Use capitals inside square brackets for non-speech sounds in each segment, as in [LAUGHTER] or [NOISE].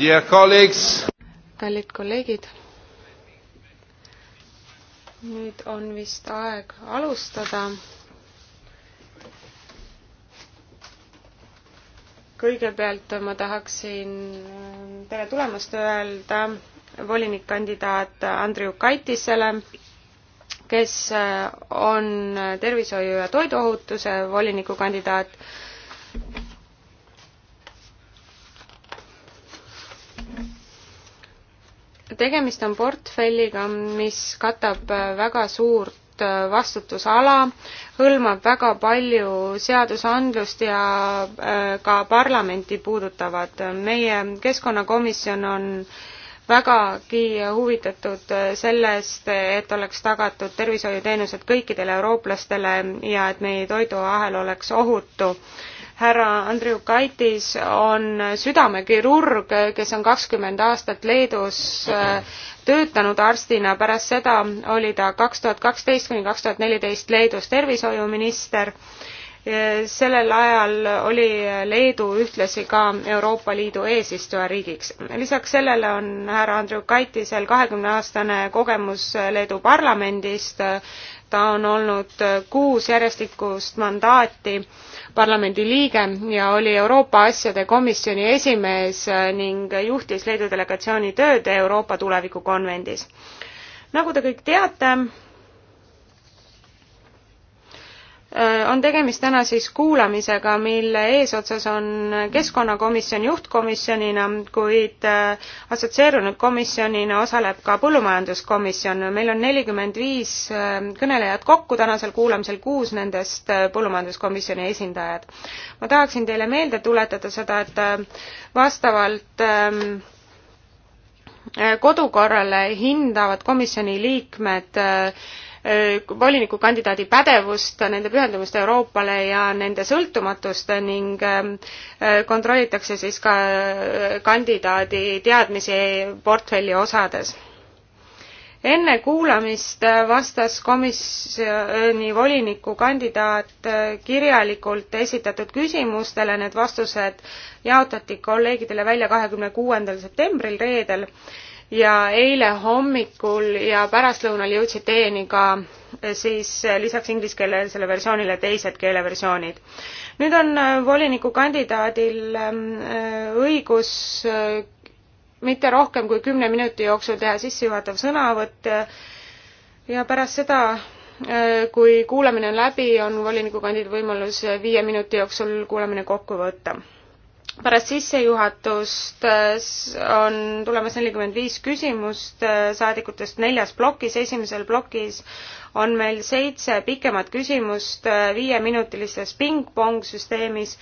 kallid kolleegid, nüüd on vist aeg alustada. kõigepealt ma tahaksin ähm, tere tulemast öelda volinikkandidaat Andriu Kaitisele, kes äh, on tervishoiu ja toiduohutuse volinikukandidaat tegemist on portfelliga, mis katab äh, väga suurt äh, vastutusala, hõlmab väga palju seadusandlust ja äh, ka parlamenti puudutavad. meie keskkonnakomisjon on vägagi huvitatud sellest, et oleks tagatud tervishoiuteenused kõikidele eurooplastele ja et meie toiduahel oleks ohutu härra Andriu Kaitis on südamekirurg, kes on kakskümmend aastat Leedus äh, töötanud arstina, pärast seda oli ta kaks tuhat kaksteist kuni kaks tuhat neliteist Leedus tervishoiuminister. Äh, sellel ajal oli Leedu ühtlasi ka Euroopa Liidu eesistujariigiks. lisaks sellele on härra Andriu Kaitisel kahekümneaastane kogemus Leedu parlamendist, ta on olnud kuus järjestikust mandaati parlamendi liige ja oli Euroopa asjade komisjoni esimees äh, ning juhtis Leedu delegatsiooni tööd Euroopa tulevikukonvendis. nagu te kõik teate, Äh, on tegemist täna siis kuulamisega, mille eesotsas on Keskkonnakomisjon juhtkomisjonina, kuid äh, assotsieerunud komisjonina osaleb ka Põllumajanduskomisjon. meil on nelikümmend viis äh, kõnelejat kokku, tänasel kuulamisel kuus nendest Põllumajanduskomisjoni esindajad. ma tahaksin teile meelde tuletada seda, et vastavalt ähm, kodukorrale hindavad komisjoni liikmed Äh, volinikukandidaadi pädevust, nende pühendumist Euroopale ja nende sõltumatust ning ähm, äh, kontrollitakse siis ka äh, kandidaadi teadmisi portfelli osades enne kuulamist vastas komisjoni volinikukandidaat kirjalikult esitatud küsimustele, need vastused jaotati kolleegidele välja kahekümne kuuendal septembril reedel ja eile hommikul ja pärastlõunal jõudsid teieni ka eh, siis eh, lisaks ingliskeelsele versioonile teised keeleversioonid. nüüd on eh, volinikukandidaadil õigus mitte rohkem kui kümne minuti jooksul teha sissejuhatav sõnavõtt ja pärast seda kui kuulamine on läbi, on volinikukandidaadi võimalus viie minuti jooksul kuulamine kokku võtta pärast sissejuhatust äh, on tulemas nelikümmend viis küsimust äh, saadikutest neljas plokis, esimesel plokis on meil seitse pikemat küsimust äh, viieminutilises pingpong süsteemis,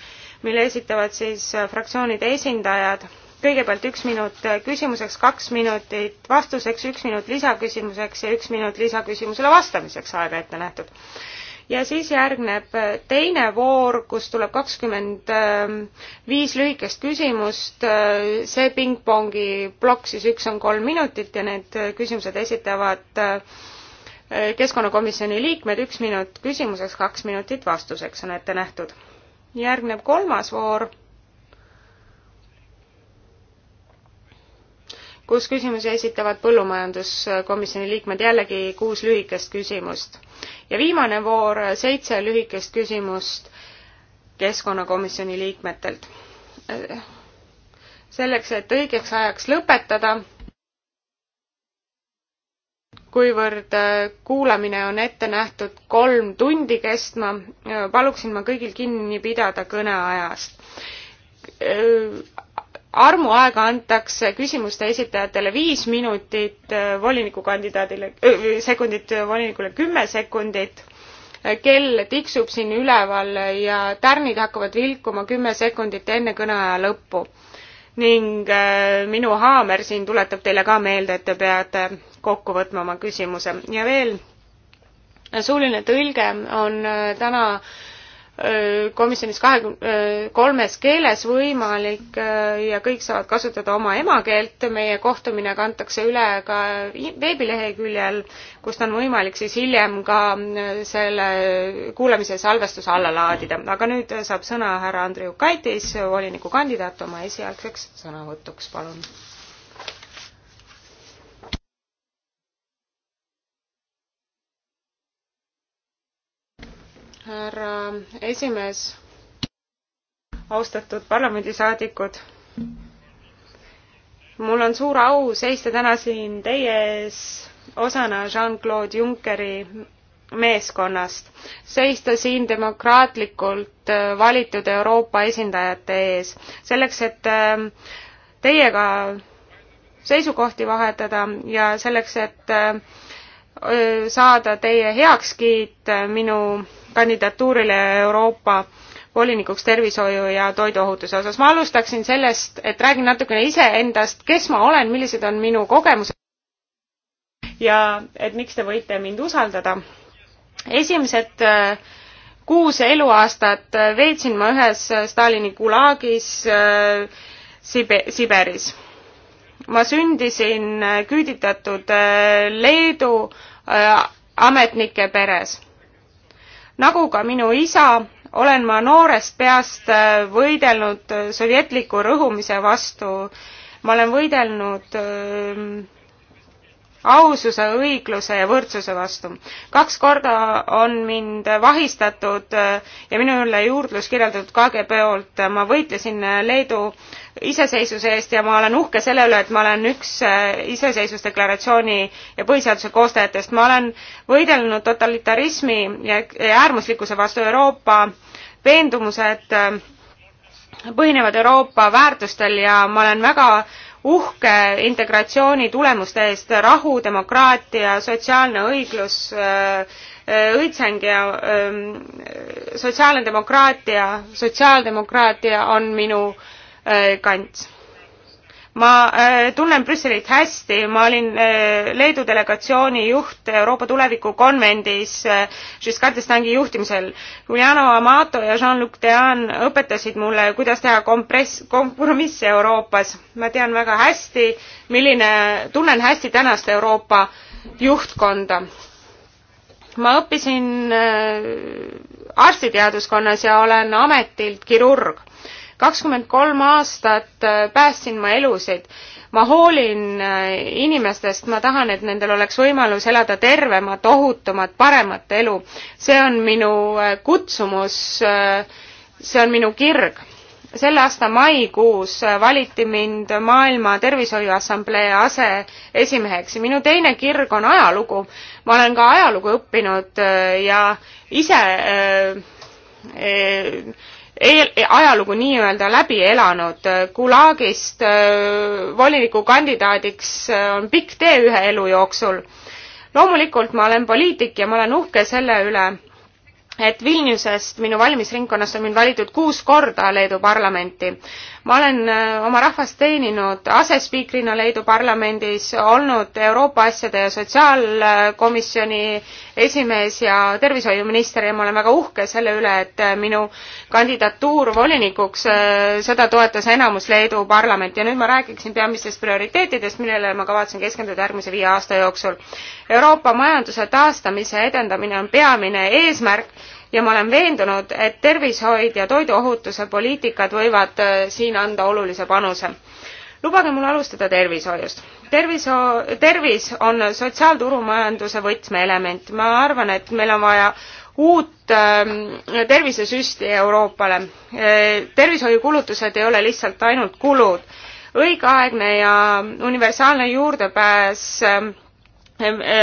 mille esitavad siis fraktsioonide esindajad. kõigepealt üks minut küsimuseks, kaks minutit vastuseks, üks minut lisaküsimuseks ja üks minut lisaküsimusele vastamiseks aega ette nähtud ja siis järgneb äh, teine voor, kus tuleb kakskümmend ähm, viis lühikest küsimust, äh, see pingpongi plokk, siis üks on kolm minutit ja need äh, küsimused esitavad keskkonnakomisjoni liikmed, üks minut küsimuseks, kaks minutit vastuseks on ette nähtud. järgneb kolmas voor, kus küsimusi esitavad põllumajanduskomisjoni liikmed, jällegi kuus lühikest küsimust ja viimane voor, seitse lühikest küsimust keskkonnakomisjoni liikmetelt. selleks, et õigeks ajaks lõpetada, kuivõrd kuulamine on ette nähtud kolm tundi kestma, paluksin ma kõigil kinni pidada kõneajast armuaega antakse küsimuste esitajatele viis minutit, äh, volinikukandidaadile, äh, sekundit, äh, volinikule kümme sekundit, kell tiksub siin üleval ja tärnid hakkavad vilkuma kümme sekundit enne kõneaja lõppu. ning minu haamer siin tuletab teile ka meelde, et te peate kokku võtma oma küsimuse ja veel suuline tõlge on täna äh, Äh, komisjonis kahekümne, äh, kolmes keeles võimalik äh, ja kõik saavad kasutada oma emakeelt. meie kohtumine kantakse üle ka veebileheküljel, kust on võimalik siis hiljem ka selle kuulamise salvestus alla laadida. aga nüüd saab sõna härra Andrei Ukaitis, volinikukandidaat oma esialgseks sõnavõtuks, palun härra esimees, austatud parlamendisaadikud. mul on suur au seista täna siin teie ees osana Jean-Claude Junckeri meeskonnast, seista siin demokraatlikult äh, valitud Euroopa esindajate ees, selleks et äh, teiega seisukohti vahetada ja selleks, et äh, saada teie heakskiit minu kandidatuurile Euroopa volinikuks tervishoiu ja toiduohutuse osas. ma alustaksin sellest, et räägin natukene iseendast, kes ma olen, millised on minu kogemused ja et miks te võite mind usaldada. esimesed äh, kuus eluaastat äh, veetsin ma ühes äh, Stalini gulaagis Sibe-, Siberis. ma sündisin küüditatud Leedu ametnike peres nagu ka minu isa, olen ma noorest peast äh, võidelnud äh, sovjetliku rõhumise vastu. ma olen võidelnud öö, ähm, aususe, õigluse ja võrdsuse vastu. kaks korda on mind vahistatud äh, ja minule juurdlus kirjeldatud KGB poolt. ma võitlesin äh, Leedu iseseisvuse eest ja ma olen uhke selle üle, et ma olen üks äh, iseseisvusdeklaratsiooni ja põhiseaduse koostajatest. ma olen võidelnud totalitarismi ja äärmuslikkuse vastu Euroopa veendumused põhinevad Euroopa väärtustel ja ma olen väga äh, uhke integratsiooni tulemuste eest rahu, demokraatia, sotsiaalne õiglus, äh, äh, õitseng ja ähm, sotsiaalne demokraatia, sotsiaaldemokraatia on minu äh, kants ma äh, tunnen Brüsselit hästi, ma olin äh, Leedu delegatsiooni juht Euroopa tuleviku konvendis äh, Giscard d'Estangi juhtimisel. Juliano Amato ja Jean-Luc Dean õpetasid mulle, kuidas teha kompress, kompromisse Euroopas. ma tean väga hästi, milline, tunnen hästi tänast Euroopa juhtkonda. ma õppisin arstiteaduskonnas ja olen ametilt kirurg kakskümmend kolm aastat äh, päästsin ma elusid. ma hoolin äh, inimestest, ma tahan, et nendel oleks võimalus elada tervemat, ohutumat, paremat elu. see on minu äh, kutsumus, see on minu kirg selle aasta maikuus valiti mind Maailma Tervishoiu Assamblee aseesimeheks ja minu teine kirg on ajalugu. ma olen ka ajalugu õppinud ja ise äh, äh, eel, ajalugu nii-öelda läbi elanud. Gulagist äh, volinikukandidaadiks äh, on pikk tee ühe elu jooksul. loomulikult ma olen poliitik ja ma olen uhke selle üle, et Vilniusest, minu valimisringkonnast on mind valitud kuus korda Leedu parlamenti ma olen äh, oma rahvast teeninud asespiikrina Leedu parlamendis, olnud Euroopa asjade ja sotsiaalkomisjoni esimees ja tervishoiuminister ja ma olen väga uhke selle üle, et äh, minu kandidatuur volinikuks, äh, seda toetas enamus Leedu parlament ja nüüd ma räägiksin peamistest prioriteetidest, millele ma kavatsen keskenduda järgmise viie aasta jooksul. Euroopa majanduse taastamise edendamine on peamine eesmärk ja ma olen veendunud, et tervishoid ja toiduohutuse poliitikad võivad äh, siin anda olulise panuse. lubage mul alustada tervishoiust. tervisho-, tervis on sotsiaalturumajanduse võtmeelement. ma arvan, et meil on vaja uut äh, tervisesüsti Euroopale äh,. tervishoiukulutused ei ole lihtsalt ainult kulud. õigeaegne ja universaalne juurdepääs äh,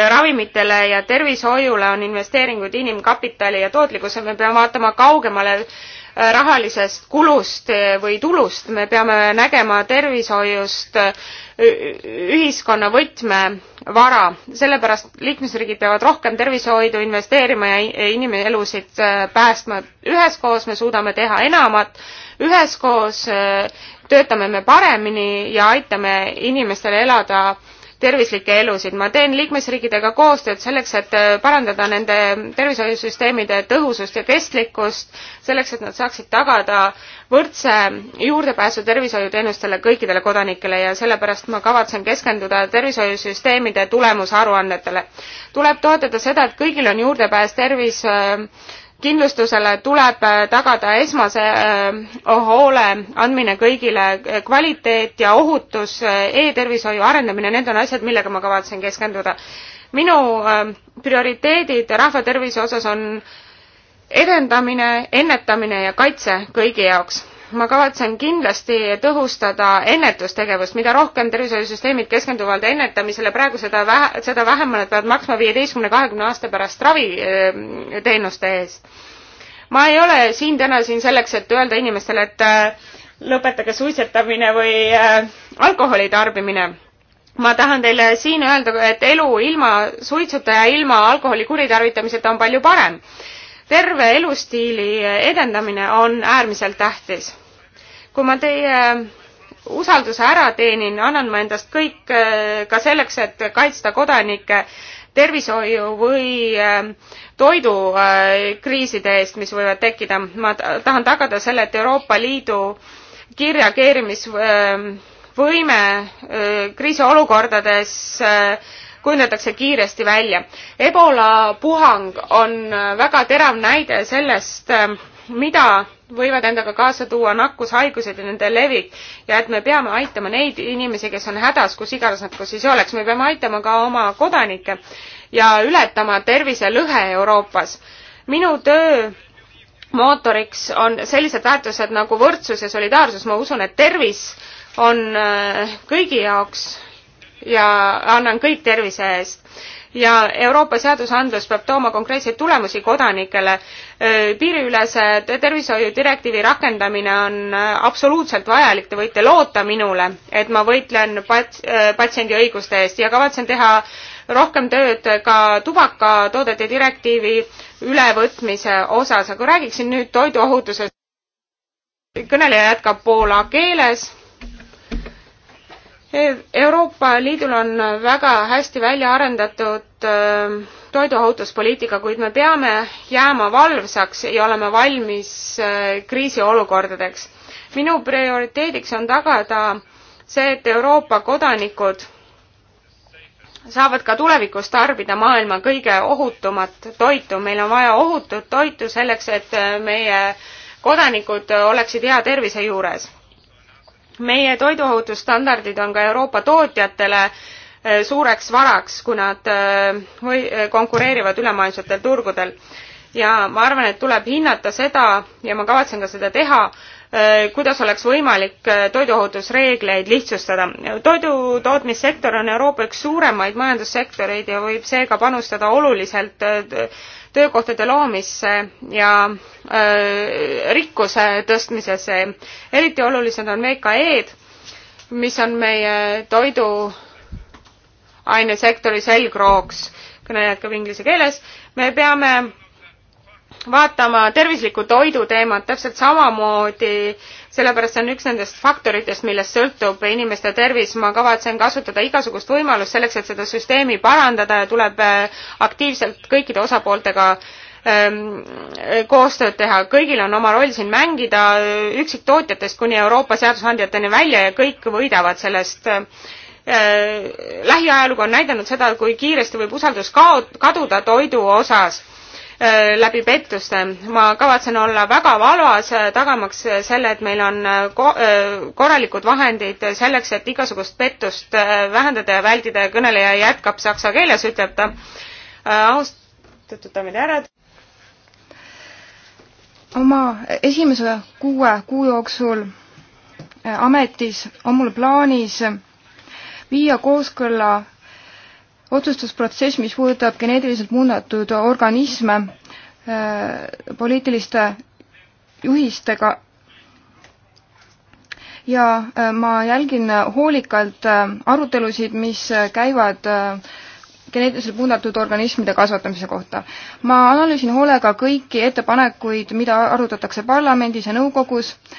ravimitele ja tervishoiule on investeeringud inimkapitali ja tootlikkuse, me peame vaatama kaugemale äh, rahalisest kulust äh, või tulust, me peame nägema tervishoiust äh, ühiskonna võtmevara, sellepärast liikmesriigid peavad rohkem tervishoidu investeerima ja inimelusid päästma. üheskoos me suudame teha enamat, üheskoos töötame me paremini ja aitame inimestele elada tervislikke elusid. ma teen liikmesriikidega koostööd selleks, et äh, parandada nende tervishoiusüsteemide tõhusust ja kestlikkust, selleks, et nad saaksid tagada võrdse juurdepääsu tervishoiuteenustele kõikidele kodanikele ja sellepärast ma kavatsen keskenduda tervishoiusüsteemide tulemusaruannetele. tuleb toetada seda, et kõigil on juurdepääs tervis äh, kindlustusele tuleb äh, tagada esmase äh, hoole andmine kõigile, äh, kvaliteet ja ohutus e, e-tervishoiu arendamine, need on asjad, millega ma kavatsen keskenduda. minu prioriteedid rahvatervise osas on edendamine, ennetamine ja kaitse kõigi jaoks ma kavatsen kindlasti tõhustada ennetustegevust, mida rohkem tervishoiusüsteemid keskenduvad ennetamisele, praegu seda vähe, seda vähem nad peavad maksma viieteistkümne, kahekümne aasta pärast raviteenuste eest. ma ei ole siin täna siin selleks, et öelda inimestele, et äh, lõpetage suitsetamine või äh, alkoholi tarbimine ma tahan teile siin öelda, et elu ilma suitsuta ja ilma alkoholi kuritarvitamiseta on palju parem. terve elustiili edendamine on äärmiselt tähtis kui ma teie äh, usalduse ära teenin, annan ma endast kõik äh, ka selleks, et kaitsta kodanike tervishoiu või äh, toidukriiside eest, mis võivad tekkida. ma tahan tagada selle, et Euroopa Liidu kiirreageerimisvõime kriisiolukordades kujundatakse kiiresti välja. ebola puhang on väga terav näide sellest, mida võivad endaga kaasa tuua nakkushaigused ja nende levik ja et me peame aitama neid inimesi, kes on hädas, kus iganes nad ka siis oleks, me peame aitama ka oma kodanikke ja ületama terviselõhe Euroopas. minu töö mootoriks on sellised väärtused nagu võrdsus ja solidaarsus, ma usun, et tervis on äh, kõigi jaoks ja annan kõik tervise eest ja Euroopa seadusandlus peab tooma konkreetseid tulemusi kodanikele. piiriülese tervishoiu direktiivi rakendamine on absoluutselt vajalik, te võite loota minule, et ma võitlen pats-, patsiendi õiguste eest ja kavatsen teha rohkem tööd ka tubakatoodete direktiivi ülevõtmise osas, aga räägiksin nüüd toiduohutusest. kõneleja jätkab poola keeles Euroopa Liidul on väga hästi välja arendatud ähm, toiduohutuspoliitika, kuid me peame jääma valvsaks ja olema valmis äh, kriisiolukordadeks. minu prioriteediks on tagada see, et Euroopa kodanikud saavad ka tulevikus tarbida maailma kõige ohutumat toitu. meil on vaja ohutut toitu selleks, et äh, meie kodanikud oleksid hea tervise juures meie toiduohutusstandardid on ka Euroopa tootjatele e, suureks varaks, kui nad e, või e, konkureerivad ülemaailmsetel turgudel. ja ma arvan, et tuleb hinnata seda ja ma kavatsen ka seda teha, kuidas oleks võimalik toiduohutusreegleid lihtsustada. toidutootmissektor on Euroopa üks suuremaid majandussektoreid ja võib seega panustada oluliselt töökohtade loomisse ja öö, äh, rikkuse tõstmisesse. eriti olulised on VKE-d, mis on meie toiduainesektori selgrooks, kõne jätkab inglise keeles. me peame vaatama tervisliku toidu teemat täpselt samamoodi sellepärast see on üks nendest faktoritest, millest sõltub inimeste tervis. ma kavatsen kasutada igasugust võimalust selleks, et seda süsteemi parandada ja tuleb äh, aktiivselt kõikide osapooltega ähm, koostööd teha, kõigil on oma roll siin mängida, äh, üksiktootjatest kuni Euroopa seadusandjateni välja ja kõik võidavad sellest. Äh, lähiajalugu on näidanud seda, kui kiiresti võib usaldus kao-, kaduda toidu osas Äh, läbi pettuste. ma kavatsen olla väga valvas, äh, tagamaks selle, et meil on äh, ko korralikud vahendid selleks, et igasugust pettust vähendada ja väldida ja kõneleja jätkab saksa keeles, ütleb ta. austatud daamid ja härrad. oma esimese kuue kuu jooksul ametis on mul plaanis viia kooskõlla otsustusprotsess, mis puudutab geneetiliselt muundatud organisme äh, poliitiliste juhistega ja äh, ma jälgin äh, hoolikalt arutelusid, mis käivad geneetiliselt muundatud organismide kasvatamise kohta. ma analüüsin hoolega kõiki ettepanekuid, mida arutatakse parlamendis ja nõukogus äh,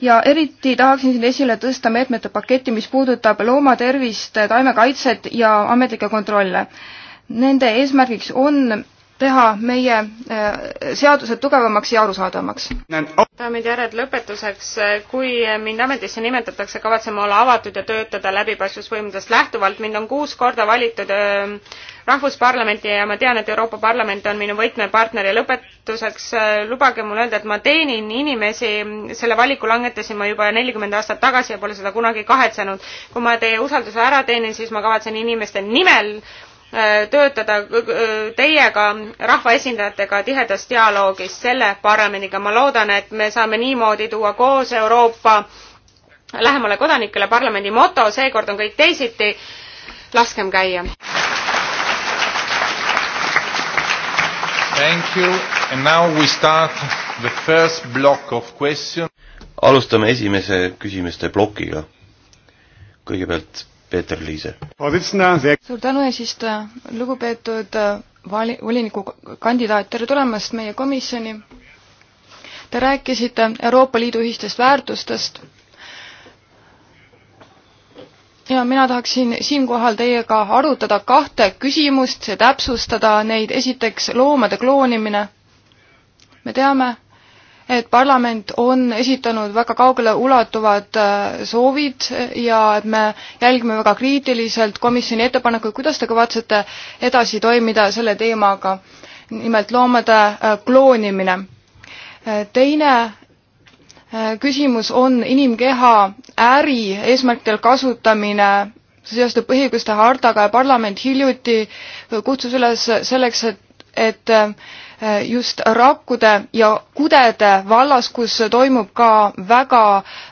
ja eriti tahaksin siin esile tõsta meetmete paketti, mis puudutab loomatervist, taimekaitset ja ametlikke kontrolle. Nende eesmärgiks on teha meie eh, seadused tugevamaks ja arusaadavamaks. daamid ja härrad, lõpetuseks, kui mind ametisse nimetatakse, kavatseme olla avatud ja töötada läbipaistvusvõimudest lähtuvalt. mind on kuus korda valitud öö, Rahvusparlamenti ja ma tean, et Euroopa Parlament on minu võtmepartner ja lõpetuseks äh, lubage mul öelda, et ma teenin inimesi, selle valiku langetasin ma juba nelikümmend aastat tagasi ja pole seda kunagi kahetsenud. kui ma teie usalduse ära teenin, siis ma kavatsen inimeste nimel äh, töötada äh, teiega, rahvaesindajatega tihedas dialoogis selle parlamendiga. ma loodan, et me saame niimoodi tuua koos Euroopa lähemale kodanikele parlamendi moto, seekord on kõik teisiti. laskem käia! Thank you and now we start the first block of question. alustame esimese küsimuste plokiga. kõigepealt Peeter Liise. suur tänu, eesistuja. lugupeetud äh, vali-, volinikukandidaat, tere tulemast meie komisjoni. Te rääkisite Euroopa Liidu ühistest väärtustest ja mina tahaksin siinkohal teiega arutada kahte küsimust ja täpsustada neid. esiteks loomade kloonimine. me teame, et parlament on esitanud väga kaugele ulatuvad äh, soovid ja et me jälgime väga kriitiliselt komisjoni ettepanekuid, kuidas te kavatsete edasi toimida selle teemaga, nimelt loomade äh, kloonimine. Äh, teine Äh, küsimus on inimkeha äri eesmärkidel kasutamine, see seostub põhiõiguste hartaga ja parlament hiljuti kutsus üles selleks, et, et äh, just rakkude ja kudede vallas, kus toimub ka väga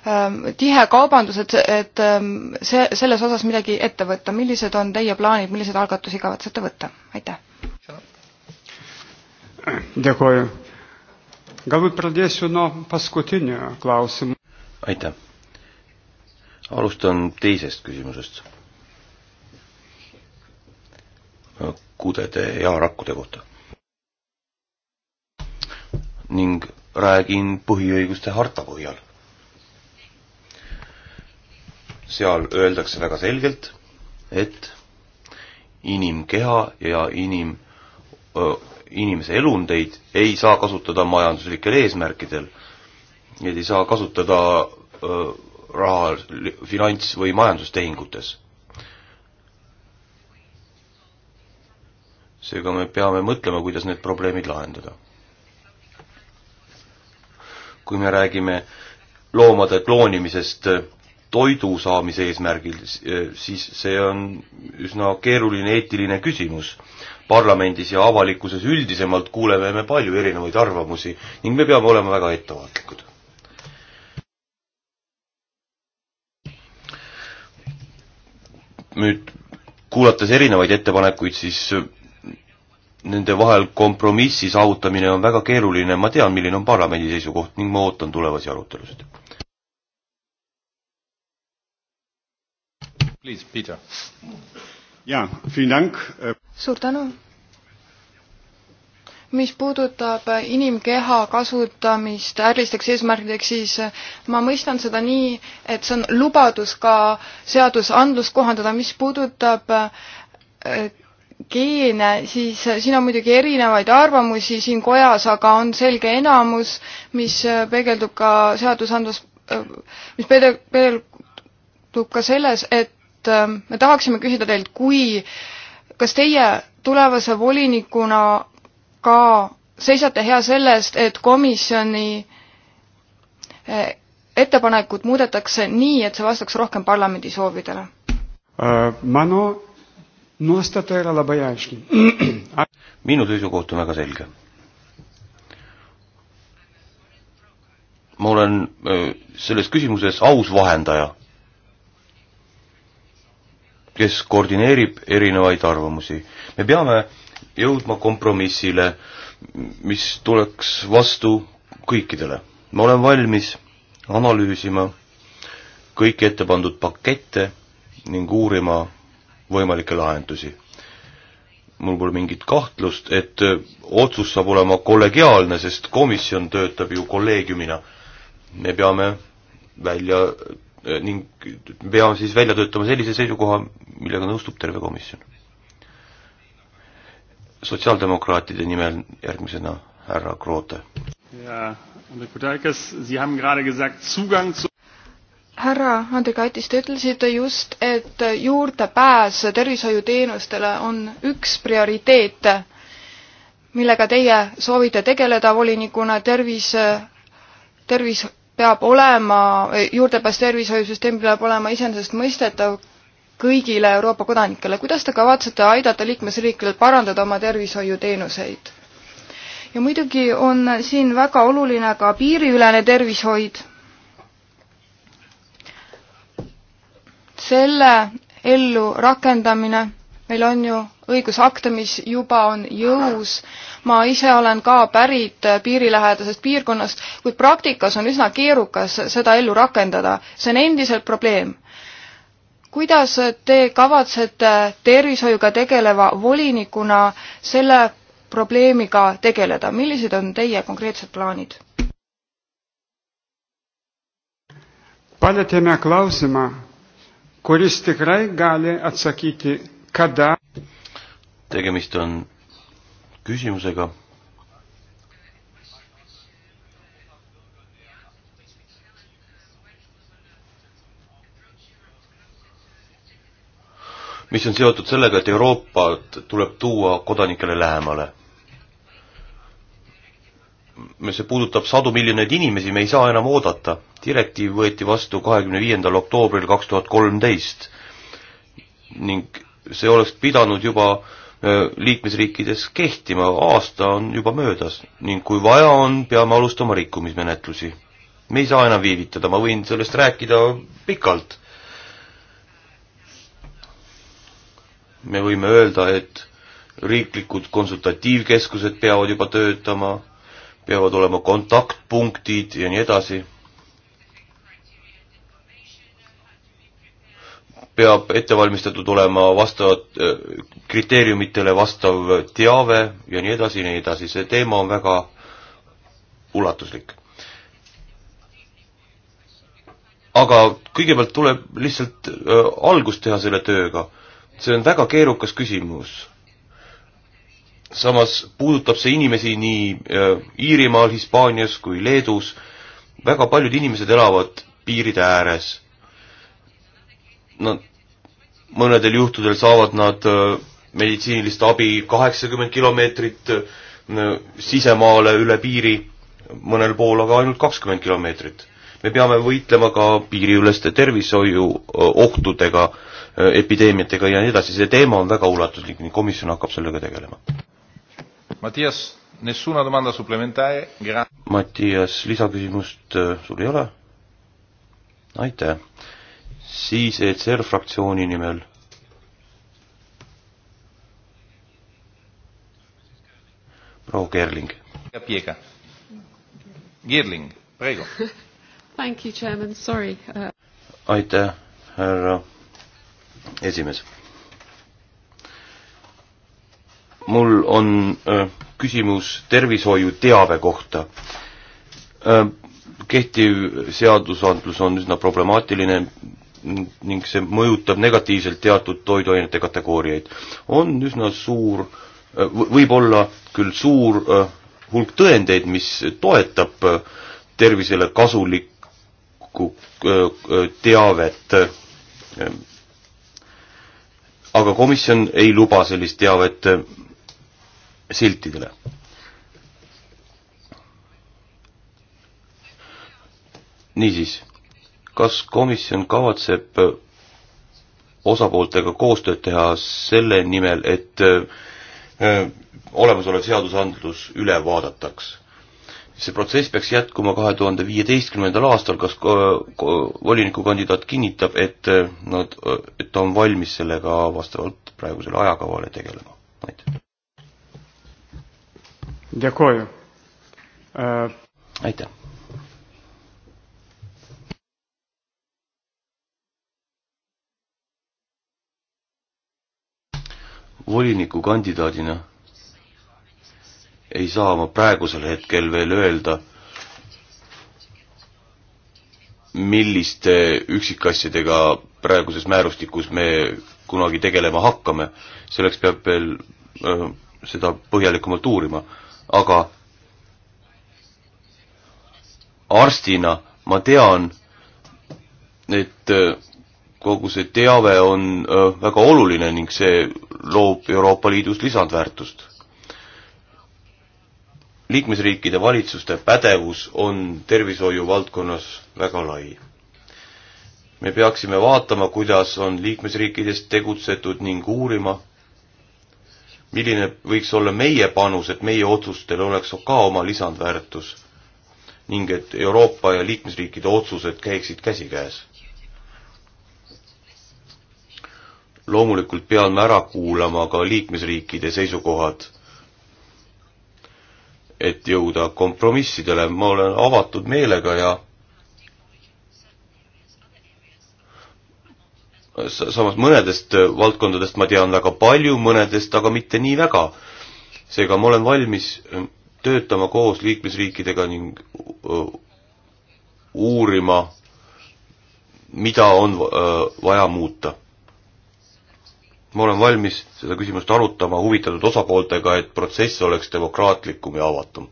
ähm, tihe kaubandus, et, et ähm, see, selles osas midagi ette võtta. millised on teie plaanid, milliseid algatusi kavatsete võtta? aitäh! Galbūt pradėsiu nuo paskutinio klausimo. Aitäh. alustan teisest küsimusest. kudede ja rakkude kohta. ning räägin põhiõiguste harta põhjal. seal öeldakse väga selgelt, et inimkeha ja inim inimese elundeid ei saa kasutada majanduslikel eesmärkidel. Neid ei saa kasutada öö, raha, finants- või majandustehingutes. seega me peame mõtlema, kuidas need probleemid lahendada. kui me räägime loomade kloonimisest toidu saamise eesmärgil, siis see on üsna keeruline eetiline küsimus parlamendis ja avalikkuses üldisemalt kuuleme me palju erinevaid arvamusi ning me peame olema väga ettevaatlikud. nüüd kuulates erinevaid ettepanekuid, siis nende vahel kompromissi saavutamine on väga keeruline, ma tean, milline on parlamendi seisukoht ning ma ootan tulevasi arutelusid. Please, Peter suur tänu. mis puudutab inimkeha kasutamist ärilisteks eesmärkideks, siis ma mõistan seda nii, et see on lubadus ka seadusandlust kohandada, mis puudutab äh, geene, siis siin on muidugi erinevaid arvamusi siin kojas, aga on selge enamus, mis peegeldub ka seadusandlus, äh, mis peegeldub ka selles, et Äh, me tahaksime küsida teilt, kui, kas teie tulevase volinikuna ka seisate hea selle eest, et komisjoni äh, ettepanekut muudetakse nii, et see vastaks rohkem parlamendi soovidele? Äh, [CLEARS THROAT] minu seisukoht on väga selge. ma olen selles küsimuses aus vahendaja kes koordineerib erinevaid arvamusi. me peame jõudma kompromissile, mis tuleks vastu kõikidele. ma olen valmis analüüsima kõiki ette pandud pakette ning uurima võimalikke lahendusi. mul pole mingit kahtlust, et otsus saab olema kollegiaalne, sest komisjon töötab ju kolleegiumina. me peame välja Äh, ning peame siis välja töötama sellise seisukoha, millega nõustub terve komisjon. sotsiaaldemokraatide nimel järgmisena härra Kroote. härra Andrikaitis, te ütlesite just, et juurdepääs tervishoiuteenustele on üks prioriteete, millega teie soovite tegeleda volinikuna tervis, tervis, tervis peab olema, juurdepääs tervishoiusüsteem peab olema iseenesestmõistetav kõigile Euroopa kodanikele. kuidas te kavatsete aidata liikmesriikidel parandada oma tervishoiuteenuseid? ja muidugi on siin väga oluline ka piiriülene tervishoid. selle ellu rakendamine, meil on ju õigusakte, mis juba on jõus. ma ise olen ka pärit piirilähedasest piirkonnast, kuid praktikas on üsna keerukas seda ellu rakendada. see on endiselt probleem. kuidas te kavatsete tervishoiuga tegeleva volinikuna selle probleemiga tegeleda, millised on teie konkreetsed plaanid? paljateeme klausima, kuris tikrai gali atsakiti, kada tegemist on küsimusega, mis on seotud sellega, et Euroopat tuleb tuua kodanikele lähemale. see puudutab sadu miljoneid inimesi, me ei saa enam oodata. direktiiv võeti vastu kahekümne viiendal oktoobril kaks tuhat kolmteist ning see oleks pidanud juba liikmesriikides kehtima, aasta on juba möödas ning kui vaja on, peame alustama rikkumismenetlusi. me ei saa enam viivitada, ma võin sellest rääkida pikalt. me võime öelda, et riiklikud konsultatiivkeskused peavad juba töötama, peavad olema kontaktpunktid ja nii edasi peab ettevalmistatud olema vastavad, äh, kriteeriumitele vastav teave ja nii edasi ja nii edasi, see teema on väga ulatuslik. aga kõigepealt tuleb lihtsalt äh, algust teha selle tööga. see on väga keerukas küsimus. samas puudutab see inimesi nii äh, Iirimaal, Hispaanias kui Leedus, väga paljud inimesed elavad piiride ääres nad mõnedel juhtudel saavad nad äh, meditsiinilist abi kaheksakümmend kilomeetrit äh, sisemaale üle piiri, mõnel pool aga ainult kakskümmend kilomeetrit. me peame võitlema ka piiriüleste tervishoiu äh, ohtudega, epideemiatega ja nii edasi, see teema on väga ulatuslik ning komisjon hakkab sellega tegelema. Mattias, nessuna domanda suplementare, gra-. Mattias, lisaküsimust sul ei ole? aitäh siis ECR fraktsiooni nimel. proua Gerling. Gerling, praegu. [LAUGHS] Thank you, chairman, sorry uh.... aitäh, härra esimees. mul on äh, küsimus tervishoiuteabe kohta äh,. kehtiv seadusandlus on üsna problemaatiline, ning see mõjutab negatiivselt teatud toiduainete kategooriaid. on üsna suur, äh, võib olla küll suur äh, hulk tõendeid, mis toetab äh, tervisele kasulikku teavet, aga komisjon ei luba sellist teavet siltidele niisiis kas komisjon kavatseb osapooltega koostööd teha selle nimel, et äh, olemasolev seadusandlus üle vaadataks? see protsess peaks jätkuma kahe tuhande viieteistkümnendal aastal, kas äh, volinikukandidaat kinnitab, et äh, nad, et ta on valmis sellega vastavalt praegusele ajakavale tegelema? aitäh. E, aitäh. volinikukandidaadina ei saa ma praegusel hetkel veel öelda, milliste üksikasjadega praeguses määrustikus me kunagi tegelema hakkame, selleks peab veel öö, seda põhjalikumalt uurima, aga arstina ma tean, et kogu see teave on väga oluline ning see loob Euroopa Liidus lisandväärtust. liikmesriikide valitsuste pädevus on tervishoiu valdkonnas väga lai. me peaksime vaatama, kuidas on liikmesriikides tegutsetud ning uurima, milline võiks olla meie panus, et meie otsustel oleks ka oma lisandväärtus ning et Euroopa ja liikmesriikide otsused käiksid käsikäes loomulikult peame ära kuulama ka liikmesriikide seisukohad, et jõuda kompromissidele, ma olen avatud meelega ja samas mõnedest valdkondadest ma tean väga palju, mõnedest aga mitte nii väga. seega ma olen valmis ähm, töötama koos liikmesriikidega ning uurima, mida on vaja muuta ma olen valmis seda küsimust arutama huvitatud osapooltega, et protsess oleks demokraatlikum ja avatum.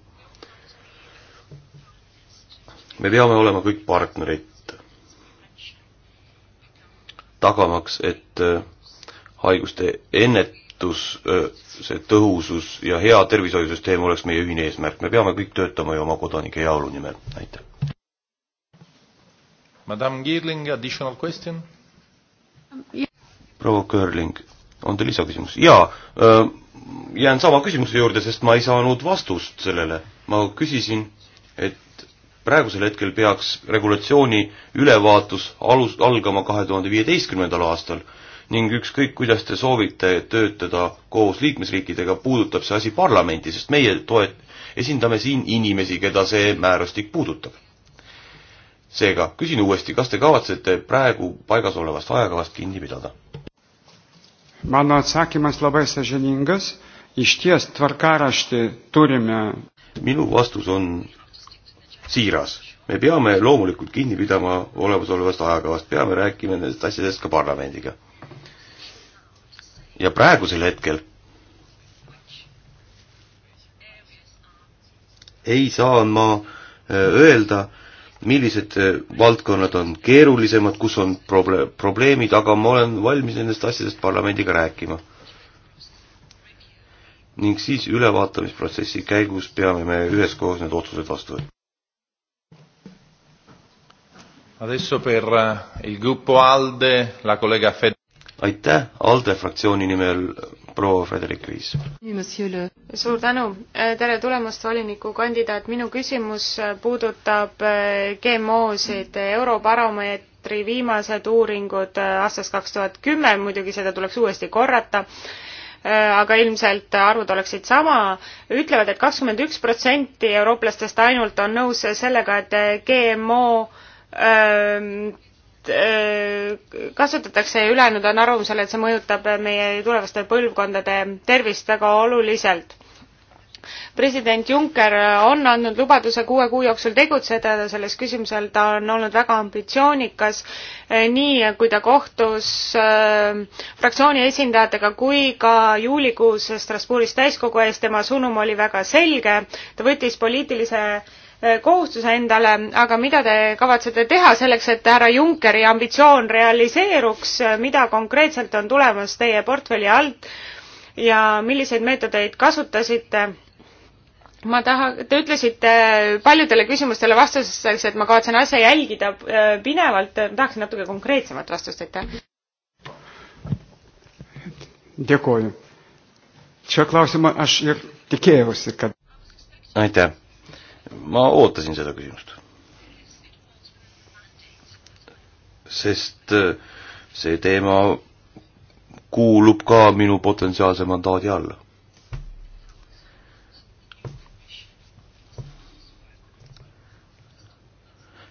me peame olema kõik partnerid, tagamaks, et äh, haiguste ennetus, äh, see tõhusus ja hea tervishoiusüsteem oleks meie ühine eesmärk, me peame kõik töötama ju oma kodanike heaolu nimel, aitäh. Madame Girling, additional question? Um, proua Körling, on teil lisaküsimus? jaa, jään sama küsimuse juurde, sest ma ei saanud vastust sellele. ma küsisin, et praegusel hetkel peaks regulatsiooni ülevaatus alus, algama kahe tuhande viieteistkümnendal aastal ning ükskõik, kuidas te soovite töötada koos liikmesriikidega, puudutab see asi parlamenti, sest meie toet-, esindame siin inimesi, keda see määrustik puudutab. seega küsin uuesti, kas te kavatsete praegu paigas olevast ajakavast kinni pidada? Mano atsakymas labai sažiningas. Iš ties tvarkaraštį turime. minu vastus on siiras. me peame loomulikult kinni pidama olemasolevast ajakavast, peame rääkima nendest asjadest ka parlamendiga. ja praegusel hetkel ei saa ma äh, öelda, millised äh, valdkonnad on keerulisemad, kus on proble-, probleemid, aga ma olen valmis nendest asjadest parlamendiga rääkima. ning siis ülevaatamisprotsessi käigus peame me üheskoos need otsused vastu võtma. Adesso per äh, il gruppo ALDE la collega Fed- aitäh, ALDE fraktsiooni nimel proua Frederik Riis. suur tänu, äh, tere tulemast, volinikukandidaat, minu küsimus äh, puudutab äh, GMO-sid, Eurobaromeetri viimased uuringud aastast kaks tuhat kümme, muidugi seda tuleks uuesti korrata, aga ilmselt arvud oleksid sama, ütlevad et, et kakskümmend üks protsenti eurooplastest ainult on nõus sellega, et GMO öö, ähm, Äh, kasutatakse ja ülejäänud on arvamusel, et see mõjutab meie tulevaste põlvkondade tervist väga oluliselt. president Juncker on andnud lubaduse kuue kuu jooksul tegutseda selles küsimusel, ta on olnud väga ambitsioonikas, äh, nii kui ta kohtus äh, fraktsiooni esindajatega kui ka juulikuus Strasbourgis täiskogu ees, tema sõnum oli väga selge, ta võttis poliitilise Eh, kohustuse endale, aga mida te kavatsete teha selleks, et härra Junckeri ambitsioon realiseeruks, mida konkreetselt on tulemas teie portfelli alt ja milliseid meetodeid kasutasite? ma taha, te ütlesite paljudele küsimustele vastuseks, et ma kavatsen asja jälgida eh, pinevalt, tahaksin natuke konkreetsemat vastust, aitäh. Dėkoju. Šio klausimo aš ir tikėjausi, kad. Aitäh ma ootasin seda küsimust. sest äh, see teema kuulub ka minu potentsiaalse mandaadi alla.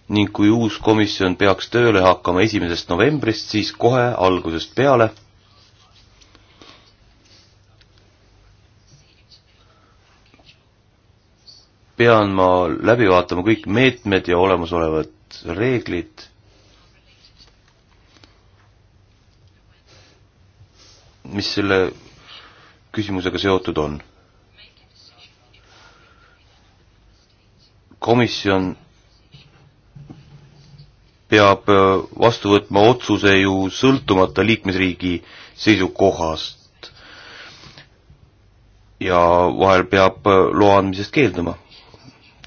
ning kui uus komisjon peaks tööle hakkama esimesest novembrist, siis kohe algusest peale pean ma läbi vaatama kõik meetmed ja olemasolevad reeglid. mis selle küsimusega seotud on? komisjon peab äh, vastu võtma otsuse ju sõltumata liikmesriigi seisukohast ja vahel peab äh, loa andmisest keelduma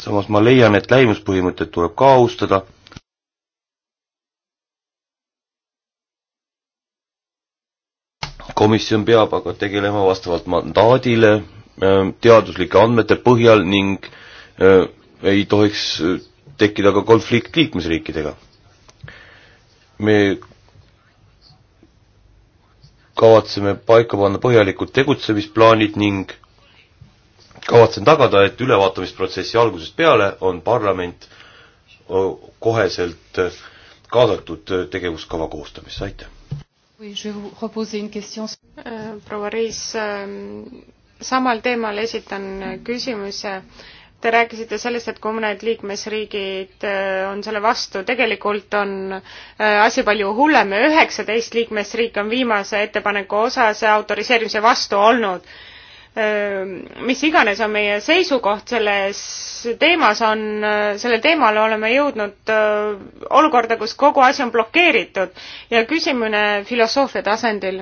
samas ma leian, et lähimuspõhimõtet tuleb ka austada komisjon peab aga tegelema vastavalt mandaadile ähm, teaduslike andmete põhjal ning äh, ei tohiks äh, tekkida ka konflikt liikmesriikidega. me kavatseme paika panna põhjalikud tegutsemisplaanid ning kavatsen tagada, et ülevaatamisprotsessi algusest peale on parlament koheselt kaasatud tegevuskava koostamisse, aitäh! Äh, proua Riis, ähm, samal teemal esitan äh, küsimuse. Te rääkisite sellest, et kui mõned liikmesriigid äh, on selle vastu, tegelikult on asi palju hullem ja üheksateist liikmesriik on viimase ettepaneku osas autoriseerimise vastu olnud Ehm, mis iganes on meie seisukoht selles teemas, on, äh, sellel teemal oleme jõudnud äh, olukorda, kus kogu asi on blokeeritud ja küsimine filosoofia tasandil.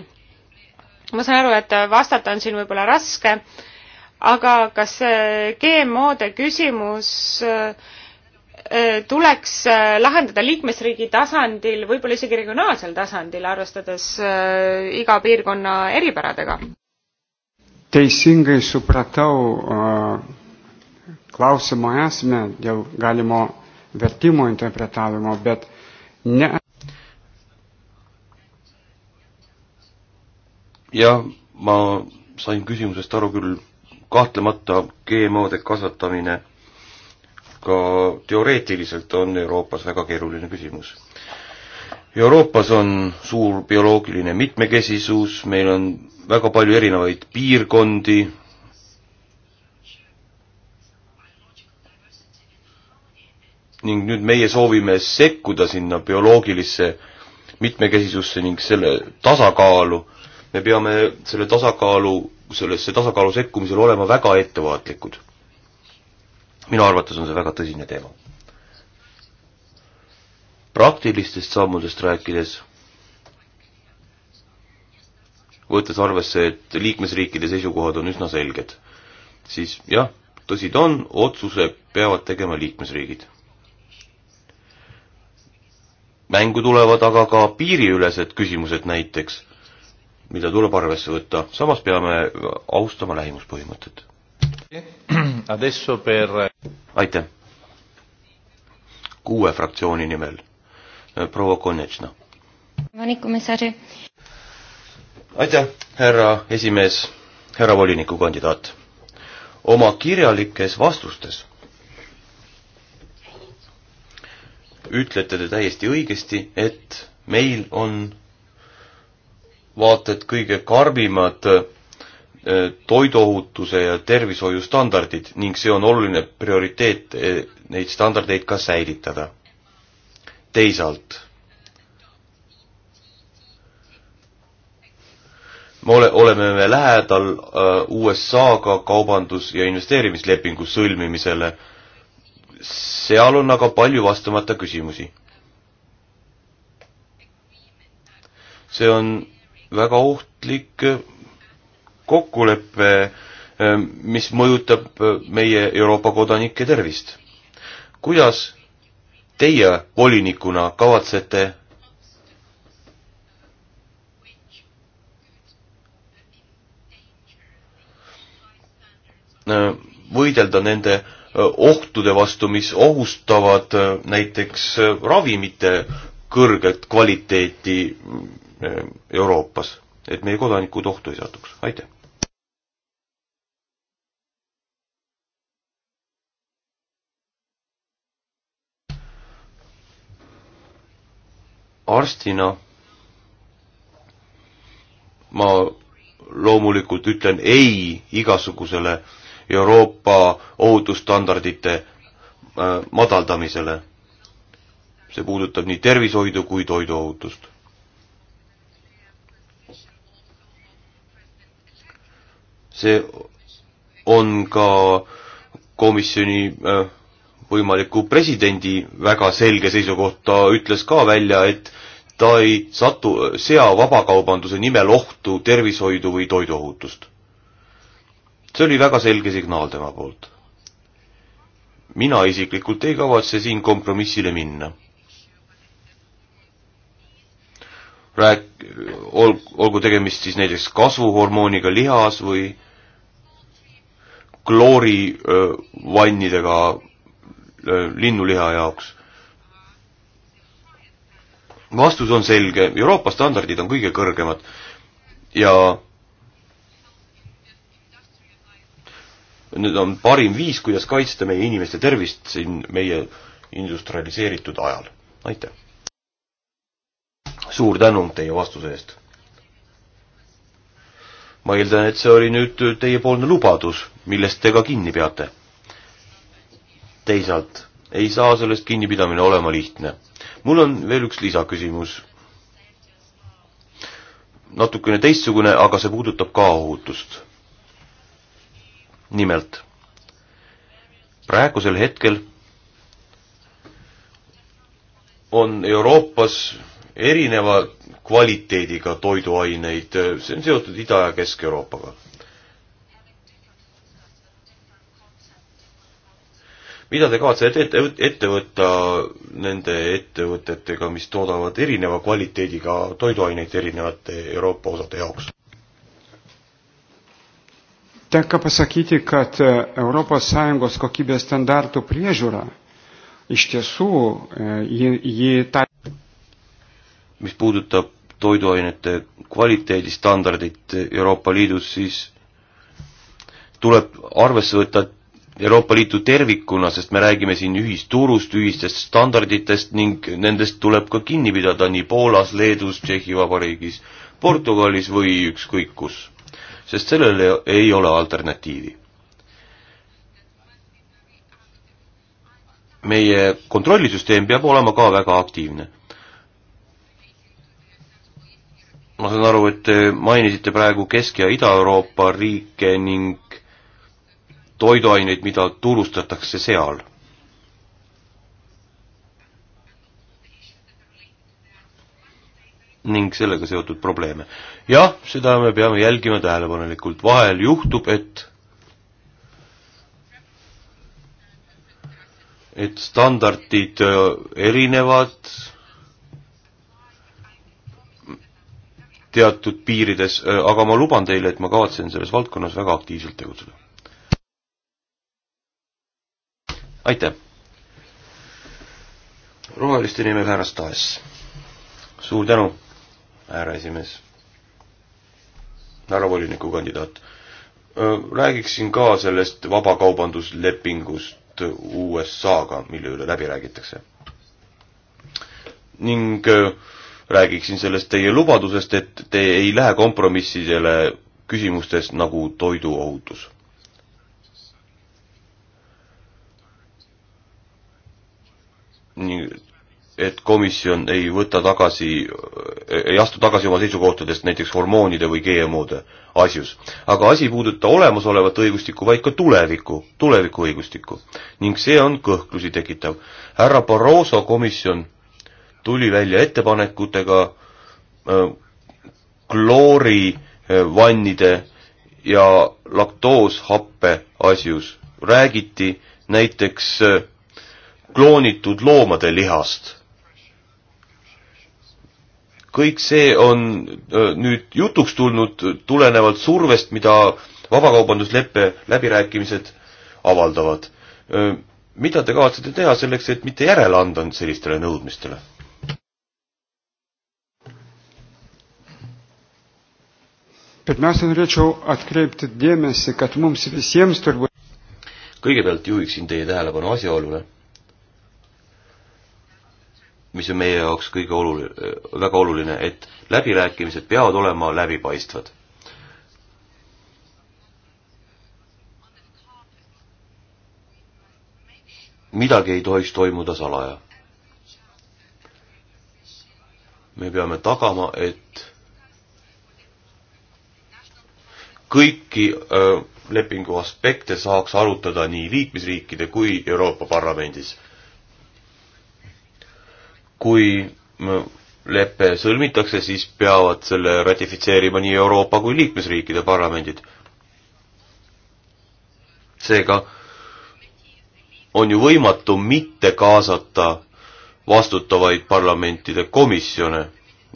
ma saan aru, et äh, vastata on siin võib-olla raske, aga kas GMO-de küsimus tuleks lahendada liikmesriigi tasandil, võib-olla isegi regionaalsel tasandil, arvestades iga piirkonna eripäradega? teisingai supratau klausimo esmę dėl galimo vertimo interpretavimo, bet ne. jah, ma sain küsimusest aru küll, kahtlemata GMO-de kasvatamine ka teoreetiliselt on Euroopas väga keeruline küsimus. Euroopas on suur bioloogiline mitmekesisus, meil on väga palju erinevaid piirkondi, ning nüüd meie soovime sekkuda sinna bioloogilisse mitmekesisusse ning selle tasakaalu, me peame selle tasakaalu, sellesse tasakaalu sekkumisel olema väga ettevaatlikud. minu arvates on see väga tõsine teema. praktilistest sammudest rääkides võttes arvesse, et liikmesriikide seisukohad on üsna selged, siis jah, tõsi ta on, otsuse peavad tegema liikmesriigid. mängu tulevad aga ka piiriülesed küsimused näiteks, mida tuleb arvesse võtta, samas peame austama lähimuspõhimõtet. aitäh! kuue fraktsiooni nimel proua Konetšna aitäh, härra esimees, härra volinikukandidaat. oma kirjalikes vastustes ütlete te täiesti õigesti, et meil on vaata et kõige karmimad äh, toiduohutuse ja tervishoiustandardid ning see on oluline prioriteet äh, neid standardeid ka säilitada. teisalt me ole, oleme me lähedal äh, USA-ga kaubandus- ja investeerimislepingu sõlmimisele. seal on aga palju vastamata küsimusi. see on väga ohtlik äh, kokkulepe, äh, mis mõjutab äh, meie Euroopa kodanike tervist. kuidas teie volinikuna kavatsete Äh, võidelda nende äh, ohtude vastu, mis ohustavad äh, näiteks ravimite kõrget kvaliteeti Euroopas, et meie kodanikud ohtu ei satuks, aitäh. arstina ma loomulikult ütlen ei igasugusele äh, Euroopa ohutusstandardite äh, madaldamisele. see puudutab nii tervishoidu kui toiduohutust. see on ka komisjoni äh, võimaliku presidendi väga selge seisukoht, ta ütles ka välja, et ta ei satu, sea vabakaubanduse nimel ohtu tervishoidu või toiduohutust see oli väga selge signaal tema poolt. mina isiklikult ei kavatse siin kompromissile minna. Rääk-, ol-, olgu tegemist siis näiteks kasvuhormooniga lihas või kloorivannidega linnuliha jaoks vastus on selge, Euroopa standardid on kõige kõrgemad ja nüüd on parim viis, kuidas kaitsta meie inimeste tervist siin meie industrialiseeritud ajal. aitäh! suur tänu teie vastuse eest! ma eeldan, et see oli nüüd teiepoolne lubadus, millest te ka kinni peate. teisalt ei saa sellest kinnipidamine olema lihtne. mul on veel üks lisaküsimus. natukene teistsugune, aga see puudutab ka ohutust nimelt, praegusel hetkel on Euroopas erineva kvaliteediga toiduaineid, see on seotud Ida- ja Kesk-Euroopaga. mida te kavatsete ette, ette võtta nende ettevõtetega, mis toodavad erineva kvaliteediga toiduaineid erinevate Euroopa osade jaoks? Tenka pasakyti, kad ES kokybės standartų priežiūra iš tiesų jį, e, jį ta... mis puudutab toiduainete kvaliteedistandardit Euroopa Liidus, siis tuleb arvesse võtta Euroopa Liitu tervikuna, sest me räägime siin ühisturust, ühistest standarditest ning nendest tuleb ka kinni pidada nii Poolas, Leedus, Tšehhi Vabariigis, Portugalis või ükskõik kus sest sellele ei ole alternatiivi. meie kontrollisüsteem peab olema ka väga aktiivne. ma saan aru, et te mainisite praegu Kesk- ja Ida-Euroopa riike ning toiduaineid, mida turustatakse seal ning sellega seotud probleeme jah, seda me peame jälgima tähelepanelikult, vahel juhtub, et et standardid äh, erinevad teatud piirides, äh, aga ma luban teile, et ma kavatsen selles valdkonnas väga aktiivselt tegutseda. aitäh! roheliste nimel härra Stas. suur tänu, härra esimees härra volinikukandidaat, räägiksin ka sellest vabakaubanduslepingust USA-ga, mille üle läbi räägitakse. ning räägiksin sellest teie lubadusest, et te ei lähe kompromissidele küsimustes nagu toiduohutus. nii, et komisjon ei võta tagasi, ei astu tagasi oma seisukohtadest näiteks hormoonide või GMO-de asjus. aga asi ei puuduta olemasolevat õigustikku, vaid ka tulevikku, tuleviku õigustikku. ning see on kõhklusi tekitav. härra Barroso komisjon tuli välja ettepanekutega äh, kloorivannide äh, ja laktooshappe asjus. räägiti näiteks äh, kloonitud loomade lihast kõik see on nüüd jutuks tulnud tulenevalt survest, mida vabakaubandusleppe läbirääkimised avaldavad. mida te kavatsete teha selleks, et mitte järele anda sellistele nõudmistele? kõigepealt juhiksin teie tähelepanu asjaolule, mis on meie jaoks kõige oluline, väga oluline, et läbirääkimised peavad olema läbipaistvad. midagi ei tohiks toimuda salaja. me peame tagama, et kõiki öö, äh, lepingu aspekte saaks arutada nii liikmesriikide kui Euroopa Parlamendis kui mm, lepe sõlmitakse, siis peavad selle ratifitseerima nii Euroopa kui liikmesriikide parlamendid. seega on ju võimatu mitte kaasata vastutavaid parlamentide komisjone.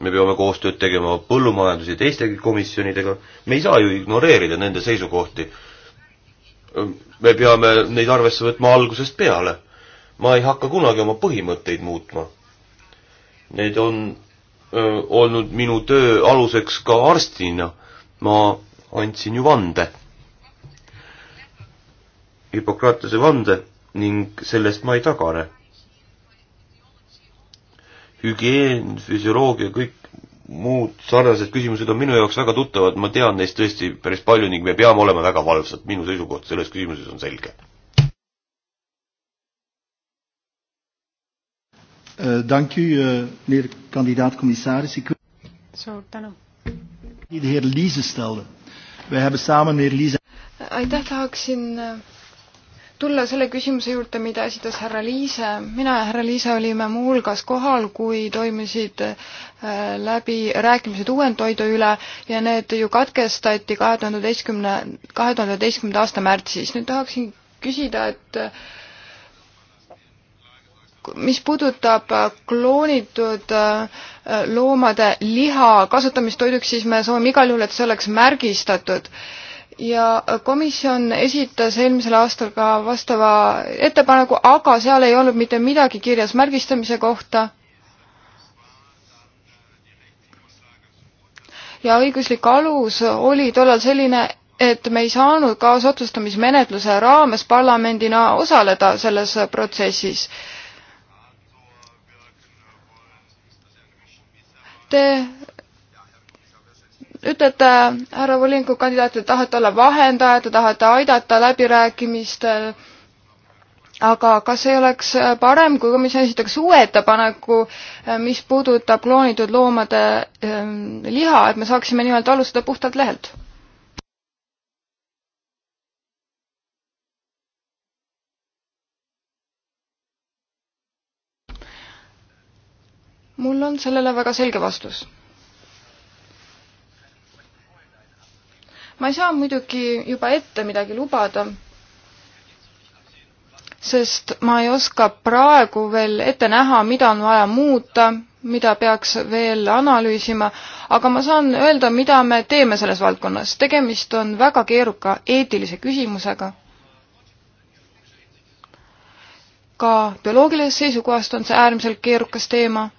me peame koostööd tegema põllumajandus- ja teistegi komisjonidega, me ei saa ju ignoreerida nende seisukohti. me peame neid arvesse võtma algusest peale. ma ei hakka kunagi oma põhimõtteid muutma Need on öö, olnud minu töö aluseks ka arstina. ma andsin ju vande, Hippokratese vande ning sellest ma ei tagane. hügieen, füsioloogia, kõik muud sarnased küsimused on minu jaoks väga tuttavad, ma tean neist tõesti päris palju ning me peame olema väga valvsad, minu seisukoht selles küsimuses on selge Uh, dank u, uh, meneer kandidaat-commissaris. Ik... Suur tänu. Die de heer Liese stelde. Wij hebben samen meneer Liese... Aitäh, tahaksin eh, tulla selle küsimuse juurde, mida esitas härra Liise. mina ja härra Liise olime muuhulgas kohal, kui toimusid läbi rääkimised uuendtoidu üle ja need ju katkestati kahe tuhande üheteistkümne, kahe tuhande üheteistkümnenda aasta märtsis. nüüd tahaksin küsida, et mis puudutab äh, kloonitud äh, loomade liha kasutamist toiduks, siis me soovime igal juhul, et see oleks märgistatud. ja äh, komisjon esitas eelmisel aastal ka vastava ettepaneku, aga seal ei olnud mitte midagi kirjas märgistamise kohta. ja õiguslik alus oli tollal selline, et me ei saanud kaasotsustamismenetluse raames parlamendina osaleda selles protsessis Te ütlete, härra Volinko kandidaat, te tahate olla vahendaja, te tahate aidata läbirääkimistel, aga kas ei oleks parem, kui komisjon esitaks uue ettepaneku, mis puudutab kloonitud loomade ehm, liha, et me saaksime nii-öelda alustada puhtalt lehelt? mul on sellele väga selge vastus. ma ei saa muidugi juba ette midagi lubada, sest ma ei oska praegu veel ette näha, mida on vaja muuta, mida peaks veel analüüsima, aga ma saan öelda, mida me teeme selles valdkonnas. tegemist on väga keeruka eetilise küsimusega ka bioloogilisest seisukohast on see äärmiselt keerukas teema.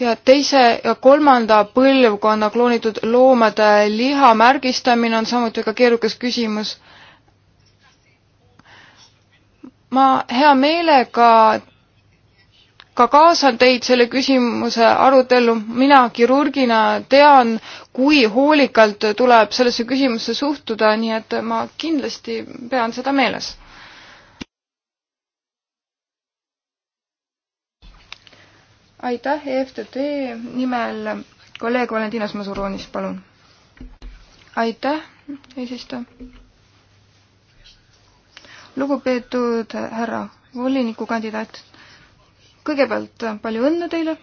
ja teise ja kolmanda põlvkonna kloonitud loomade liha märgistamine on samuti väga keerukas küsimus. ma hea meelega ka kaasan teid selle küsimuse arutellu. mina kirurgina tean, kui hoolikalt tuleb sellesse küsimusse suhtuda, nii et ma kindlasti pean seda meeles aitäh, EFTT nimel kolleeg Valentinas Masuronis, palun. aitäh, eesistuja. lugupeetud härra volinikukandidaat, kõigepealt palju õnne teile.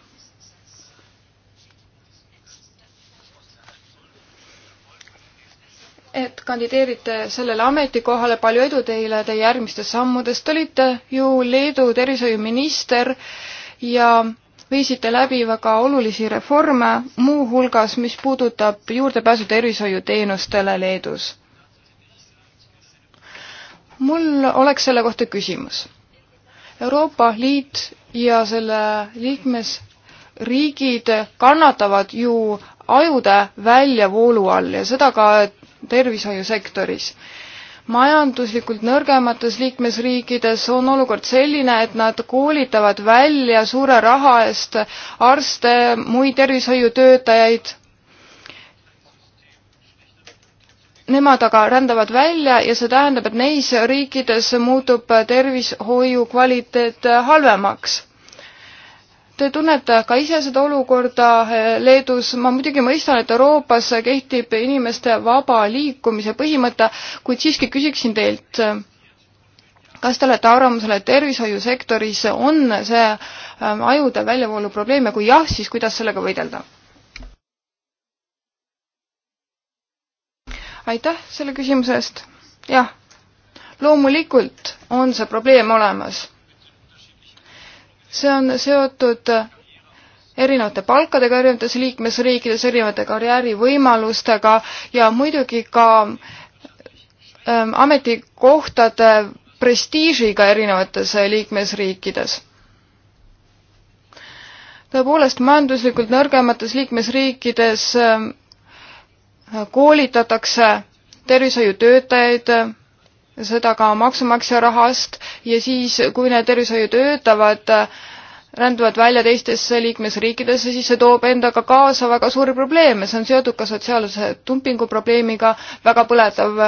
et kandideerite sellele ametikohale, palju edu teile teie järgmistest sammudest, olite ju Leedu tervishoiuminister ja viisite läbi väga olulisi reforme, muuhulgas mis puudutab juurdepääsu tervishoiuteenustele Leedus. mul oleks selle kohta küsimus. Euroopa Liit ja selle liikmesriigid kannatavad ju ajude väljavoolu all ja seda ka tervishoiusektoris majanduslikult nõrgemates liikmesriikides on olukord selline, et nad koolitavad välja suure raha eest arste, muid tervishoiutöötajaid. Nemad aga rändavad välja ja see tähendab, et neis riikides muutub tervishoiu kvaliteet halvemaks Te tunnete ka ise seda olukorda eh, Leedus, ma muidugi mõistan, et Euroopas kehtib inimeste vaba liikumise põhimõte, kuid siiski küsiksin teilt, kas te olete arvamusel, et tervishoiusektoris on see ähm, ajude väljavoolu probleem ja kui jah, siis kuidas sellega võidelda? aitäh selle küsimuse eest, jah, loomulikult on see probleem olemas see on seotud erinevate palkadega erinevates liikmesriikides, erinevate karjäärivõimalustega ja muidugi ka ähm, ametikohtade prestiižiga erinevates liikmesriikides. tõepoolest, majanduslikult nõrgemates liikmesriikides ähm, koolitatakse tervishoiutöötajaid, seda ka maksumaksja rahast ja siis, kui need tervishoiutöötavad ränduvad välja teistesse liikmesriikidesse, siis see toob endaga kaasa väga suuri probleeme, see on seotud ka sotsiaalse dumpingu probleemiga, väga põletav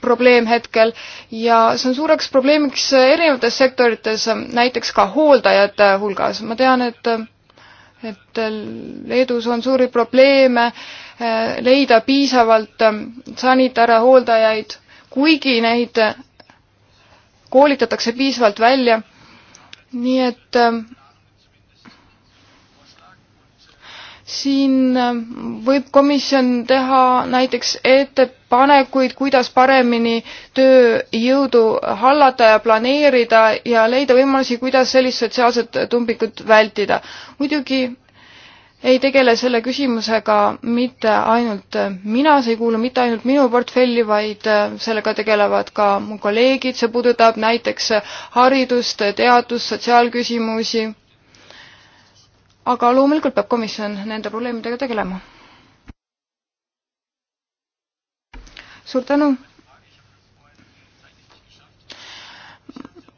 probleem hetkel ja see on suureks probleemiks erinevates sektorites, näiteks ka hooldajate hulgas, ma tean, et et Leedus on suuri probleeme eh, leida piisavalt sanitare, hooldajaid kuigi neid koolitatakse piisavalt välja. nii et ähm, siin ähm, võib komisjon teha näiteks ettepanekuid, kuidas paremini tööjõudu hallata ja planeerida ja leida võimalusi, kuidas sellist sotsiaalset tumbikut vältida. muidugi ei tegele selle küsimusega mitte ainult mina, see ei kuulu mitte ainult minu portfelli, vaid äh, sellega tegelevad ka mu kolleegid, see puudutab näiteks haridust, teadust, sotsiaalküsimusi. aga loomulikult peab komisjon nende probleemidega tegelema. suur tänu.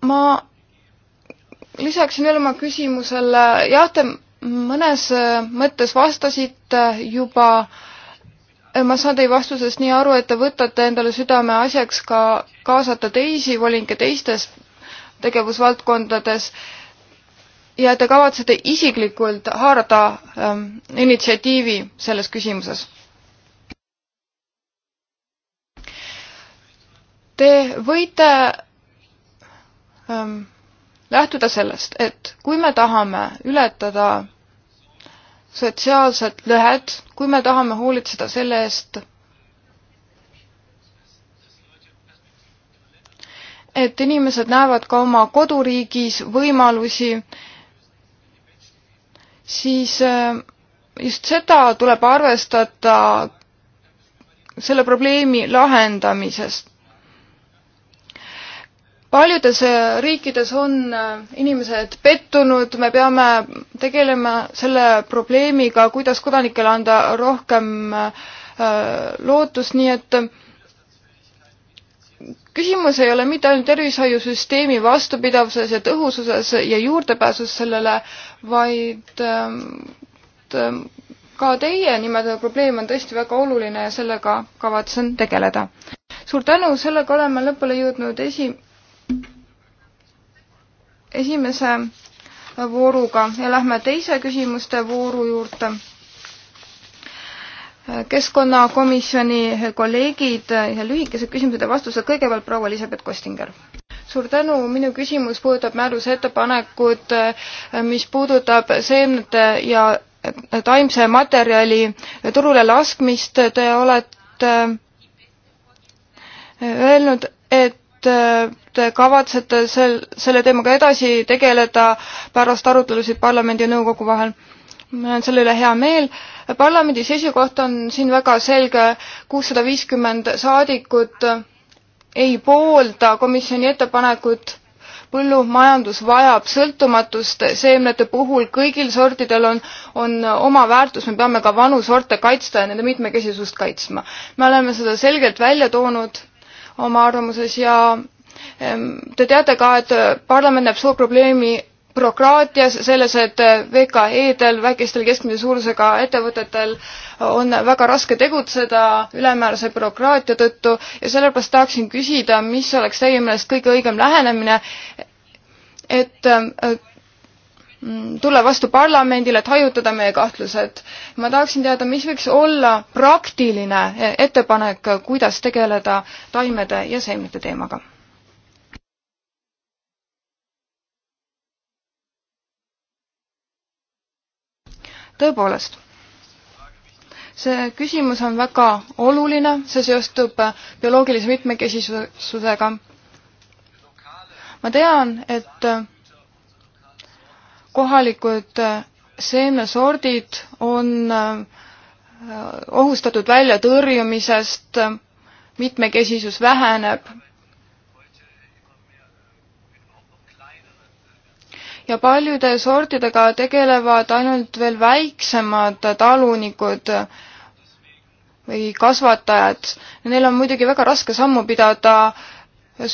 ma lisaksin veel oma küsimusele, jah, te mõnes äh, mõttes vastasite äh, juba äh, ma saan teie vastusest nii aru, et te võtate endale südameasjaks ka kaasata teisi volinike teistes tegevusvaldkondades ja te kavatsete isiklikult haarata ähm, initsiatiivi selles küsimuses. Te võite ähm, lähtuda sellest, et kui me tahame ületada sotsiaalsed lõhed, kui me tahame hoolitseda selle eest, et inimesed näevad ka oma koduriigis võimalusi, siis äh, just seda tuleb arvestada selle probleemi lahendamisest paljudes äh, riikides on äh, inimesed pettunud, me peame tegelema selle probleemiga, kuidas kodanikele anda rohkem äh, lootust, nii et küsimus ei ole mitte ainult tervishoiusüsteemi vastupidavuses ja tõhususes ja juurdepääsus sellele, vaid ka teie nimetatud probleem on tõesti väga oluline ja sellega kavatsen tegeleda. suur tänu, sellega oleme lõpule jõudnud esi-, esimese vooruga ja lähme teise küsimuste vooru juurde. keskkonnakomisjoni kolleegid ja lühikesed küsimused ja vastused. kõigepealt proua Elisabeth Kostinger. suur tänu, minu küsimus puudutab määruse ettepanekut, mis puudutab seemnete ja taimse materjali turule laskmist. Te olete öelnud, et te kavatsete sel, selle teemaga edasi tegeleda pärast arutelusid parlamendi ja nõukogu vahel? mul on selle üle hea meel. parlamendi seisukoht on siin väga selge, kuussada viiskümmend saadikut ei poolda komisjoni ettepanekut põllumajandus vajab sõltumatust seemnete puhul, kõigil sortidel on, on oma väärtus, me peame ka vanu sorte kaitsta ja nende mitmekesisust kaitsma. me oleme seda selgelt välja toonud oma arvamuses ja Ehm, te teate ka, et parlament näeb suur probleemi bürokraatias, selles, et VKE-del, väikestel keskmise suurusega ettevõtetel on väga raske tegutseda ülemäärase bürokraatia tõttu ja sellepärast tahaksin küsida, mis oleks teie meelest kõige õigem lähenemine, et mm, tulla vastu parlamendile, et hajutada meie kahtlused. ma tahaksin teada, mis võiks olla praktiline ettepanek, kuidas tegeleda taimede ja seemnete teemaga tõepoolest, see küsimus on väga oluline, see seostub bioloogilise mitmekesisusega. ma tean, et kohalikud seemnesordid on ohustatud väljatõrjumisest, mitmekesisus väheneb ja paljude sortidega tegelevad ainult veel väiksemad talunikud või kasvatajad. Neil on muidugi väga raske sammu pidada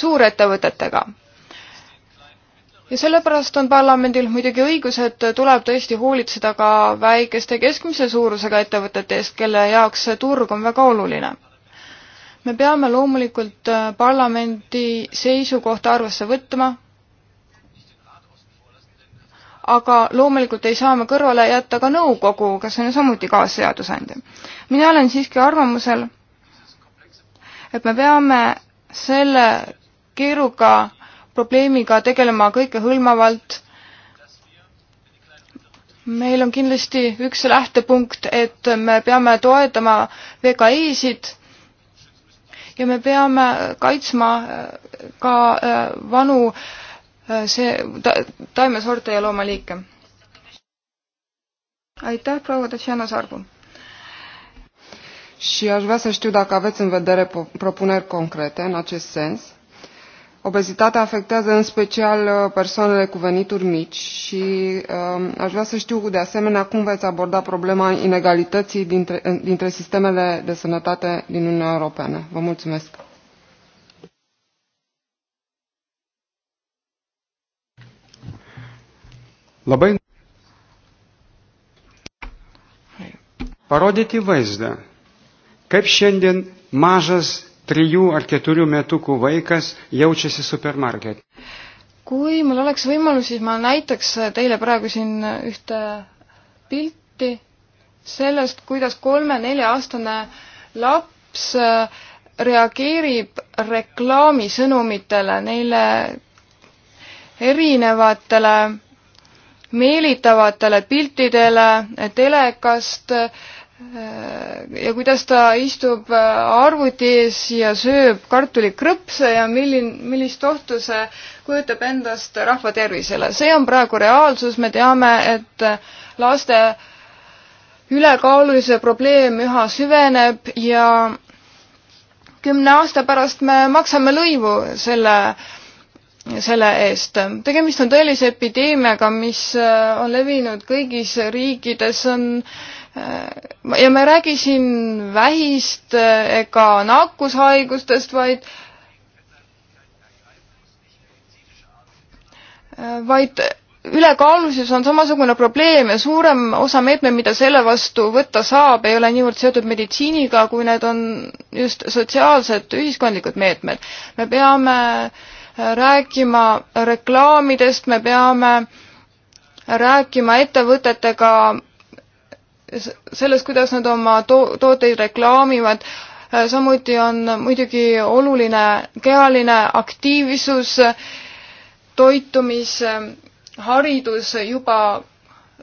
suurettevõtetega. ja sellepärast on parlamendil muidugi õigus, et tuleb tõesti hoolitseda ka väikeste keskmise suurusega ettevõtete eest, kelle jaoks see turg on väga oluline. me peame loomulikult parlamendi seisukohta arvesse võtma aga loomulikult ei saa me kõrvale jätta ka nõukogu, kes on ju samuti kaasseadusandja. mina olen siiski arvamusel, et me peame selle keeruka probleemiga tegelema kõikehõlmavalt. meil on kindlasti üks lähtepunkt, et me peame toetama VKE-sid ja me peame kaitsma ka äh, vanu äh, Äh, see ta, taimesorte ja loomaliike. aitäh, proua Tatjana Sarbu! Și aș vrea să știu dacă aveți în vedere propuneri concrete în acest sens. Obezitatea afectează în special uh, persoanele cu venituri mici și uh, aș vrea să știu de asemenea cum veți aborda problema inegalității dintre, dintre sistemele de sănătate din Uniunea Europeană. Vă mulțumesc! Labai parodyti vaizdą, kaip šiandien mažas trijų ar keturių metukų vaikas jaučiasi supermarket. kui mul oleks võimalus, siis ma näitaks teile praegu siin ühte pilti sellest, kuidas kolme-nelja-aastane laps reageerib reklaamisõnumitele, neile erinevatele meelitavatele piltidele telekast äh, ja kuidas ta istub äh, arvuti ees ja sööb kartulikrõpse ja milline, millist ohtu see kujutab endast rahva tervisele. see on praegu reaalsus, me teame, et laste ülekaalulisuse probleem üha süveneb ja kümne aasta pärast me maksame lõivu selle äh, selle eest. tegemist on tõelise epideemiaga, mis äh, on levinud kõigis riikides, on äh, ja me ei räägi siin vähist äh, ega nakkushaigustest, vaid vaid ülekaalulisus on samasugune probleem ja suurem osa meetmeid, mida selle vastu võtta saab, ei ole niivõrd seotud meditsiiniga, kui need on just sotsiaalsed, ühiskondlikud meetmed. me peame äh, rääkima reklaamidest, me peame rääkima ettevõtetega sellest, kuidas nad oma to-, tooteid reklaamivad, samuti on muidugi oluline kehaline aktiivsus, toitumisharidus juba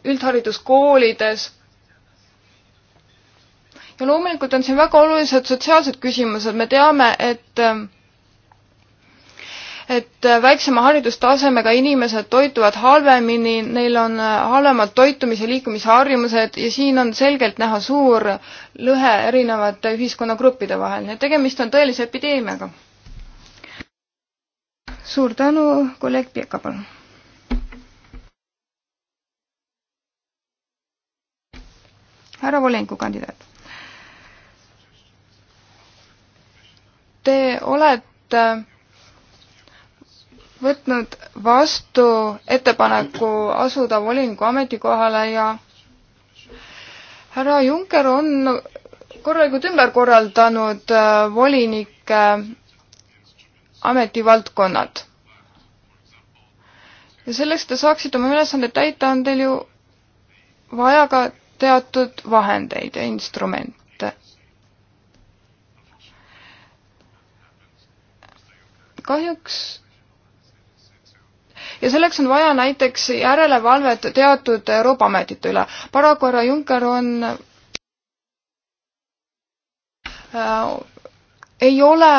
üldhariduskoolides ja loomulikult on siin väga olulised sotsiaalsed küsimused, me teame, et et väiksema haridustasemega inimesed toituvad halvemini, neil on äh, halvemad toitumis- ja liikumisharjumused ja siin on selgelt näha suur lõhe erinevate ühiskonnagruppide vahel, nii et tegemist on tõelise epideemiaga. suur tänu, kolleeg Pieka, palun. härra Volenko kandidaat. Te olete võtnud vastu ettepaneku asuda voliniku ametikohale ja härra Juncker on korralikult ümber korraldanud äh, volinike ametivaldkonnad. ja selleks, et te saaksite oma ülesandeid täita, on teil ju vaja ka teatud vahendeid ja instrumente. kahjuks ja selleks on vaja näiteks järelevalvet teatud Euroopa ametite üle. paraku härra Juncker on äh, ei ole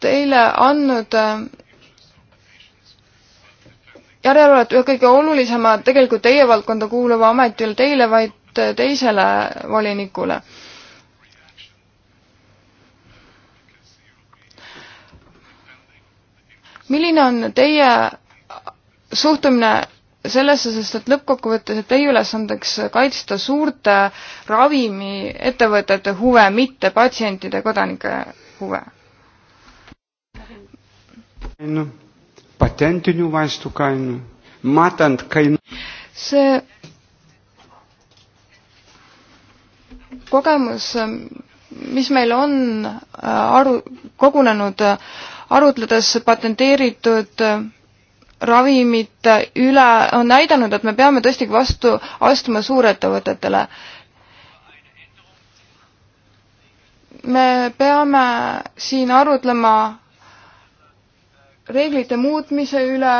teile andnud äh, järelevalvet ühe kõige olulisema, tegelikult teie valdkonda kuuluva ameti üle teile, vaid teisele volinikule. milline on teie suhtumine sellesse, sest et lõppkokkuvõttes, et teie ülesandeks kaitsta suurte ravimiettevõtete huve, mitte patsientide, kodanike huve. patentinių vaistų kainų, matant kainų. see kogemus, mis meil on äh, aru, kogunenud äh, arutledes patenteeritud äh, ravimite üle on näidanud, et me peame tõesti vastu astuma suurettevõtetele. me peame siin arutlema reeglite muutmise üle,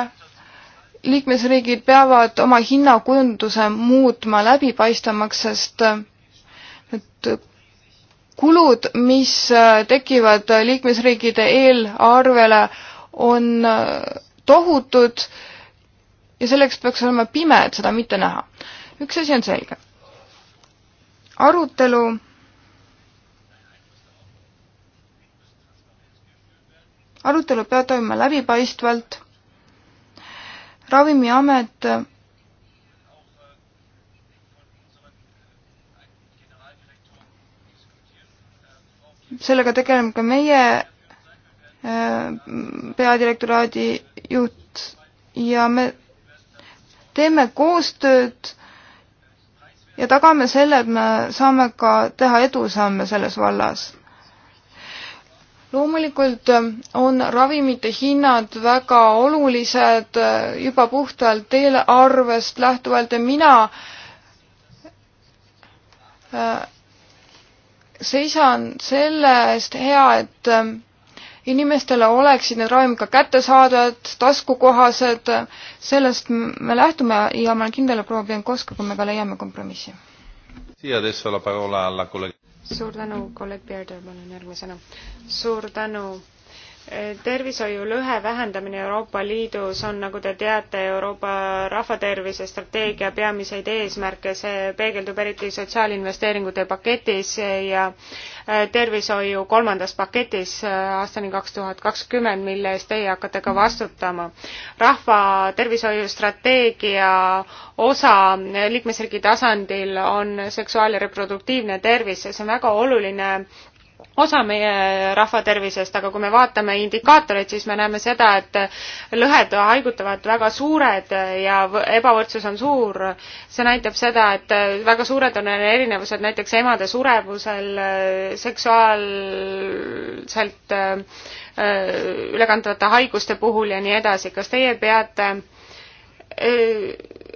liikmesriigid peavad oma hinnakujunduse muutma läbipaistvamaks, sest et kulud, mis tekivad liikmesriikide eelarvele, on tohutud ja selleks peaks olema pime, et seda mitte näha. üks asi on selge. arutelu arutelu peab toimuma läbipaistvalt. ravimiamet sellega tegeleme ka meie Äh, peadirektoraadi juht ja me teeme koostööd ja tagame selle, et me saame ka teha edusamme selles vallas. loomulikult on ravimite hinnad väga olulised juba puhtalt eelarvest lähtuvalt ja mina äh, seisan selle eest hea, et inimestele oleksid need ravimid ka kättesaadavad, taskukohased, sellest me lähtume ja ma olen kindel, et proua Pienkovska, kui me ka leiame kompromissi. suur tänu, kolleeg Pierre Durban on järgmisena. suur tänu tervishoiulõhe vähendamine Euroopa Liidus on, nagu te teate, Euroopa rahvatervise strateegia peamiseid eesmärke, see peegeldub eriti sotsiaalinvesteeringute paketis ja äh, tervishoiu kolmandas paketis äh, aastani kaks tuhat kakskümmend, mille eest teie hakkate ka vastutama. rahva tervishoiustrateegia osa liikmesriigi tasandil on seksuaal- ja reproduktiivne tervis ja see on väga oluline osa meie rahvatervisest, aga kui me vaatame indikaatoreid, siis me näeme seda, et lõhed haigutavad väga suured ja ebavõrdsus on suur. see näitab seda, et väga suured on erinevused näiteks emade surevusel, seksuaalselt äh, ülekantavate haiguste puhul ja nii edasi. kas teie peate äh,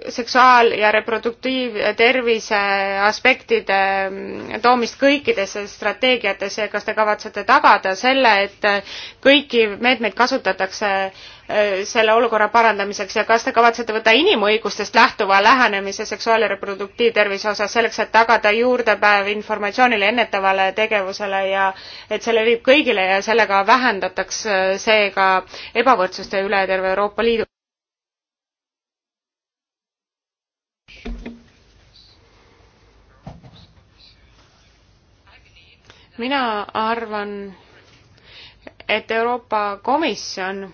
seksuaal- ja reproduktiivtervise aspektide mm, toomist kõikidesse strateegiatesse ja kas te kavatsete tagada selle, et kõiki meetmeid kasutatakse äh, selle olukorra parandamiseks ja kas te kavatsete võtta inimõigustest lähtuva lähenemise seksuaal- ja reproduktiivtervise osas selleks, et tagada juurdepäev informatsioonile, ennetavale tegevusele ja et see levib kõigile ja sellega vähendataks äh, seega ebavõrdsust üle terve Euroopa Liidu? mina arvan, et Euroopa Komisjon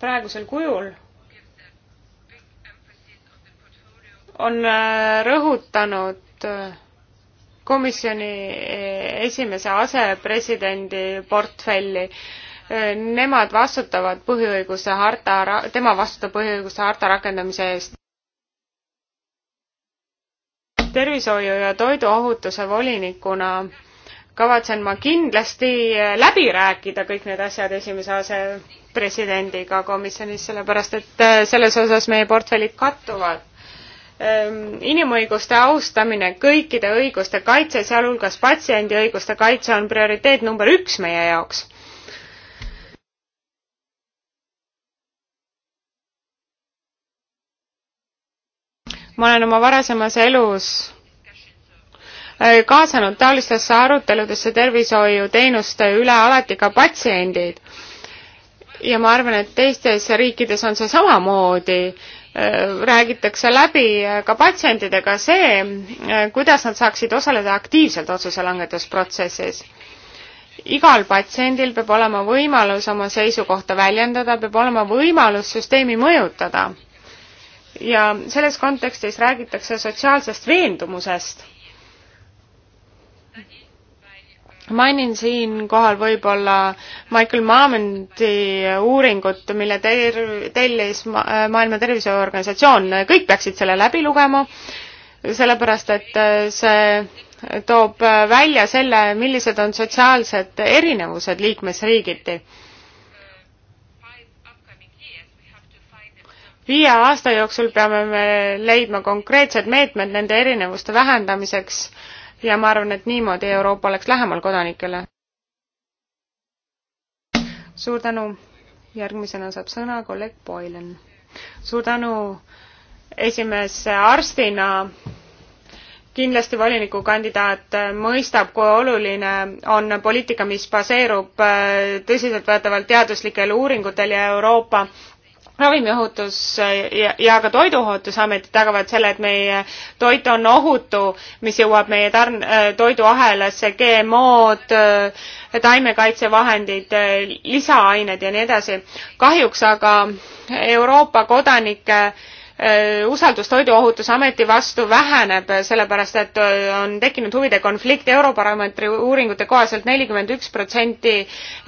praegusel kujul on äh, rõhutanud äh, komisjoni äh, esimese asepresidendi portfelli äh, nemad vastutavad põhiõiguse harta, tema vastutab põhiõiguse harta rakendamise eest. tervishoiu ja toiduohutuse volinikuna kavatsen ma kindlasti eh, läbi rääkida kõik need asjad esimese asepresidendiga komisjonis, sellepärast et eh, selles osas meie portfellid kattuvad ehm, inimõiguste austamine, kõikide õiguste kaitse, sealhulgas patsiendi õiguste kaitse on prioriteet number üks meie jaoks ma olen oma varasemas elus äh, kaasanud taolistesse aruteludesse tervishoiuteenuste üle alati ka patsiendid. ja ma arvan, et teistes riikides on see samamoodi, äh, räägitakse läbi ka patsientidega see, äh, kuidas nad saaksid osaleda aktiivselt otsuse langetusprotsessis. igal patsiendil peab olema võimalus oma seisukohta väljendada, peab olema võimalus süsteemi mõjutada ja selles kontekstis räägitakse sotsiaalsest veendumusest. mainin siinkohal võib-olla Michael Marmondi uuringut, mille ter-, tellis Maailma Terviseorganisatsioon, kõik peaksid selle läbi lugema, sellepärast et see toob välja selle, millised on sotsiaalsed erinevused liikmesriigiti viie aasta jooksul peame me leidma konkreetsed meetmed nende erinevuste vähendamiseks ja ma arvan, et niimoodi Euroopa oleks lähemal kodanikele. suur tänu. järgmisena saab sõna kolleeg Boylen. suur tänu esimees arstina kindlasti volinikukandidaat mõistab, kui oluline on poliitika, mis baseerub äh, tõsiseltvõetaval teaduslikel uuringutel ja Euroopa ravimiohutus äh, ja, ja ka Toiduohutusamet tagavad selle, et meie toit on ohutu, mis jõuab meie tarn-, äh, toiduahelasse, GMO-d, äh, taimekaitsevahendid, lisaained ja nii edasi. kahjuks aga Euroopa kodanike äh, Äh, usaldus Toiduohutusameti vastu väheneb, sellepärast et äh, on tekkinud huvide konflikt. Eurobaromeetri uuringute kohaselt nelikümmend üks protsenti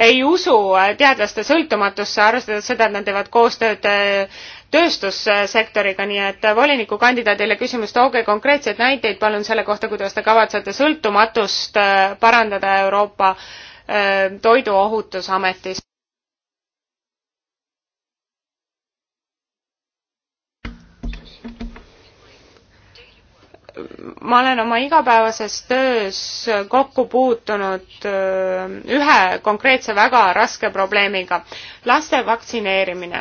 ei usu teadlaste sõltumatusse, arvestades seda, et nad teevad koostööd äh, tööstussektoriga, nii et volinikukandidaadile küsimus, tooge konkreetseid näiteid palun selle kohta, kuidas te kavatsete sõltumatust parandada Euroopa Toiduohutusametis. ma olen oma igapäevases töös kokku puutunud äh, ühe konkreetse väga raske probleemiga, laste vaktsineerimine.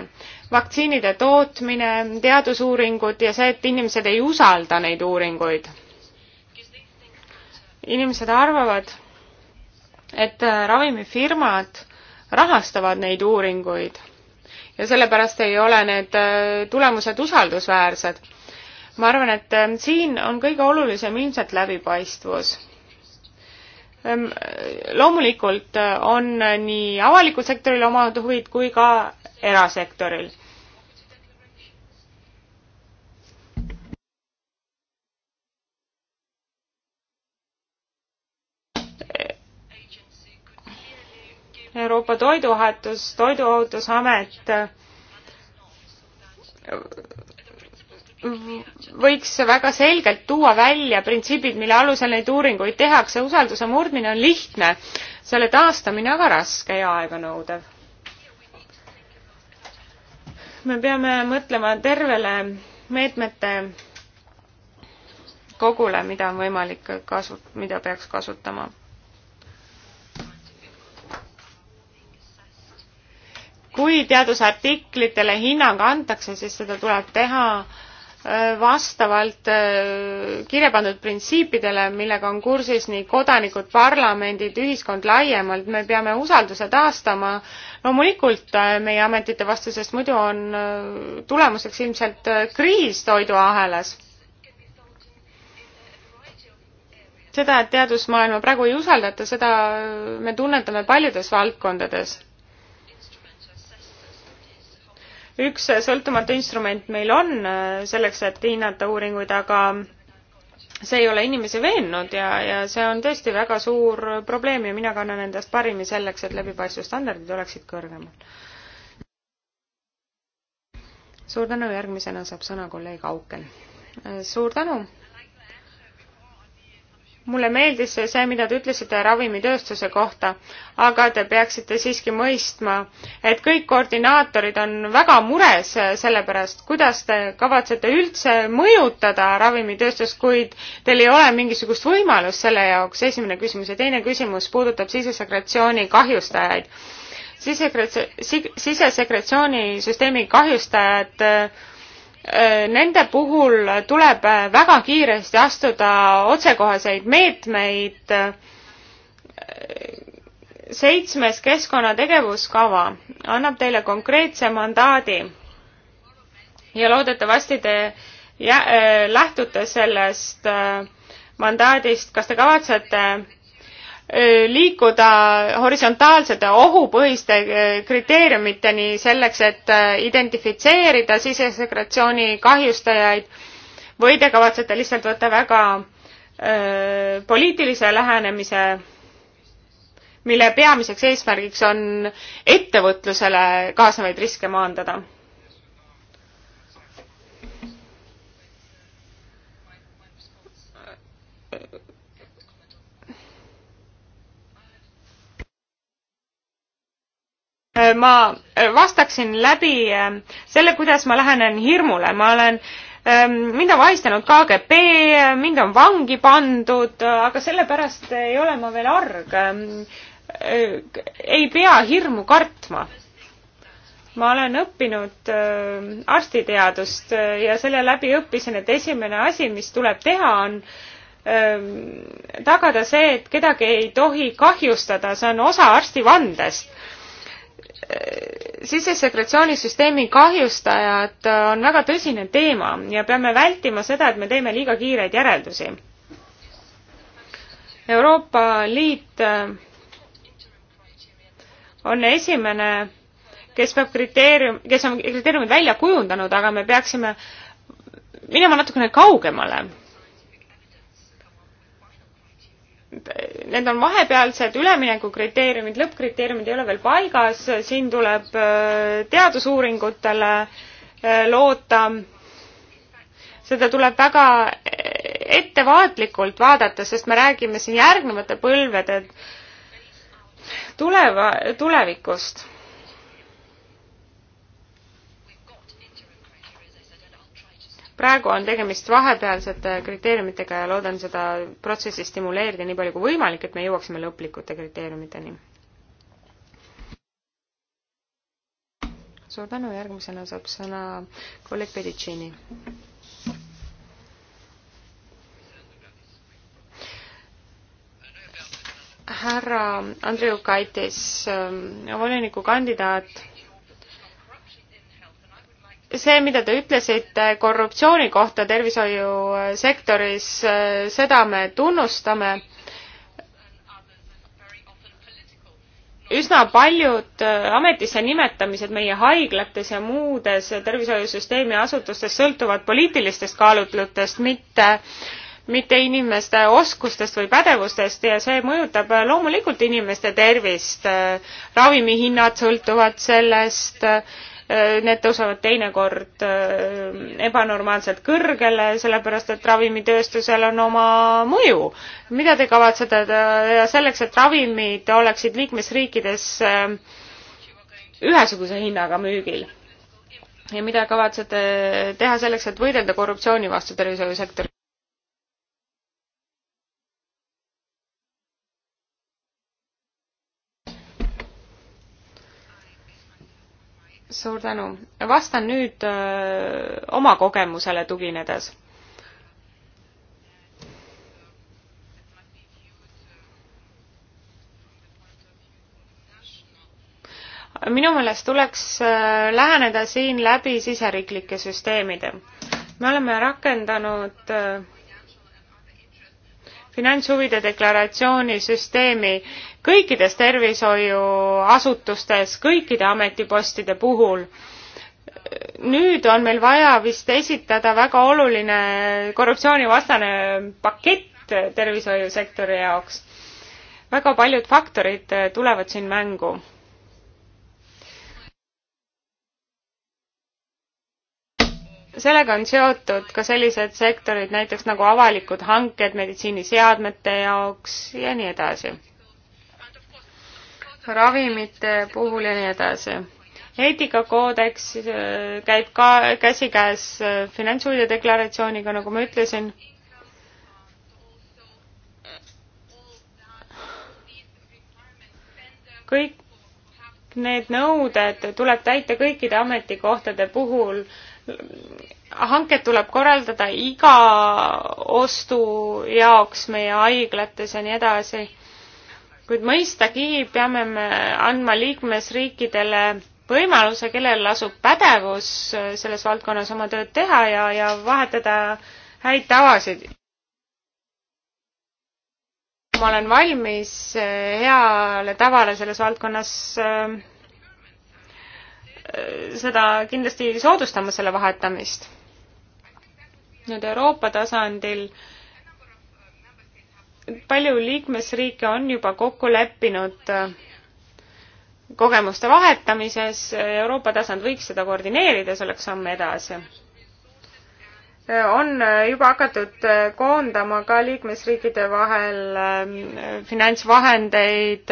vaktsiinide tootmine, teadusuuringud ja see, et inimesed ei usalda neid uuringuid. inimesed arvavad, et äh, ravimifirmad rahastavad neid uuringuid ja sellepärast ei ole need äh, tulemused usaldusväärsed ma arvan, et ähm, siin on kõige olulisem ilmselt läbipaistvus. Ähm, loomulikult äh, on äh, nii avalikul sektoril omad huvid kui ka erasektoril. Euroopa Toiduohutus, Toiduohutusamet võiks väga selgelt tuua välja printsiibid, mille alusel neid uuringuid tehakse. usalduse murdmine on lihtne, selle taastamine aga raske ja aeganõudev. me peame mõtlema tervele meetmete kogule, mida on võimalik kasu-, mida peaks kasutama. kui teadusartiklitele hinnang antakse, siis seda tuleb teha äh, vastavalt äh, kirja pandud printsiipidele, millega on kursis nii kodanikud, parlamendid, ühiskond laiemalt, me peame usalduse taastama loomulikult äh, meie ametite vastu, sest muidu on äh, tulemuseks ilmselt kriis toiduahelas. seda, et teadusmaailma praegu ei usaldata, seda me tunnetame paljudes valdkondades üks sõltumatu instrument meil on äh, selleks, et hinnata uuringuid, aga see ei ole inimesi veennud ja, ja see on tõesti väga suur probleem ja mina kannan endast parimi selleks, et läbipaistvusstandardid oleksid kõrgemad. suur tänu, järgmisena saab sõna kolleeg Auken. Äh, suur tänu, mulle meeldis see, mida te ütlesite ravimitööstuse kohta, aga te peaksite siiski mõistma, et kõik koordinaatorid on väga mures selle pärast, kuidas te kavatsete üldse mõjutada ravimitööstust, kuid teil ei ole mingisugust võimalust selle jaoks, esimene küsimus. ja teine küsimus puudutab sisesekretsiooni kahjustajaid. sisesekretsiooni süsteemi kahjustajad Äh, nende puhul tuleb äh, väga kiiresti astuda otsekoheseid meetmeid. Äh, seitsmes keskkonnategevuskava annab teile konkreetse mandaadi ja loodetavasti te jä, lähtute sellest mandaadist, kas te kavatsete liikuda horisontaalsete ohupõhiste kriteeriumiteni selleks, et identifitseerida sisesekretsiooni kahjustajaid või te kavatsete lihtsalt võtta väga öö, poliitilise lähenemise, mille peamiseks eesmärgiks on ettevõtlusele kaasnevaid riske maandada? Äh, ma äh, vastaksin läbi ähm, selle, kuidas ma lähenen hirmule, ma olen ähm, mind on vahistanud KGB, mind on vangi pandud, äh, aga sellepärast ei ole ma veel arg. Ähm, ei pea hirmu kartma. ma olen õppinud arstiteadust ja selle läbi õppisin, et esimene asi, mis tuleb teha, on tagada see, et kedagi ei tohi kahjustada, see on osa arstivandest sisesekretsioonisüsteemi kahjustajad äh, on väga tõsine teema ja peame vältima seda, et me teeme liiga kiireid järeldusi. Euroopa Liit äh, on esimene, kes peab kriteerium, kes on kriteeriumid välja kujundanud, aga me peaksime minema natukene kaugemale need on vahepealsed üleminekukriteeriumid, lõppkriteeriumid ei ole veel paigas, siin tuleb äh, teadusuuringutele äh, loota. seda tuleb väga äh, ettevaatlikult vaadata, sest me räägime siin järgnevate põlvede tuleva, tulevikust praegu on tegemist vahepealsete kriteeriumitega ja loodan seda protsessi stimuleerida nii palju kui võimalik, et me jõuaksime lõplikute kriteeriumiteni. suur tänu, järgmisena saab sõna kolleeg Pedicini. härra Andrei Ukaitis, ähm, volinikukandidaat see, mida te ütlesite korruptsiooni kohta tervishoiusektoris, seda me tunnustame. üsna paljud ametisse nimetamised meie haiglates ja muudes tervishoiusüsteemi asutustes sõltuvad poliitilistest kaalutlustest, mitte mitte inimeste oskustest või pädevustest ja see mõjutab loomulikult inimeste tervist. ravimihinnad sõltuvad sellest äh,, Äh, need tõusevad teinekord äh, ebanormaalselt kõrgele, sellepärast et ravimitööstusel on oma mõju. mida te kavatsete teha äh, selleks, et ravimid oleksid liikmesriikides ühesuguse hinnaga müügil? ja mida kavatsete teha selleks, et võidelda korruptsiooni vastu tervishoiusektoris? suur tänu. vastan nüüd öö, oma kogemusele tuginedes. minu meelest tuleks läheneda siin läbi siseriiklike süsteemide. me oleme rakendanud öö, finantshuvide deklaratsiooni süsteemi kõikides tervishoiuasutustes, kõikide ametipostide puhul. nüüd on meil vaja vist esitada väga oluline korruptsioonivastane pakett tervishoiusektori jaoks. väga paljud faktorid tulevad siin mängu sellega on seotud ka sellised sektorid, näiteks nagu avalikud hanked meditsiiniseadmete jaoks ja nii edasi. ravimite puhul ja nii edasi. eetikakoodeks äh, käib ka käsikäes äh, finantshuvide deklaratsiooniga, nagu ma ütlesin. kõik need nõuded tuleb täita kõikide ametikohtade puhul hanked tuleb korraldada iga ostu jaoks meie haiglates ja nii edasi. kuid mõistagi peame me andma liikmesriikidele võimaluse, kellel lasub pädevus selles valdkonnas oma tööd teha ja, ja vahetada häid tavasid. ma olen valmis heale tavale selles valdkonnas äh, seda kindlasti soodustama, selle vahetamist. nüüd Euroopa tasandil palju liikmesriike on juba kokku leppinud kogemuste vahetamises, Euroopa tasand võiks seda koordineerida, see oleks samm edasi on juba hakatud äh, koondama ka liikmesriikide vahel ähm, finantsvahendeid,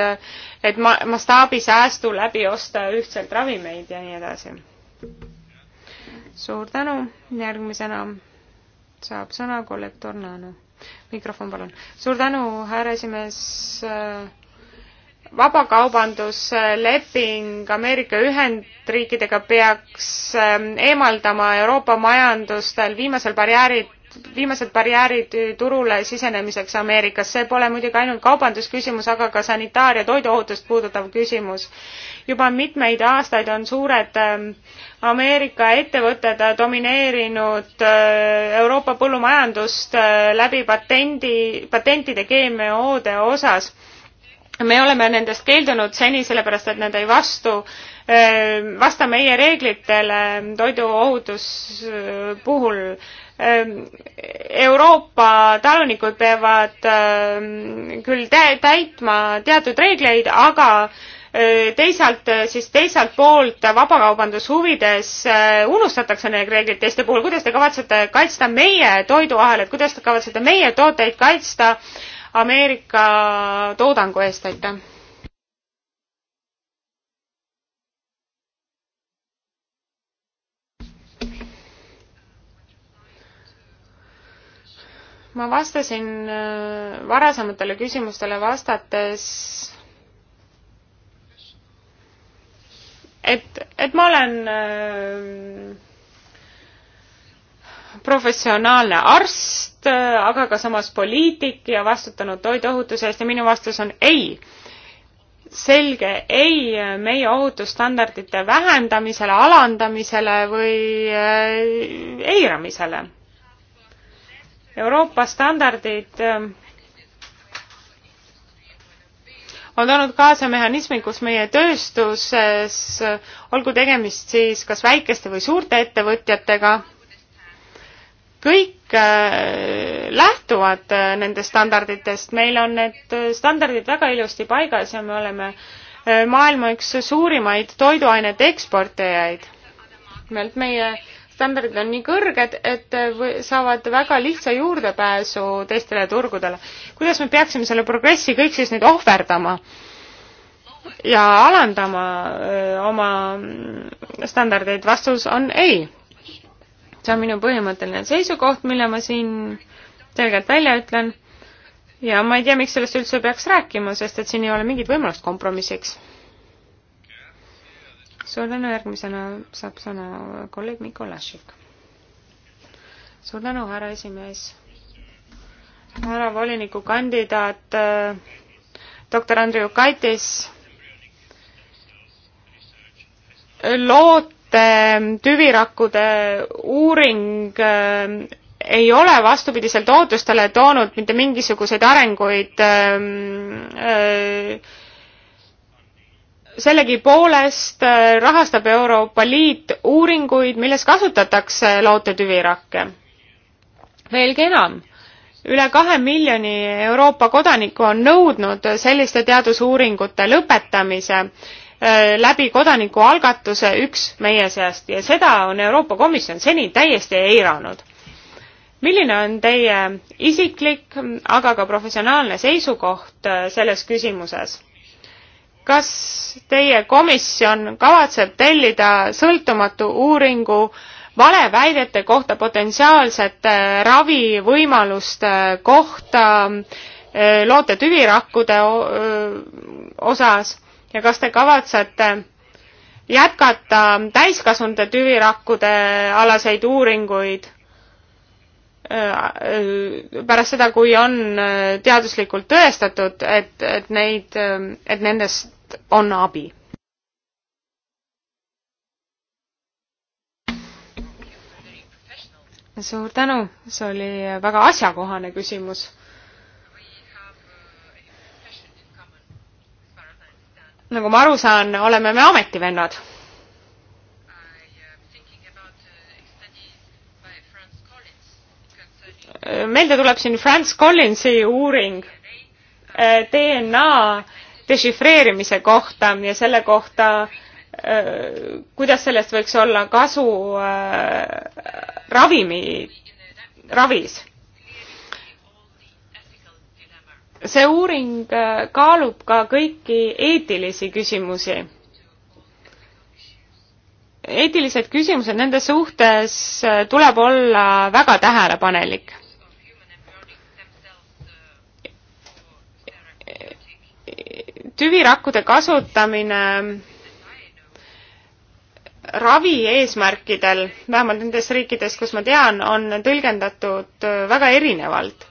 et ma-, mastaabisäästu läbi osta ühtselt ravimeid ja nii edasi. suur tänu, järgmisena saab sõna kollektor Naanu. mikrofon palun. suur tänu, härra esimees äh, vabakaubandusleping Ameerika Ühendriikidega peaks ähm, eemaldama Euroopa majandustel viimasel barjäärid viimased barjäärid turule sisenemiseks Ameerikas. see pole muidugi ainult kaubandusküsimus, aga ka sanitaar- ja toiduohutust puudutav küsimus. juba mitmeid aastaid on suured ähm, Ameerika ettevõtted domineerinud äh, Euroopa põllumajandust äh, läbi patendi, patentide GMO-de osas me oleme nendest keeldunud seni sellepärast, et nad ei vastu, ehm, vasta meie reeglitele toiduohutus ehm, puhul. Ehm, Euroopa talunikud peavad küll täitma teatud reegleid, aga teisalt siis teiselt poolt vabakaubandushuvides unustatakse need reeglid teiste puhul, kuidas te kavatsete kaitsta meie toiduahelat, kuidas te kavatsete meie tooteid kaitsta Ameerika toodangu eest, aitäh! ma vastasin äh, varasematele küsimustele vastates, et, et ma olen äh, professionaalne arst, aga ka samas poliitik ja vastutanud toiduohutuse eest ja minu vastus on ei. selge ei meie ohutusstandardite vähendamisele, alandamisele või äh, eiramisele. Euroopa standardid äh, on toonud kaasa mehhanismi, kus meie tööstuses, äh, olgu tegemist siis kas väikeste või suurte ettevõtjatega, kõik äh, lähtuvad äh, nendest standarditest, meil on need standardid väga ilusti paigas ja me oleme äh, maailma üks suurimaid toiduainete eksportijaid. nimelt meie standardid on nii kõrged, et saavad väga lihtsa juurdepääsu teistele turgudele. kuidas me peaksime selle progressi kõik siis nüüd ohverdama? ja alandama öö, oma standardeid, vastus on ei see on minu põhimõtteline seisukoht, mille ma siin selgelt välja ütlen ja ma ei tea, miks sellest üldse peaks rääkima, sest et siin ei ole mingit võimalust kompromissiks. suur tänu, järgmisena saab sõna kolleeg Mikolašik. suur tänu, härra esimees. härra volinikukandidaat äh, doktor Andriukaitis, loot Ehm, tüvirakkude uuring ehm, ei ole vastupidiselt ootustele toonud mitte mingisuguseid arenguid ehm, sellegipoolest eh, rahastab Euroopa Liit uuringuid, milles kasutatakse lootetüvirakke. veelgi enam, üle kahe miljoni Euroopa kodaniku on nõudnud selliste teadusuuringute lõpetamise Äh, läbi kodanikualgatuse üks meie seast ja seda on Euroopa Komisjon seni täiesti eiranud. milline on teie isiklik, aga ka professionaalne seisukoht äh, selles küsimuses? kas teie komisjon kavatseb tellida sõltumatu uuringu valeväidete kohta, potentsiaalsete äh, ravivõimaluste kohta, loote tüvirakkude osas ja kas te kavatsete jätkata täiskasvanute tüvirakkude alaseid uuringuid äh, pärast seda, kui on äh, teaduslikult tõestatud, et, et neid, äh, et nendest on abi? suur tänu, see oli väga asjakohane küsimus nagu ma aru saan, oleme me ametivennad. meelde tuleb siin Franz Collinsi uuring äh, DNA dešifreerimise kohta ja selle kohta, äh, kuidas sellest võiks olla kasu äh, ravimi, ravis see uuring äh, kaalub ka kõiki eetilisi küsimusi. eetilised küsimused nende suhtes äh, tuleb olla väga tähelepanelik. tüvirakkude kasutamine ravi eesmärkidel, vähemalt nendes riikides, kus ma tean, on tõlgendatud äh, väga erinevalt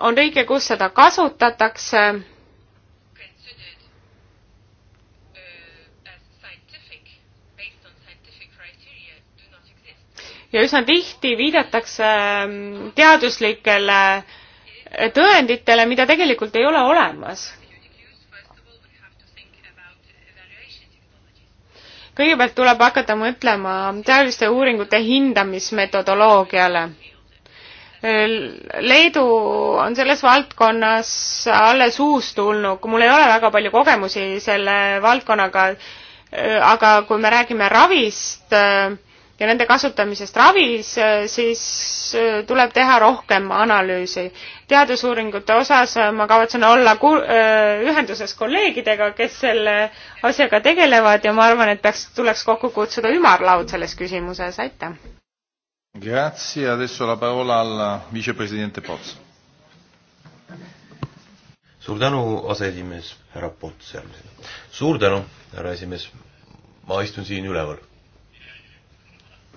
on riike, kus seda kasutatakse ja üsna tihti viidatakse mm, teaduslikele tõenditele, mida tegelikult ei ole olemas. kõigepealt tuleb hakata mõtlema teaduste uuringute hindamismetodoloogiale Leedu on selles valdkonnas alles uustulnuk, mul ei ole väga palju kogemusi selle valdkonnaga, aga kui me räägime ravist ja nende kasutamisest ravis, siis tuleb teha rohkem analüüsi. teadusuuringute osas ma kavatsen olla ku-, ühenduses kolleegidega, kes selle asjaga tegelevad ja ma arvan, et peaks, tuleks kokku kutsuda ümarlaud selles küsimuses, aitäh! Grazie, adesso la parola alla vicepresidente Pots. suur tänu, aseesimees härra Pots järgmisena. suur tänu, härra esimees. ma istun siin üleval.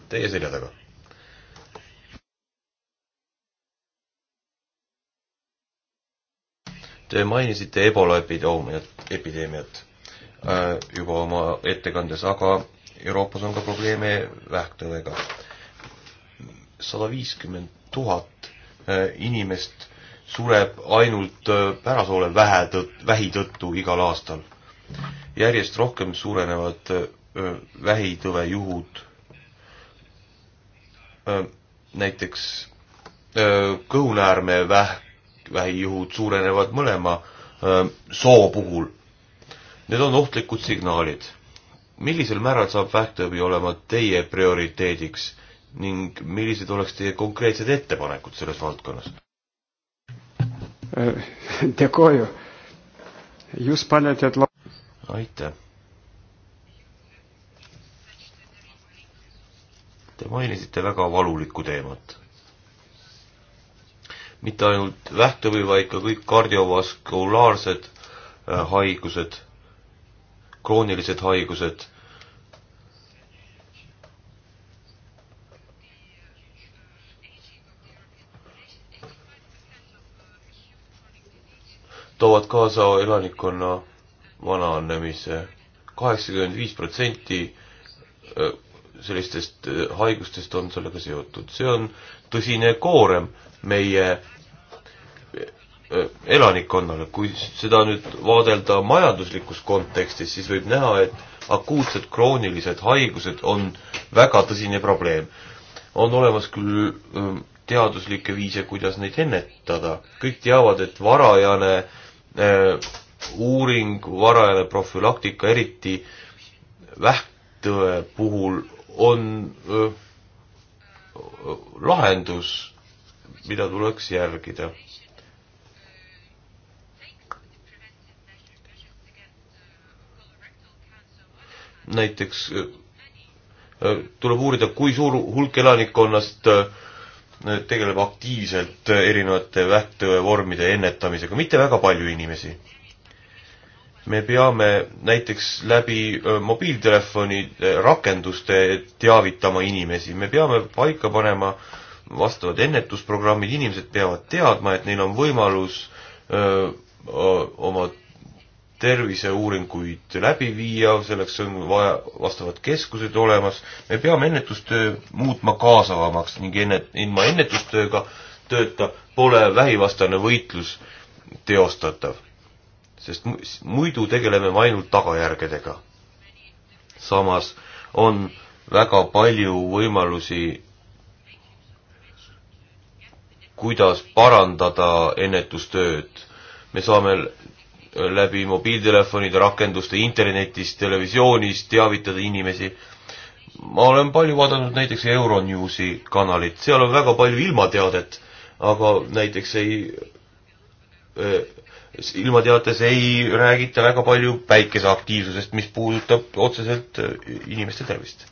Teie selja taga. Te mainisite ebola epideemiat, epideemiat äh, juba oma ettekandes, aga Euroopas on ka probleeme vähktõvega sada viiskümmend tuhat eh, inimest sureb ainult eh, pärasoole vähe tõtt-, vähi tõttu igal aastal. järjest rohkem suurenevad eh, vähitõve juhud. näiteks kõhunäärmevähk, vähijuhud suurenevad mõlema soo puhul. Need on ohtlikud signaalid. millisel määral saab vähktõbi olema teie prioriteediks? ning millised oleks teie konkreetsed ettepanekud selles valdkonnas? Äh, Dėkoju. Jūs palėtėt la-. aitäh. Te mainisite väga valulikku teemat. mitte ainult vähktõvi, vaid ka kõik kardiovaskulaarse äh, haigused, kroonilised haigused toovad kaasa elanikkonna vananemise. kaheksakümmend viis protsenti sellistest haigustest on sellega seotud. see on tõsine koorem meie elanikkonnale, kui seda nüüd vaadelda majanduslikus kontekstis, siis võib näha, et akuutsed kroonilised haigused on väga tõsine probleem. on olemas küll teaduslikke viise, kuidas neid ennetada, kõik teavad, et varajane äh, Äh, uuring, varajane profülaktika, eriti vähktõe puhul on öö, lahendus, mida tuleks järgida. näiteks öö, tuleb uurida, kui suur hulk elanikkonnast öö, tegeleb aktiivselt erinevate vähktõevormide ennetamisega, mitte väga palju inimesi. me peame näiteks läbi mobiiltelefoni rakenduste teavitama inimesi, me peame paika panema vastavad ennetusprogrammid, inimesed peavad teadma, et neil on võimalus öö, öö, oma terviseuuringuid läbi viia, selleks on vaja vastavad keskused olemas, me peame ennetustöö muutma kaasavamaks ning enne, ilma ennetustööga tööta pole vähivastane võitlus teostatav. sest muidu tegeleme me ainult tagajärgedega. samas on väga palju võimalusi, kuidas parandada ennetustööd. me saame läbi mobiiltelefonide, rakenduste, internetist, televisioonist teavitada inimesi. ma olen palju vaadanud näiteks Euronewsi kanalit, seal on väga palju ilmateadet, aga näiteks ei eh, ilmateates ei räägita väga palju päikeseaktiivsusest, mis puudutab otseselt eh, inimeste tervist.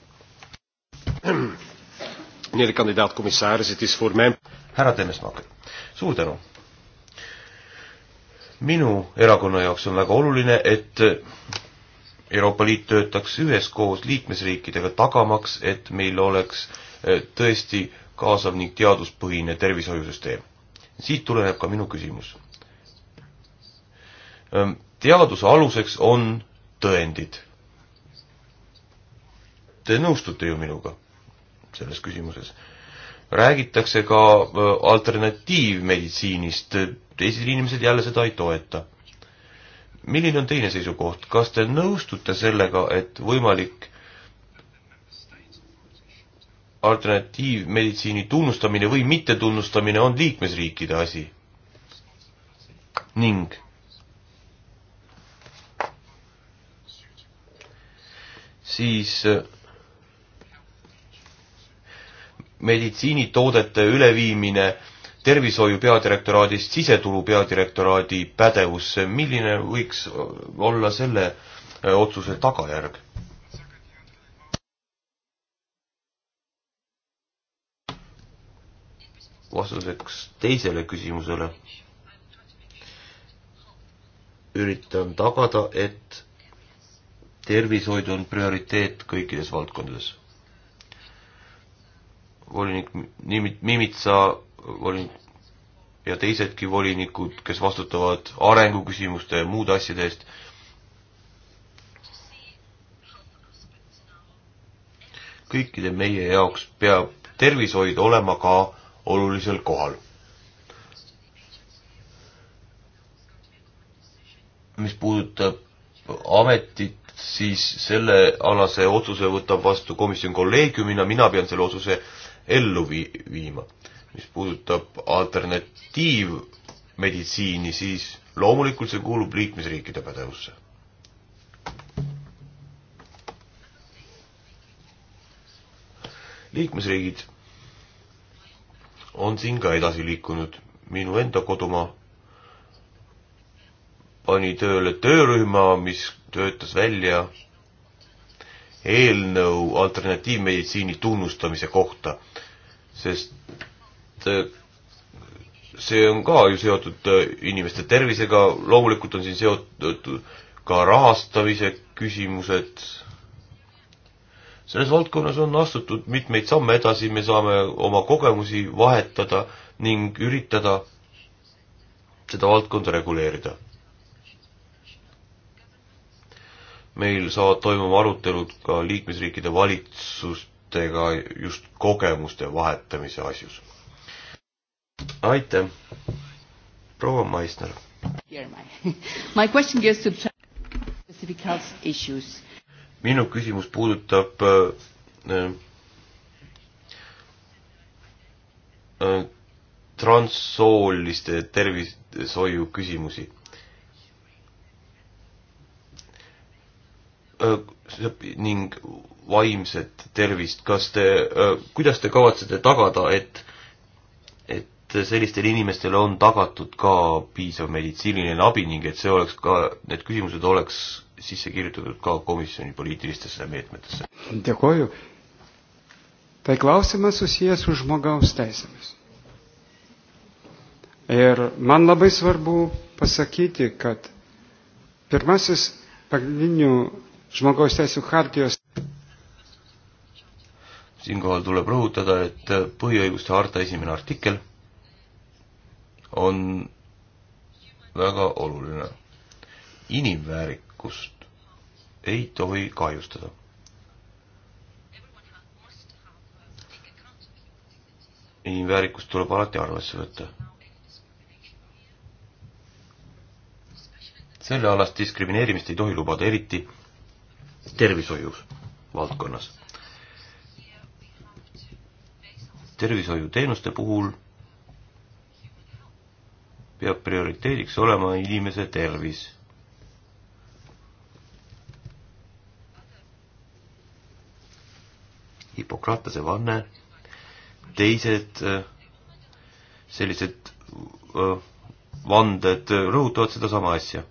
härra Temesmaager, suur tänu minu erakonna jaoks on väga oluline, et Euroopa Liit töötaks üheskoos liikmesriikidega, tagamaks, et meil oleks eh, tõesti kaasav ning teaduspõhine tervishoiusüsteem. siit tuleneb ka minu küsimus. Ehm, teaduse aluseks on tõendid. Te nõustute ju minuga selles küsimuses? räägitakse ka äh, alternatiivmeditsiinist, teised inimesed jälle seda ei toeta. milline on teine seisukoht, kas te nõustute sellega, et võimalik alternatiivmeditsiini tunnustamine või mittetunnustamine on liikmesriikide asi? ning siis äh, meditsiinitoodete üleviimine tervishoiu peadirektoraadist siseturu peadirektoraadi pädevusse, milline võiks olla selle äh, otsuse tagajärg? vastuseks teisele küsimusele üritan tagada, et tervishoid on prioriteet kõikides valdkondades volinik Mimitsa, volinik ja teisedki volinikud, kes vastutavad arenguküsimuste ja muude asjade eest. kõikide meie jaoks peab tervishoid olema ka olulisel kohal. mis puudutab ametit, siis sellealase otsuse võtab vastu komisjon kolleegiumina, mina pean selle otsuse ellu vii-, viima. mis puudutab alternatiivmeditsiini, siis loomulikult see kuulub liikmesriikide pädevusse. liikmesriigid on siin ka edasi liikunud. minu enda kodumaa pani tööle töörühma, mis töötas välja eelnõu alternatiivmeditsiini tunnustamise kohta, sest äh, see on ka ju seotud äh, inimeste tervisega, loomulikult on siin seotud ka rahastamise küsimused. selles valdkonnas on astutud mitmeid samme edasi, me saame oma kogemusi vahetada ning üritada seda valdkonda reguleerida meil saavad toimuma arutelud ka liikmesriikide valitsustega just kogemuste vahetamise asjus. aitäh, proua Maisner. [LAUGHS] minu küsimus puudutab äh, äh, transsooliste tervishoiu küsimusi ning vaimset tervist, kas te, kuidas te kavatsete tagada, et, et sellistele inimestele on tagatud ka piisav meditsiiniline abi ning et see oleks ka, need küsimused oleks sisse kirjutatud ka komisjoni poliitilistesse meetmetesse? Dėkoju. Tai klausimas susijęs su žmogaus teisėmis. Ir man labai svarbu pasakyti, kad pirmasis pagrindinių žmogaus teisų hartijos. siinkohal tuleb rõhutada, et põhiõiguste harta esimene artikkel on väga oluline. inimväärikust ei tohi kahjustada. inimväärikust tuleb alati arvesse võtta. sellealast diskrimineerimist ei tohi lubada, eriti tervishoius valdkonnas. tervishoiuteenuste puhul peab prioriteediks olema inimese tervis. Hippokratase vanne, teised äh, sellised äh, vanded rõhutavad sedasama asja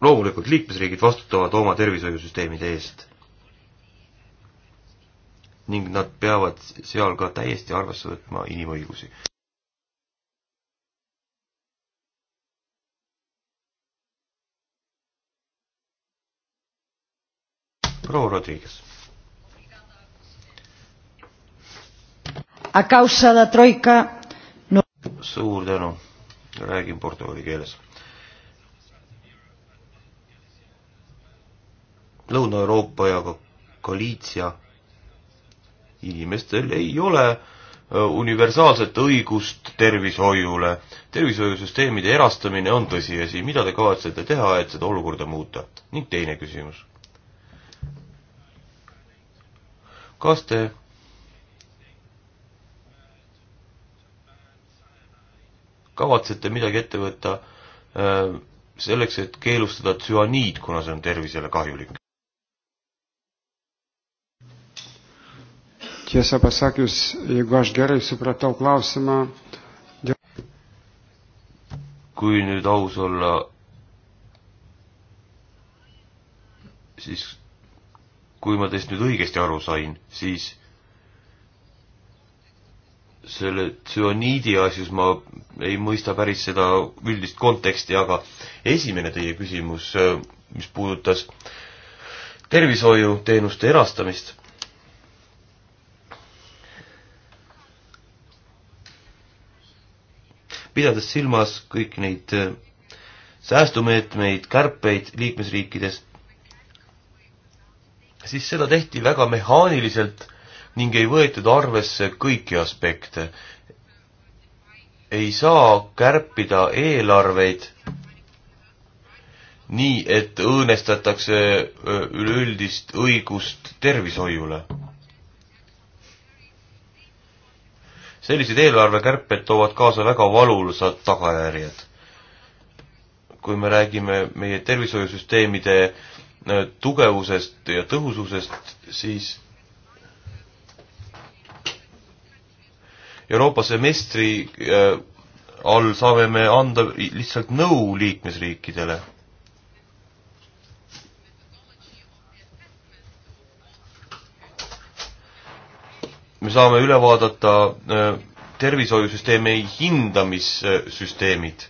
loomulikult liikmesriigid vastutavad oma tervishoiusüsteemide eest. ning nad peavad seal ka täiesti arvesse võtma inimõigusi. proua Rodriguez. A causa da troika no.... suur tänu, räägin portugali keeles Lõuna-Euroopa ja ka Galiitsia inimestel ei ole universaalset õigust tervishoiule. tervishoiusüsteemide erastamine on tõsiasi, mida te kavatsete teha, et seda olukorda muuta? ning teine küsimus. kas te kavatsete midagi ette võtta selleks, et keelustada tsüaniid, kuna see on tervisele kahjulik? Tiesą pasakius, jeigu aš gerai supratau klausimą. Kui nüüd aus olla, siis kui ma teist nüüd õigesti aru sain, siis selle tsüaniidi asjus ma ei mõista päris seda üldist konteksti, aga esimene teie küsimus, mis puudutas tervishoiuteenuste erastamist, pidades silmas kõik neid äh, säästumeetmeid, kärpeid liikmesriikides, siis seda tehti väga mehaaniliselt ning ei võetud arvesse kõiki aspekte. ei saa kärpida eelarveid nii, et õõnestatakse äh, üleüldist õigust tervishoiule sellised eelarvekärped toovad kaasa väga valulisad tagajärjed. kui me räägime meie tervishoiusüsteemide äh, tugevusest ja tõhususest, siis Euroopa semestri äh, all saame me anda lihtsalt nõu liikmesriikidele me saame üle vaadata äh, tervishoiusüsteemi hindamissüsteemid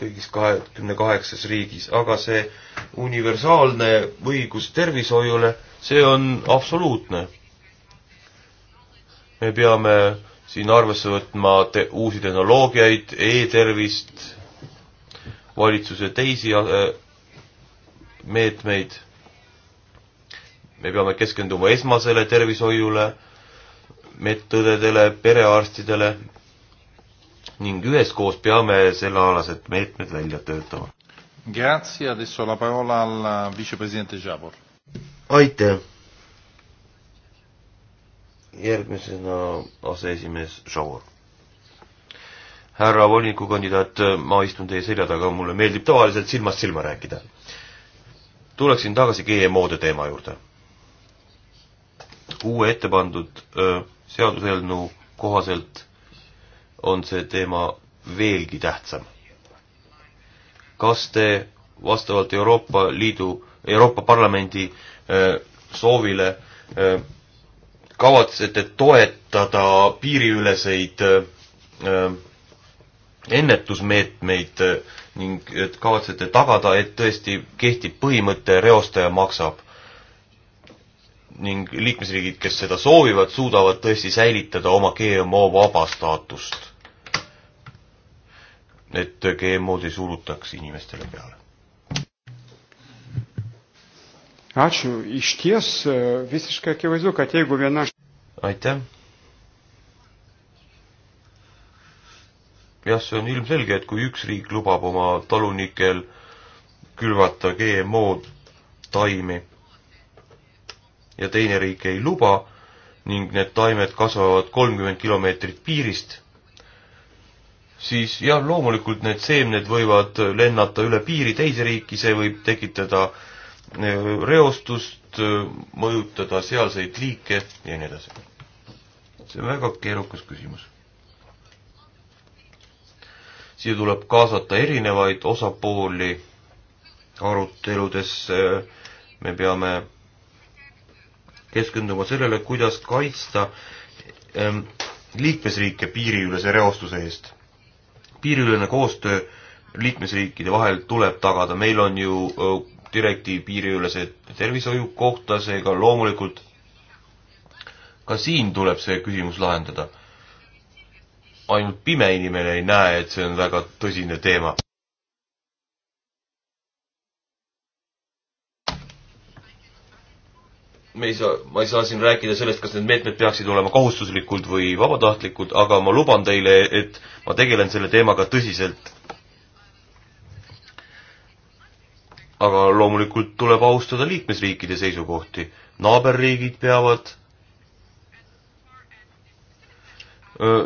kõigis kahekümne kaheksas riigis, aga see universaalne õigus tervishoiule, see on absoluutne. me peame siin arvesse võtma te uusi tehnoloogiaid e, e-tervist, valitsuse teisi äh, meetmeid me peame keskenduma esmasele tervishoiule, medõdedele, perearstidele ning üheskoos peame sellealased meetmed välja töötama. aitäh! järgmisena aseesimees Žavor. härra volinikukandidaat, ma istun teie selja taga, mulle meeldib tavaliselt silmast silma rääkida. tuleksin tagasi GMO-de teema juurde uue ette pandud seaduseelnõu kohaselt on see teema veelgi tähtsam. kas te vastavalt Euroopa Liidu, Euroopa Parlamendi soovile kavatsete toetada piiriüleseid ennetusmeetmeid ning et kavatsete tagada, et tõesti kehtib põhimõte reostaja maksab ning liikmesriigid, kes seda soovivad, suudavad tõesti säilitada oma GMO-vaba staatust. et GMO-d ei surutaks inimestele peale. Ačiū, iš ties e, visiškai akivaizdu, kad jeigu viena. aitäh. jah, see on ilmselge, et kui üks riik lubab oma talunikel külvata GMO taimi ja teine riik ei luba ning need taimed kasvavad kolmkümmend kilomeetrit piirist, siis jah, loomulikult need seemned võivad lennata üle piiri teise riiki, see võib tekitada äh, reostust, äh, mõjutada sealseid liike ja nii edasi. see on väga keerukas küsimus. siia tuleb kaasata erinevaid osapooli aruteludesse, me peame keskenduma sellele, kuidas kaitsta ähm, liikmesriike piiriülese reostuse eest. piiriülene koostöö liikmesriikide vahel tuleb tagada, meil on ju äh, direktiiv piiriülese tervishoiu kohta, seega loomulikult ka siin tuleb see küsimus lahendada. ainult pime inimene ei näe, et see on väga tõsine teema. me ei saa, ma ei saa siin rääkida sellest, kas need meetmed peaksid olema kohustuslikud või vabatahtlikud, aga ma luban teile, et ma tegelen selle teemaga tõsiselt. aga loomulikult tuleb austada liikmesriikide seisukohti. naaberriigid peavad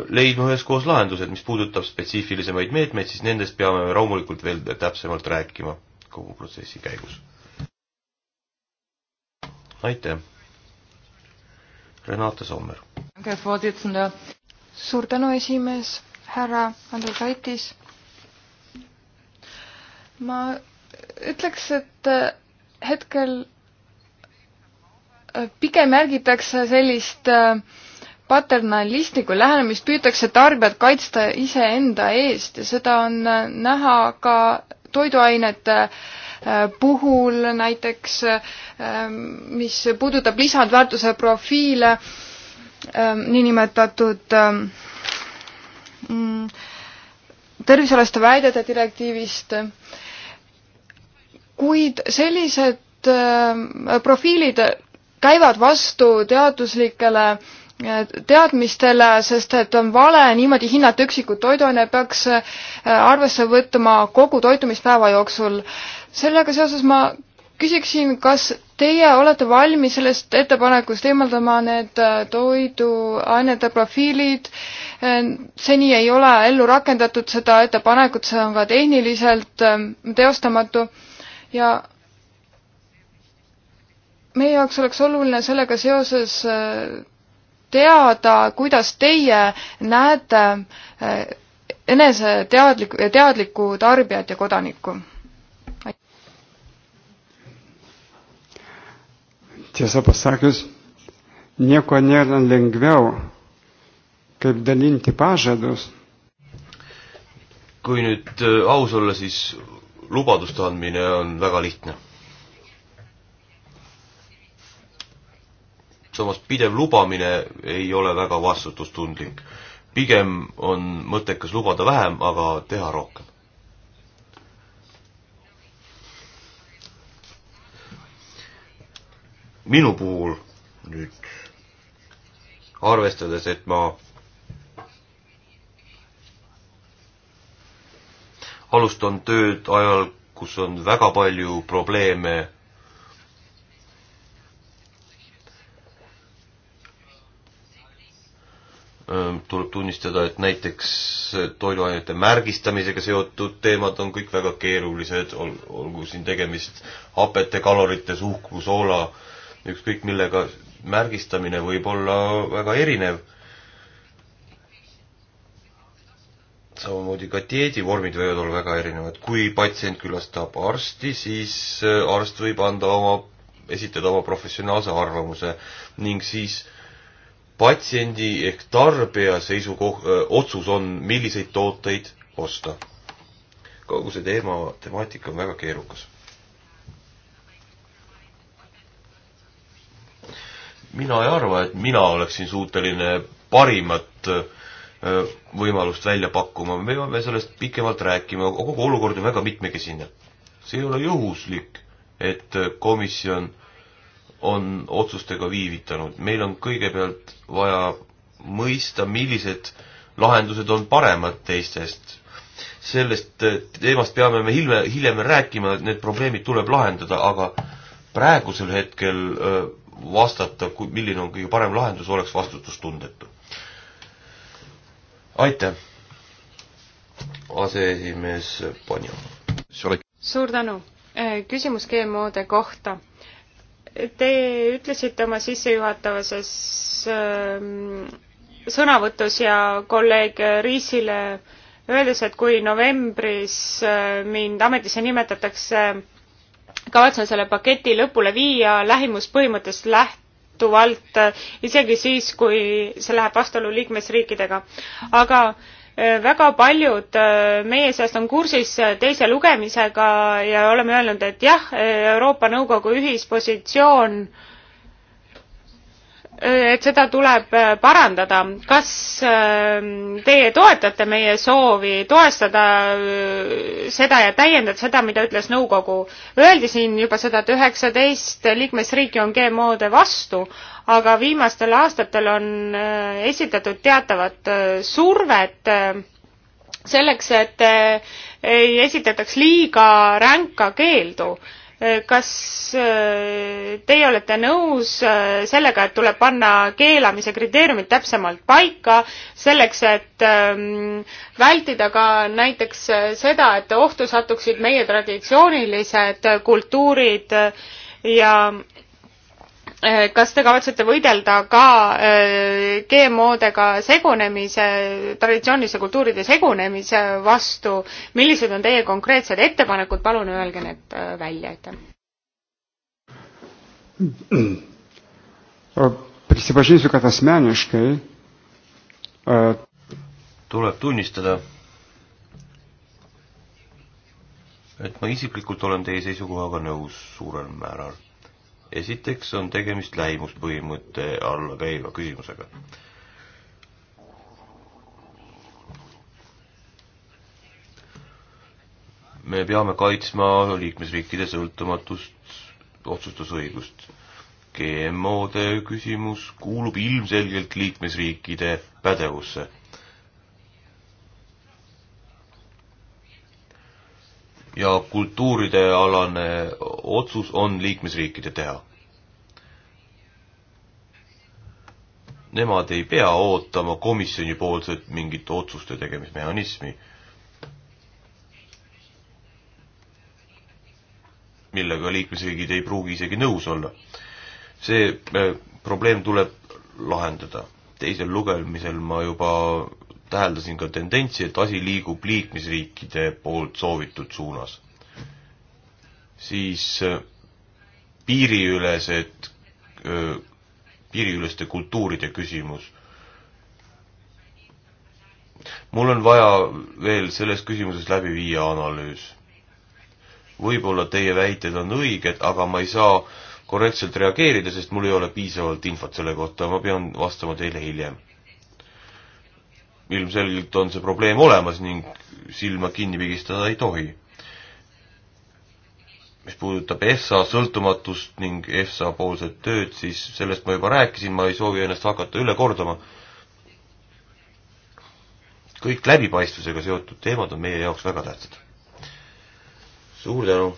leidma üheskoos lahendused, mis puudutab spetsiifilisemaid meetmeid, siis nendest peame loomulikult veel täpsemalt rääkima kogu protsessi käigus aitäh. Renate Sommer. suur tänu, esimees, härra Andrusaitis. ma ütleks, et äh, hetkel äh, pigem märgitakse sellist äh, paternalistlikku lähenemist, püütakse tarbijat kaitsta iseenda eest ja seda on näha ka toiduainete äh, puhul näiteks, äh, mis puudutab lisandväärtuse profiile, äh, niinimetatud mm, tervisealaste väidete direktiivist, kuid sellised profiilid käivad vastu teaduslikele äh, teadmistele, sest et on vale niimoodi hinnata üksikut toiduaine, peaks äh, arvesse võtma kogu toitumispäeva jooksul. sellega seoses ma küsiksin, kas teie olete valmis sellest ettepanekust eemaldama need äh, toiduainete profiilid? Äh, seni ei ole ellu rakendatud seda ettepanekut, see on ka tehniliselt teostamatu ja meie jaoks oleks oluline sellega seoses teada, kuidas teie näete eh, enese teadlik, teadlikku tarbijat ja kodanikku? tiesą pasakius, nieko nėra lengviau, kaip dalinti pažadus. kui nüüd eh, aus olla, siis lubaduste andmine on väga lihtne samas pidev lubamine ei ole väga vastutustundlik. pigem on mõttekas lubada vähem, aga teha rohkem. minu puhul nüüd arvestades, et ma alustan tööd ajal, kus on väga palju probleeme tuleb tunnistada, et näiteks toiduainete märgistamisega seotud teemad on kõik väga keerulised, olgu siin tegemist hapete, kalorite, suhkru, soola, ükskõik millega, märgistamine võib olla väga erinev. samamoodi ka dieedivormid võivad olla väga erinevad, kui patsient külastab arsti, siis äh, arst võib anda oma, esitada oma professionaalse arvamuse ning siis äh, patsiendi ehk tarbija seisukoht, otsus on, milliseid tooteid osta. kogu see teema, temaatika on väga keerukas. mina ei arva, et mina oleksin suuteline parimat võimalust välja pakkuma, me peame sellest pikemalt rääkima, kogu olukord on väga mitmekesine. see ei ole juhuslik, et komisjon on otsustega viivitanud. meil on kõigepealt vaja mõista, millised lahendused on paremad teistest. sellest eh, teemast peame me hiljem, hiljem rääkima, need probleemid tuleb lahendada, aga praegusel hetkel eh, vastata, milline on kõige parem lahendus, oleks vastutustundetu. aitäh, aseesimees Panja. suur tänu. Eh, küsimus GMO-de kohta Te ütlesite oma sissejuhatavases ähm, sõnavõtus ja kolleeg Riisile öeldes, et kui novembris äh, mind ametisse nimetatakse, kavatsen selle paketi lõpule viia lähimuspõhimõttest lähtuvalt, äh, isegi siis, kui see läheb vastuollu liikmesriikidega. aga äh, väga paljud äh, meie seast on kursis äh, teise lugemisega ja oleme öelnud, et jah, äh, Euroopa Nõukogu ühispositsioon äh, et seda tuleb äh, parandada. kas ähm, teie toetate meie soovi toestada äh, seda ja täiendada seda, mida ütles nõukogu? Öeldi siin juba seda, et üheksateist liikmesriiki on GMO-de vastu, aga viimastel aastatel on äh, esitatud teatavat survet selleks, et ei esitataks liiga ränka keeldu kas äh, teie olete nõus äh, sellega, et tuleb panna keelamise kriteeriumid täpsemalt paika, selleks et ähm, vältida ka näiteks äh, seda, et ohtu satuksid meie traditsioonilised kultuurid ja Äh, kas te kavatsete võidelda ka äh, GMO-dega segunemise, traditsioonilise kultuuride segunemise vastu, millised on teie konkreetsed ettepanekud, palun öelge need äh, välja, aitäh. Prisipažinsiu, kad asmeniškai tuleb tunnistada, et ma isiklikult olen teie seisukohaga nõus suurel määral esiteks on tegemist lähimuspõhimõtte alla käiva küsimusega. me peame kaitsma liikmesriikide sõltumatust, otsustusõigust. GMO-de küsimus kuulub ilmselgelt liikmesriikide pädevusse ja kultuuride alane otsus on liikmesriikide teha. Nemad ei pea ootama komisjoni poolset mingit otsuste tegemismehhanismi, millega liikmesriigid ei pruugi isegi nõus olla. see äh, probleem tuleb lahendada. teisel lugemisel ma juba täheldasin ka tendentsi, et asi liigub liikmesriikide poolt soovitud suunas. siis äh, piiriülesed, äh, piiriüleste kultuuride küsimus. mul on vaja veel selles küsimuses läbi viia analüüs. võib-olla teie väited on õiged, aga ma ei saa korrektselt reageerida, sest mul ei ole piisavalt infot selle kohta, ma pean vastama teile hiljem ilmselgelt on see probleem olemas ning silma kinni pigistada ei tohi. mis puudutab EFSA sõltumatust ning EFSA poolset tööd, siis sellest ma juba rääkisin, ma ei soovi ennast hakata üle kordama. kõik läbipaistvusega seotud teemad on meie jaoks väga tähtsad. suur tänu,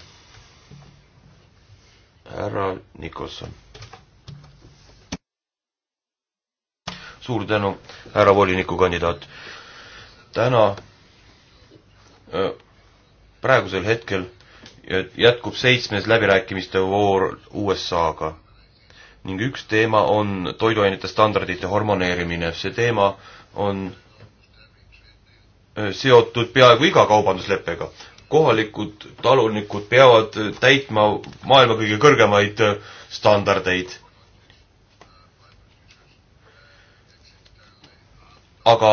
härra Nikolson suur tänu, härra volinikukandidaat. täna, praegusel hetkel jätkub seitsmes läbirääkimiste voor USA-ga ning üks teema on toiduainete standardite hormoneerimine. see teema on seotud peaaegu iga kaubandusleppega. kohalikud talunikud peavad täitma maailma kõige kõrgemaid standardeid aga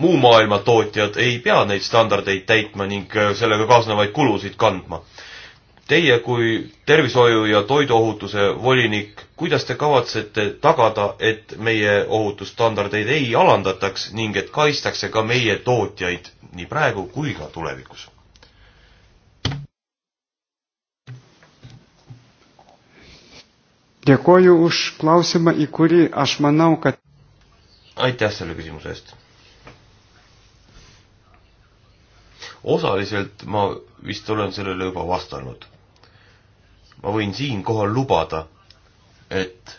muu maailma tootjad ei pea neid standardeid täitma ning äh, sellega kaasnevaid kulusid kandma. Teie kui tervishoiu ja toiduohutuse volinik, kuidas te kavatsete tagada, et meie ohutusstandardeid ei alandataks ning et kaitstakse ka meie tootjaid nii praegu kui ka tulevikus? Dėkoju už klausimą, į kurį aš manau, kad aitäh selle küsimuse eest. osaliselt ma vist olen sellele juba vastanud. ma võin siinkohal lubada, et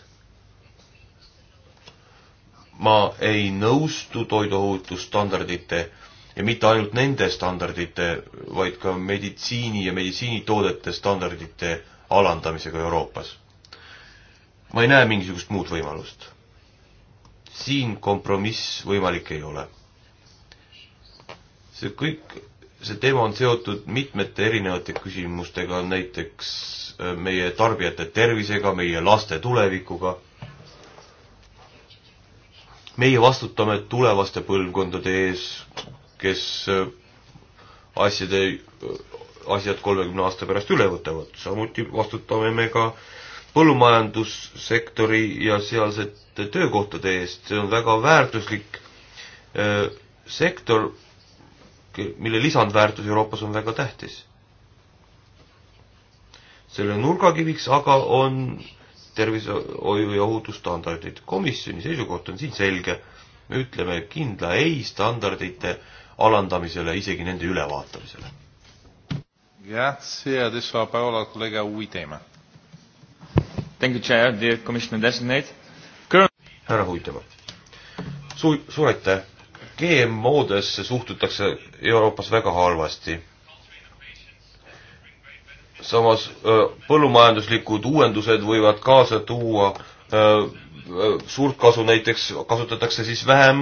ma ei nõustu toiduohutusstandardite ja mitte ainult nende standardite, vaid ka meditsiini ja meditsiinitoodete standardite alandamisega Euroopas. ma ei näe mingisugust muud võimalust siin kompromiss võimalik ei ole. see kõik, see teema on seotud mitmete erinevate küsimustega, näiteks äh, meie tarbijate tervisega, meie laste tulevikuga. meie vastutame tulevaste põlvkondade ees, kes äh, asjade, äh, asjad kolmekümne aasta pärast üle võtavad, samuti vastutame me ka põllumajandussektori ja sealset uute töökohtade eest, see on väga väärtuslik öö, sektor, mille lisandväärtus Euroopas on väga tähtis. selle nurgakiviks aga on tervishoiu ja ohutusstandardid. komisjoni seisukoht on siin selge. me ütleme kindla ei standardite alandamisele, isegi nende ülevaatamisele. Grazie, adesso la parola al collega Uitema. Thank you, Chair, dear Commissioner Designate härra Huitema. Su-, suur aitäh! GMO-desse suhtutakse Euroopas väga halvasti. samas põllumajanduslikud uuendused võivad kaasa tuua suurt kasu, näiteks kasutatakse siis vähem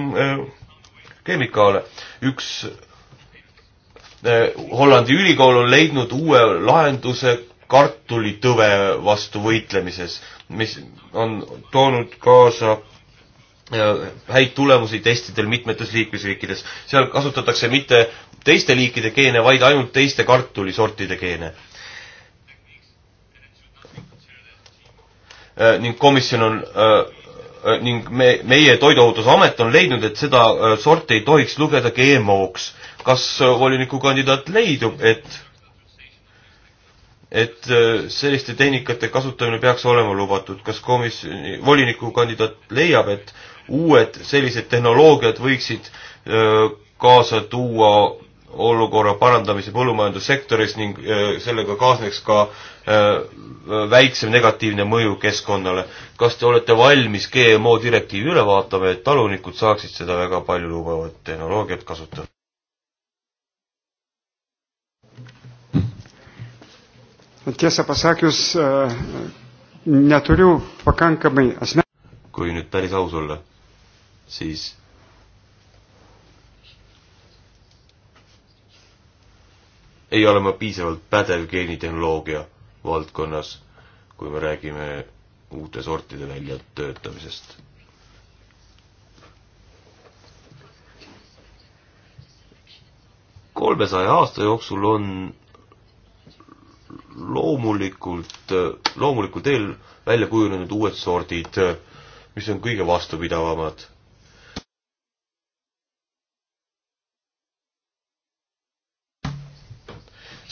kemikaale. üks Hollandi ülikool on leidnud uue lahenduse kartulitõve vastu võitlemises, mis on toonud kaasa häid tulemusi testidel mitmetes liikmesriikides. seal kasutatakse mitte teiste liikide geene, vaid ainult teiste kartulisortide geene. Äh, ning komisjon on äh, äh, ning me, meie Toiduohutusamet on leidnud, et seda sorti ei tohiks lugeda GMO-ks. kas volinikukandidaat leidub, et et selliste tehnikate kasutamine peaks olema lubatud, kas komisjoni, volinikukandidaat leiab, et uued sellised tehnoloogiad võiksid kaasa tuua olukorra parandamise põllumajandussektoris ning sellega kaasneks ka väiksem negatiivne mõju keskkonnale. kas te olete valmis GMO direktiivi üle vaatama, et talunikud saaksid seda väga palju lubavat tehnoloogiat kasutada? tiesą pasakius, e, neturiu pakankamai asme-. kui nüüd päris aus olla siis ei ole ma piisavalt pädev geenitehnoloogia valdkonnas, kui me räägime uute sortide väljatöötamisest. kolmesaja aasta jooksul on loomulikult, loomulikul teel välja kujunenud uued sordid, mis on kõige vastupidavamad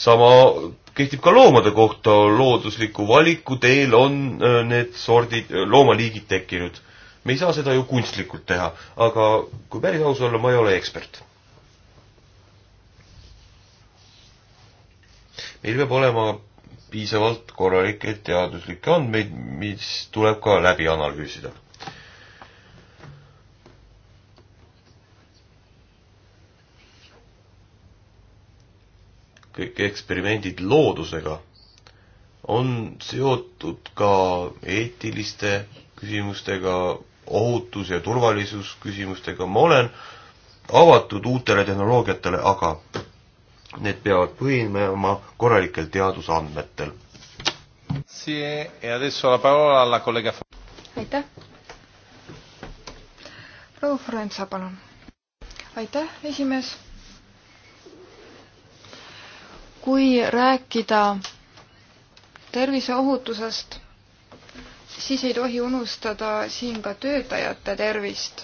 sama kehtib ka loomade kohta, loodusliku valiku teel on äh, need sordid, äh, loomaliigid tekkinud. me ei saa seda ju kunstlikult teha, aga kui päris aus olla, ma ei ole ekspert. meil peab olema piisavalt korralikke teaduslikke andmeid, mis tuleb ka läbi analüüsida kõik eksperimendid loodusega on seotud ka eetiliste küsimustega, ohutus- ja turvalisusküsimustega, ma olen avatud uutele tehnoloogiatele, aga need peavad põhinema korralikel teadusandmetel. Eh, aitäh. proua Forenza, palun. aitäh, esimees kui rääkida terviseohutusest, siis ei tohi unustada siin ka töötajate tervist,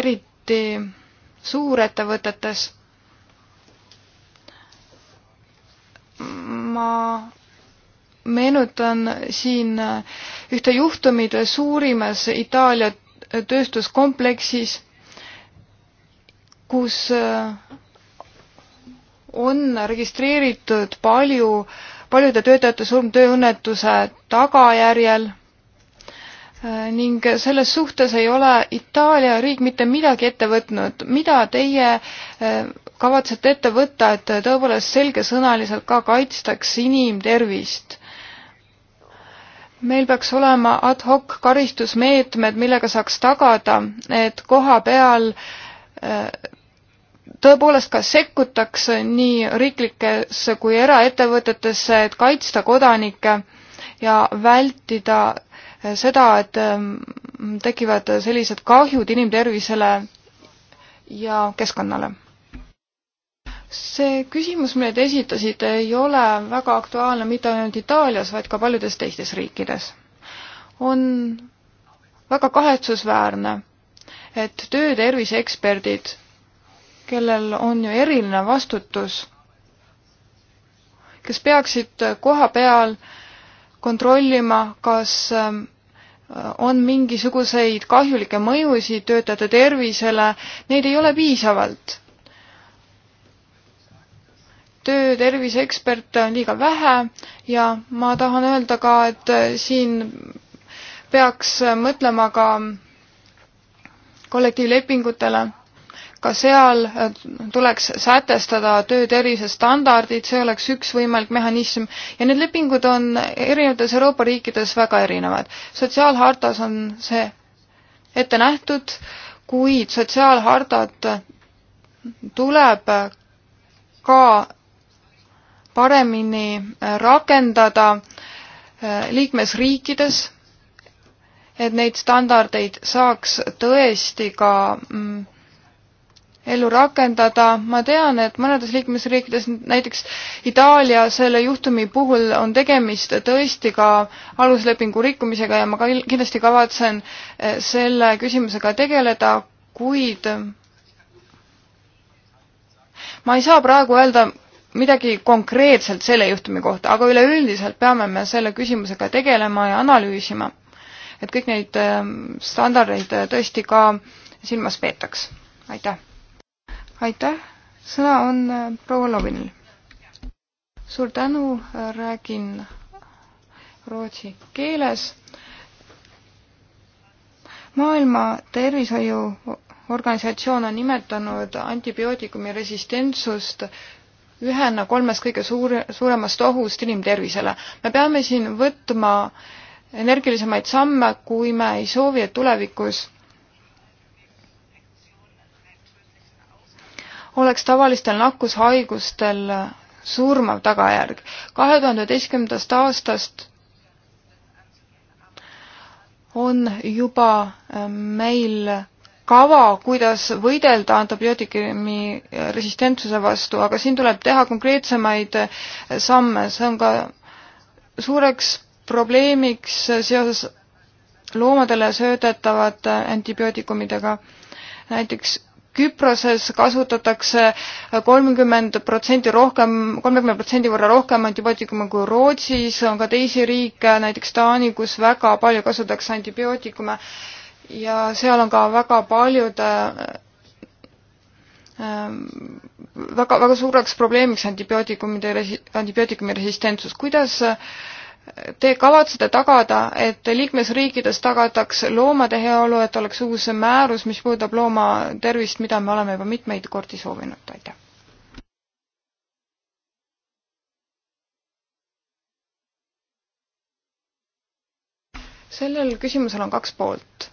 eriti suurettevõtetes. ma meenutan siin ühte juhtumit suurimas Itaalia tööstuskompleksis, kus on registreeritud palju, paljude töötajate surm tööõnnetuse tagajärjel äh, ning selles suhtes ei ole Itaalia riik mitte midagi ette võtnud. mida teie äh, kavatsete ette võtta, et tõepoolest selgesõnaliselt ka kaitstaks inimtervist? meil peaks olema ad hoc karistusmeetmed, millega saaks tagada, et koha peal äh, tõepoolest ka sekkutakse nii riiklikesse kui eraettevõtetesse, et kaitsta kodanikke ja vältida seda, et mm, tekivad sellised kahjud inimtervisele ja keskkonnale. see küsimus, mille te esitasite, ei ole väga aktuaalne mitte ainult Itaalias, vaid ka paljudes teistes riikides. on väga kahetsusväärne, et töötervise eksperdid kellel on ju eriline vastutus, kes peaksid koha peal kontrollima, kas ähm, on mingisuguseid kahjulikke mõjusid töötajate tervisele, neid ei ole piisavalt. töötervise eksperte on liiga vähe ja ma tahan öelda ka, et siin peaks mõtlema ka kollektiivlepingutele ka seal tuleks sätestada töötervise standardid, see oleks üks võimalik mehhanism ja need lepingud on erinevates Euroopa riikides väga erinevad. sotsiaalhartas on see ette nähtud, kuid sotsiaalhartat tuleb ka paremini rakendada eh, liikmesriikides, et neid standardeid saaks tõesti ka mm, ellu rakendada. ma tean, et mõnedes liikmesriikides, näiteks Itaalia selle juhtumi puhul on tegemist tõesti ka aluslepingu rikkumisega ja ma ka kindlasti kavatsen eh, selle küsimusega tegeleda, kuid ma ei saa praegu öelda midagi konkreetselt selle juhtumi kohta, aga üleüldiselt peame me selle küsimusega tegelema ja analüüsima, et kõik neid eh, standardeid tõesti ka silmas peetaks. aitäh! aitäh, sõna on äh, proua Lovinil. suur tänu, räägin rootsi keeles. maailma Tervishoiuorganisatsioon on nimetanud antibiootikumi resistentsust ühena kolmest kõige suur, suuremast ohust inimtervisele. me peame siin võtma energilisemaid samme, kui me ei soovi, et tulevikus oleks tavalistel nakkushaigustel surmav tagajärg. kahe tuhande üheteistkümnendast aastast on juba äh, meil kava, kuidas võidelda antibiootikumi resistentsuse vastu, aga siin tuleb teha konkreetsemaid äh, samme, see on ka suureks probleemiks seoses loomadele söödetavate antibiootikumidega. näiteks Küproses kasutatakse kolmkümmend protsenti rohkem, kolmekümne protsendi võrra rohkem antibiootikume kui Rootsis, on ka teisi riike, näiteks Taani, kus väga palju kasutatakse antibiootikume ja seal on ka väga paljude ähm, väga, väga suureks probleemiks antibiootikumide, antibiootikumi resistentsus. kuidas äh, Te kavatsete tagada, et liikmesriikides tagataks loomade heaolu, et oleks uus määrus, mis puudutab looma tervist, mida me oleme juba mitmeid kordi soovinud, aitäh. sellel küsimusel on kaks poolt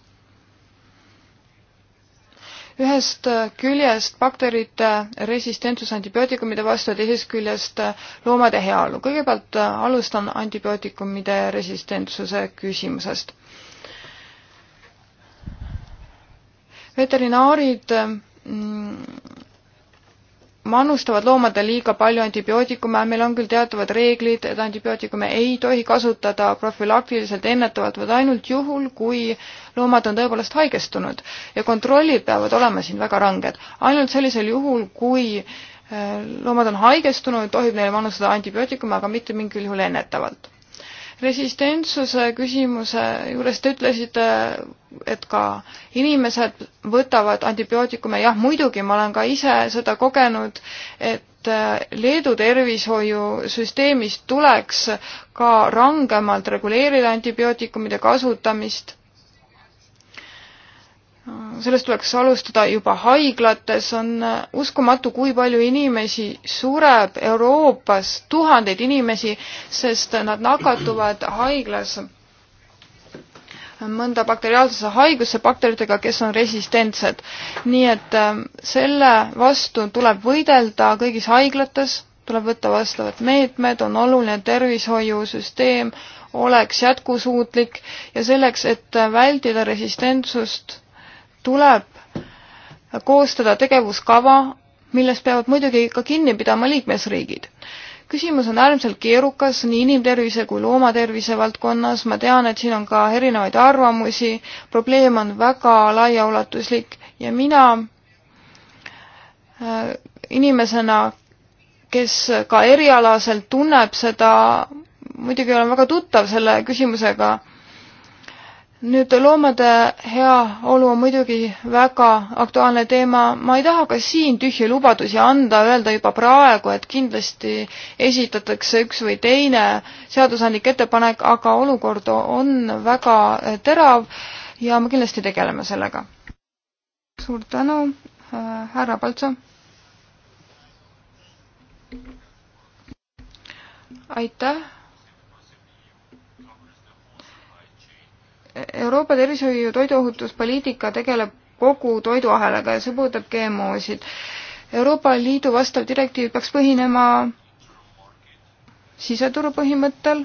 ühest äh, küljest bakterite äh, resistentsus antibiootikumide vastu ja teisest küljest äh, loomade heaolu. kõigepealt alustan antibiootikumide resistentsuse küsimusest. veterinaarid mm, manustavad loomadele liiga palju antibiootikume, meil on küll teatavad reeglid, et antibiootikume ei tohi kasutada profülaktiliselt, ennetavalt, vaid ainult juhul, kui loomad on tõepoolest haigestunud. ja kontrollid peavad olema siin väga ranged. ainult sellisel juhul, kui äh, loomad on haigestunud, tohib neile manustada antibiootikume, aga mitte mingil juhul ennetavalt resistentsuse küsimuse juures te ütlesite, et ka inimesed võtavad antibiootikume, jah, muidugi, ma olen ka ise seda kogenud, et äh, Leedu tervishoiusüsteemis tuleks ka rangemalt reguleerida antibiootikumide kasutamist sellest tuleks alustada juba haiglates, on uskumatu, kui palju inimesi sureb Euroopas, tuhandeid inimesi, sest nad nakatuvad haiglas mõnda bakteriaalsesse haigusse bakteritega, kes on resistentsed. nii et ähm, selle vastu tuleb võidelda kõigis haiglates, tuleb võtta vastavad meetmed, on oluline tervishoiusüsteem oleks jätkusuutlik ja selleks, et vältida resistentsust tuleb koostada tegevuskava, millest peavad muidugi ka kinni pidama liikmesriigid. küsimus on äärmiselt keerukas nii inimtervise kui loomatervise valdkonnas, ma tean, et siin on ka erinevaid arvamusi, probleem on väga laiaulatuslik ja mina äh, inimesena, kes ka erialaselt tunneb seda, muidugi olen väga tuttav selle küsimusega nüüd loomade heaolu on muidugi väga aktuaalne teema, ma ei taha ka siin tühje lubadusi anda, öelda juba praegu, et kindlasti esitatakse üks või teine seadusandlik ettepanek, aga olukord on väga terav ja me kindlasti tegeleme sellega. suur tänu, härra Paltso. aitäh Euroopa tervishoiu toiduohutuspoliitika tegeleb kogu toiduahelaga ja see puudutab GMO-sid. Euroopa Liidu vastav direktiiv peaks põhinema siseturu põhimõttel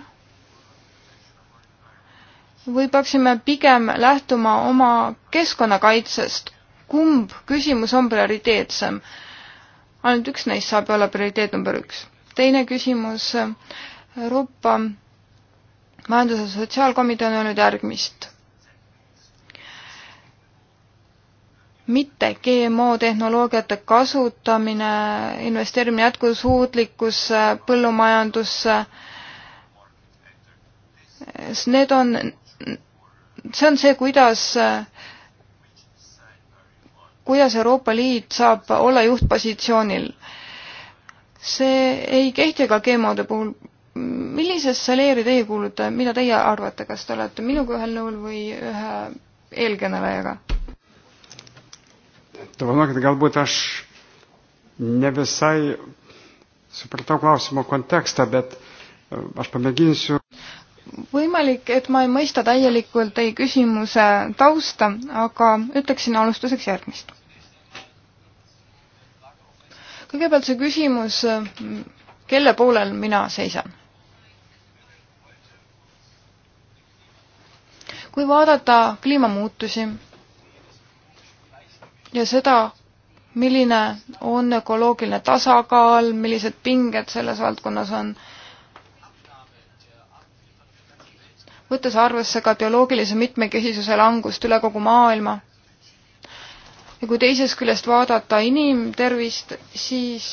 või peaksime pigem lähtuma oma keskkonnakaitsest, kumb küsimus on prioriteetsem? ainult üks neist saab olla prioriteet number üks. teine küsimus, Euroopa majandus- ja sotsiaalkomitee on öelnud järgmist. mitte GMO tehnoloogiate kasutamine, investeerimine jätkusuutlikkusse, põllumajandusse, need on, see on see, kuidas, kuidas Euroopa Liit saab olla juhtpositsioonil. see ei kehti ka GMO-de puhul millisesse leeri teie kuulute, mida teie arvate, kas te olete minuga ühel nõul või ühe eelkõnelejaga? Dovanokit, galbūt aš ne visai supratau klausimo kontekstą, bet e, aš pamėginsiu. võimalik, et ma ei mõista täielikult teie küsimuse tausta, aga ütleksin alustuseks järgmist. kõigepealt see küsimus, kelle poolel mina seisan? kui vaadata kliimamuutusi ja seda, milline on ökoloogiline tasakaal, millised pinged selles valdkonnas on, võttes arvesse ka bioloogilise mitmekesisuse langust üle kogu maailma. ja kui teisest küljest vaadata inimtervist, siis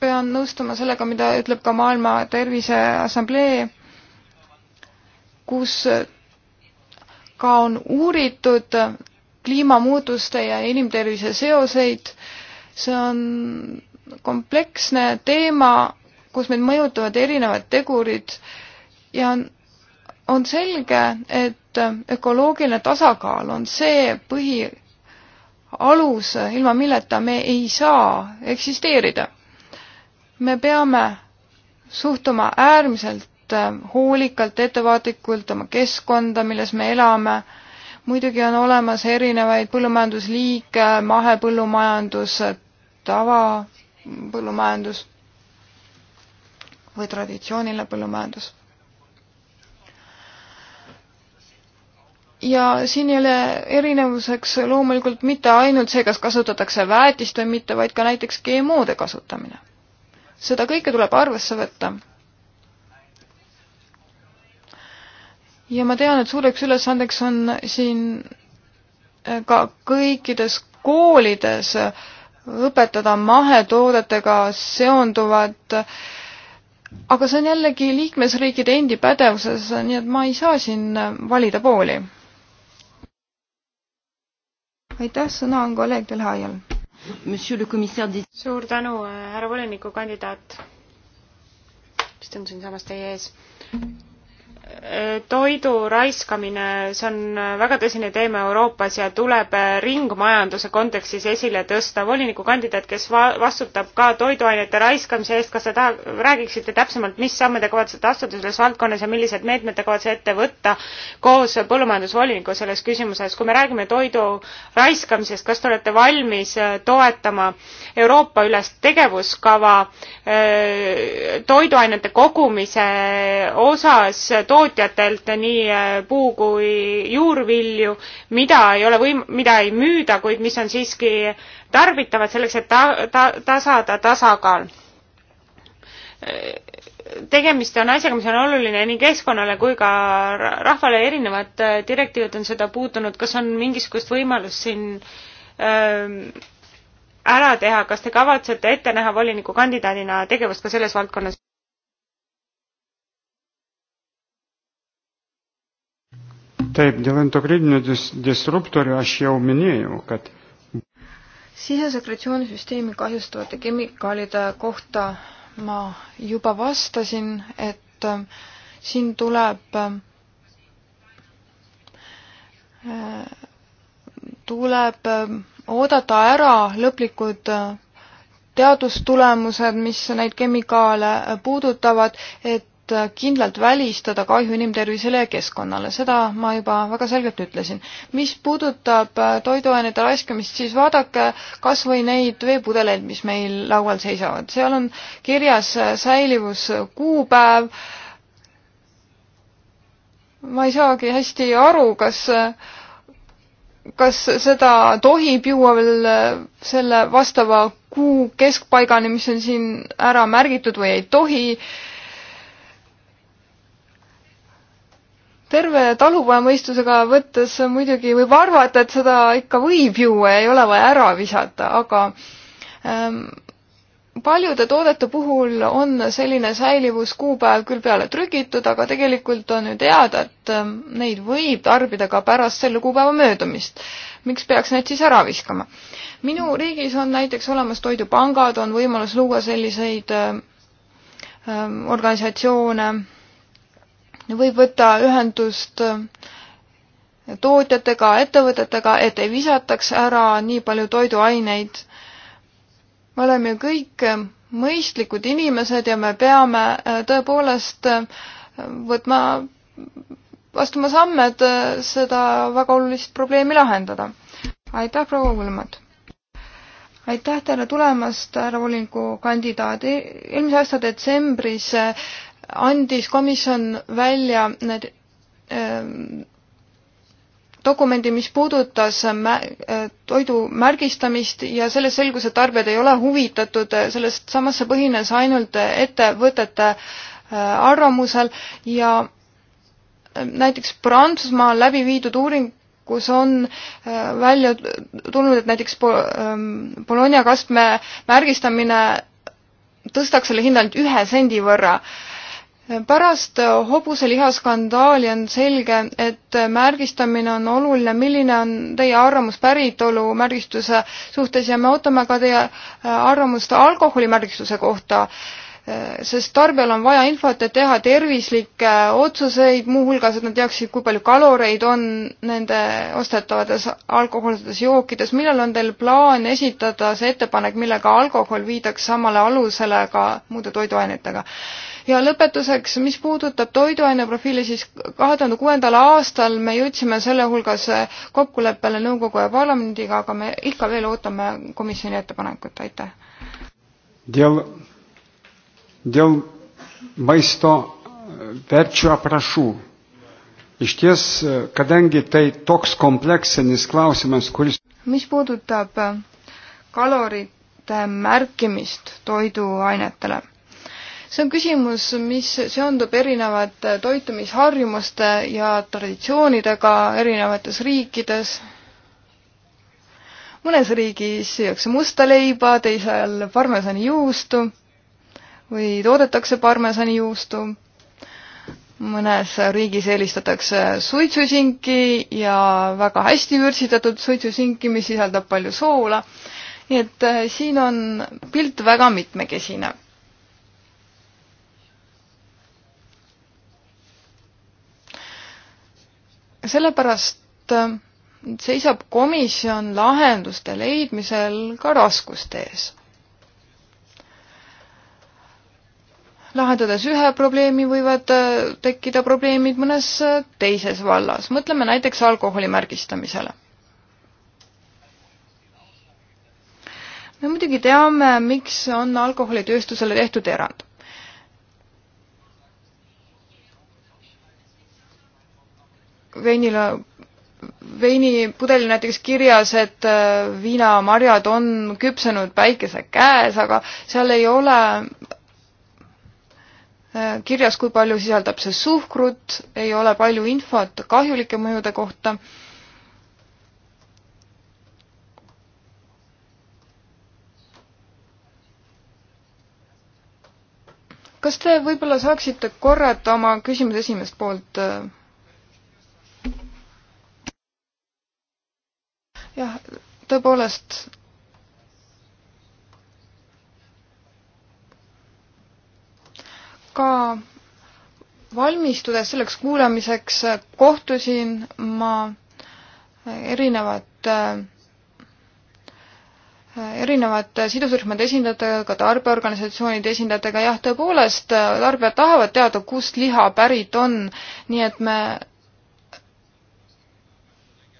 pean nõustuma sellega, mida ütleb ka Maailma Terviseassamblee, kus ka on uuritud kliimamuutuste ja inimtervise seoseid. see on kompleksne teema, kus meid mõjutavad erinevad tegurid ja on, on selge, et ökoloogiline tasakaal on see põhialus, ilma milleta me ei saa eksisteerida. me peame suhtuma äärmiselt et äh, hoolikalt, ettevaatlikult oma keskkonda, milles me elame. muidugi on olemas erinevaid põllumajandusliike, mahepõllumajandus, tavapõllumajandus või traditsiooniline põllumajandus. ja siin ei ole erinevuseks loomulikult mitte ainult see, kas kasutatakse väetist või mitte, vaid ka näiteks GMO-de kasutamine seda kõike tuleb arvesse võtta. ja ma tean, et suureks ülesandeks on siin äh, ka kõikides koolides õpetada mahetoodetega seonduvat, aga see on jällegi liikmesriikide endi pädevuses, nii et ma ei saa siin valida pooli. aitäh, sõna on kolleeg Delhaial. suur tänu, äh, härra volinikukandidaat. istun siinsamas teie ees toidu raiskamine, see on väga tõsine teema Euroopas ja tuleb ringmajanduse kontekstis esile tõsta. volinikukandidaat, kes va-, vastutab ka toiduainete raiskamise eest, kas te taha-, räägiksite täpsemalt, mis samme te kavatsete astuda selles valdkonnas ja millised meetmed te kavatsete ette võtta koos põllumajandusvoliniku selles küsimuses? kui me räägime toidu raiskamisest, kas te olete valmis äh, toetama Euroopa üles tegevuskava äh, toiduainete kogumise osas to-, tootjatelt nii äh, puu kui juurvilju, mida ei ole võim-, mida ei müüda, kuid mis on siiski tarbitavad selleks, et ta-, ta-, tasada tasakaal tegemist on asjaga, mis on oluline nii keskkonnale kui ka rahvale, erinevad äh, direktiivid on seda puutunud, kas on mingisugust võimalust siin ähm, ära teha, kas te kavatsete ette näha volinikukandidaadina tegevust ka selles valdkonnas? Taip, dėl endokrininių dis disruptorių aš jau minėjau, kad sisesekretsioonisüsteemi kahjustavate kemikaalide kohta ma juba vastasin, et äh, siin tuleb, äh, tuleb äh, oodata ära lõplikud teadustulemused, mis neid kemikaale puudutavad, et et kindlalt välistada kahju inimtervisele ja keskkonnale, seda ma juba väga selgelt ütlesin. mis puudutab äh, toiduainete raiskamist, siis vaadake kas või neid veepudeleid, mis meil laual seisavad, seal on kirjas äh, säilivuskuupäev, ma ei saagi hästi aru, kas äh, kas seda tohib juua veel selle vastava kuu keskpaigani, mis on siin ära märgitud või ei tohi äh, terve talupojamõistusega võttes muidugi võib arvata, et seda ikka võib juua ja ei ole vaja ära visata, aga ähm, paljude toodete puhul on selline säilivuskuupäev küll peale trükitud, aga tegelikult on ju teada, et ähm, neid võib tarbida ka pärast selle kuupäeva möödumist. miks peaks need siis ära viskama? minu riigis on näiteks olemas toidupangad, on võimalus luua selliseid ähm, ähm organisatsioone võib võtta ühendust äh, tootjatega, ettevõtetega, et ei visataks ära nii palju toiduaineid. me oleme ju kõik äh, mõistlikud inimesed ja me peame äh, tõepoolest võtma, astuma samme, et seda väga olulist probleemi lahendada. aitäh, proua Kulmat! aitäh teile tulemast, härra voliniku kandidaat. eelmise aasta detsembris andis komisjon välja need ähm, dokumendi, mis puudutas äh, toidu märgistamist ja selles selgus, et tarbijad ei ole huvitatud äh, sellest, samas see põhines ainult äh, ettevõtete arvamusel ja näiteks Prantsusmaal läbi viidud uuringus on välja tulnud, et näiteks ähm, Bologna kastme märgistamine tõstaks selle hinda ainult ühe sendi võrra pärast hobuselihaskandaali on selge, et märgistamine on oluline, milline on teie arvamus päritolu märgistuse suhtes ja me ootame ka teie äh, arvamust alkoholimärgistuse kohta, äh, sest tarbijal on vaja infot, et teha tervislikke äh, otsuseid, muuhulgas, et nad teaksid, kui palju kaloreid on nende ostetavates alkohoolsetes jookides. millal on teil plaan esitada see ettepanek, millega alkohol viidaks samale alusele ka muude toiduainetega? ja lõpetuseks, mis puudutab toiduaineprofiili, siis kahe tuhande kuuendal aastal me jõudsime selle hulgas kokkuleppele nõukogu ja parlamendiga, aga me ikka veel ootame komisjoni ettepanekut, aitäh. Dėl, dėl maisto verčių aprašų. Iš ties, kadangi tai toks kompleksinis klausimas, kuris. mis puudutab kalorite märkimist toiduainetele see on küsimus, mis seondub erinevate toitumisharjumuste ja traditsioonidega erinevates riikides. mõnes riigis süüakse musta leiba, teisel parmesanijuustu või toodetakse parmesanijuustu mõnes riigis eelistatakse suitsusinki ja väga hästi vürtsitatud suitsusinki, mis sisaldab palju soola. nii et äh, siin on pilt väga mitmekesine. sellepärast äh, seisab komisjon lahenduste leidmisel ka raskuste ees. lahendades ühe probleemi, võivad äh, tekkida probleemid mõnes äh, teises vallas. mõtleme näiteks alkoholi märgistamisele. me muidugi teame, miks on alkoholitööstusele tehtud erand veinile, veinipudelil näiteks kirjas, et äh, viinamarjad on küpsenud päikese käes, aga seal ei ole äh, kirjas, kui palju sisaldab see suhkrut, ei ole palju infot kahjulike mõjude kohta. kas te võib-olla saaksite korrata oma küsimuse esimest poolt äh, jah, tõepoolest ka valmistudes selleks kuulamiseks kohtusin ma erinevate erinevate sidusrühmade esindajatega, tarbijaorganisatsioonide esindajatega, jah, tõepoolest, tarbijad tahavad teada, kust liha pärit on, nii et me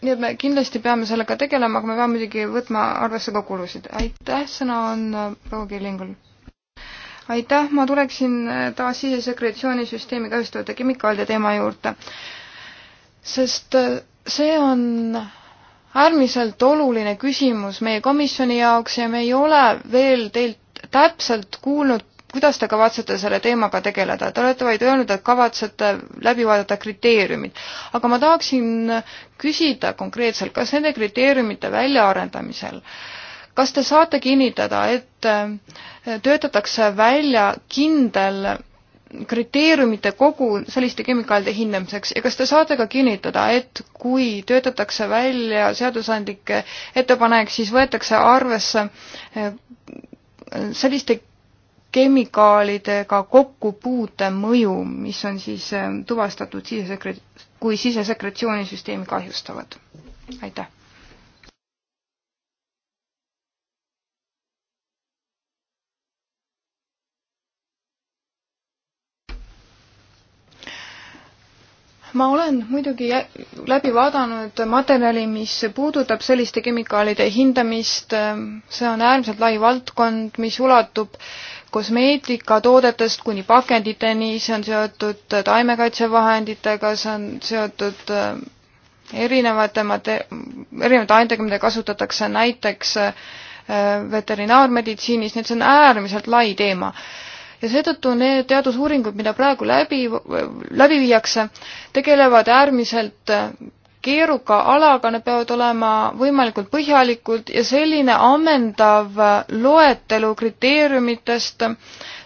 nii et me kindlasti peame sellega tegelema, aga me peame muidugi võtma arvesse ka kulusid. aitäh, sõna on äh, proua Killingul. aitäh, ma tuleksin äh, taas siia sekretsioonisüsteemi kahjustavate kemikaalide teema juurde. sest äh, see on äärmiselt oluline küsimus meie komisjoni jaoks ja me ei ole veel teilt täpselt kuulnud kuidas te kavatsete selle teemaga tegeleda? Te olete vaid öelnud, et kavatsete läbi vaadata kriteeriumid. aga ma tahaksin küsida konkreetselt, kas nende kriteeriumite väljaarendamisel kas te saate kinnitada, et äh, töötatakse välja kindel kriteeriumite kogu selliste kemikaalide hindamiseks ja kas te saate ka kinnitada, et kui töötatakse välja seadusandlik ettepanek, siis võetakse arvesse äh, selliste kemikaalidega kokkupuute mõju, mis on siis eh, tuvastatud sisesekre-, kui sisesekretsioonisüsteemi kahjustavad. aitäh! ma olen muidugi läbi vaadanud materjali, mis puudutab selliste kemikaalide hindamist, eh, see on äärmiselt lai valdkond, mis ulatub kosmeetikatoodetest kuni pakenditeni, see on seotud taimekaitsevahenditega, see on seotud äh, erinevate mate-, erinevate ainetega, mida kasutatakse näiteks äh, veterinaarmeditsiinis, nii et see on äärmiselt lai teema. ja seetõttu need teadusuuringud, mida praegu läbi, läbi viiakse, tegelevad äärmiselt äh, keeruka alaga, need peavad olema võimalikult põhjalikud ja selline ammendav loetelu kriteeriumitest,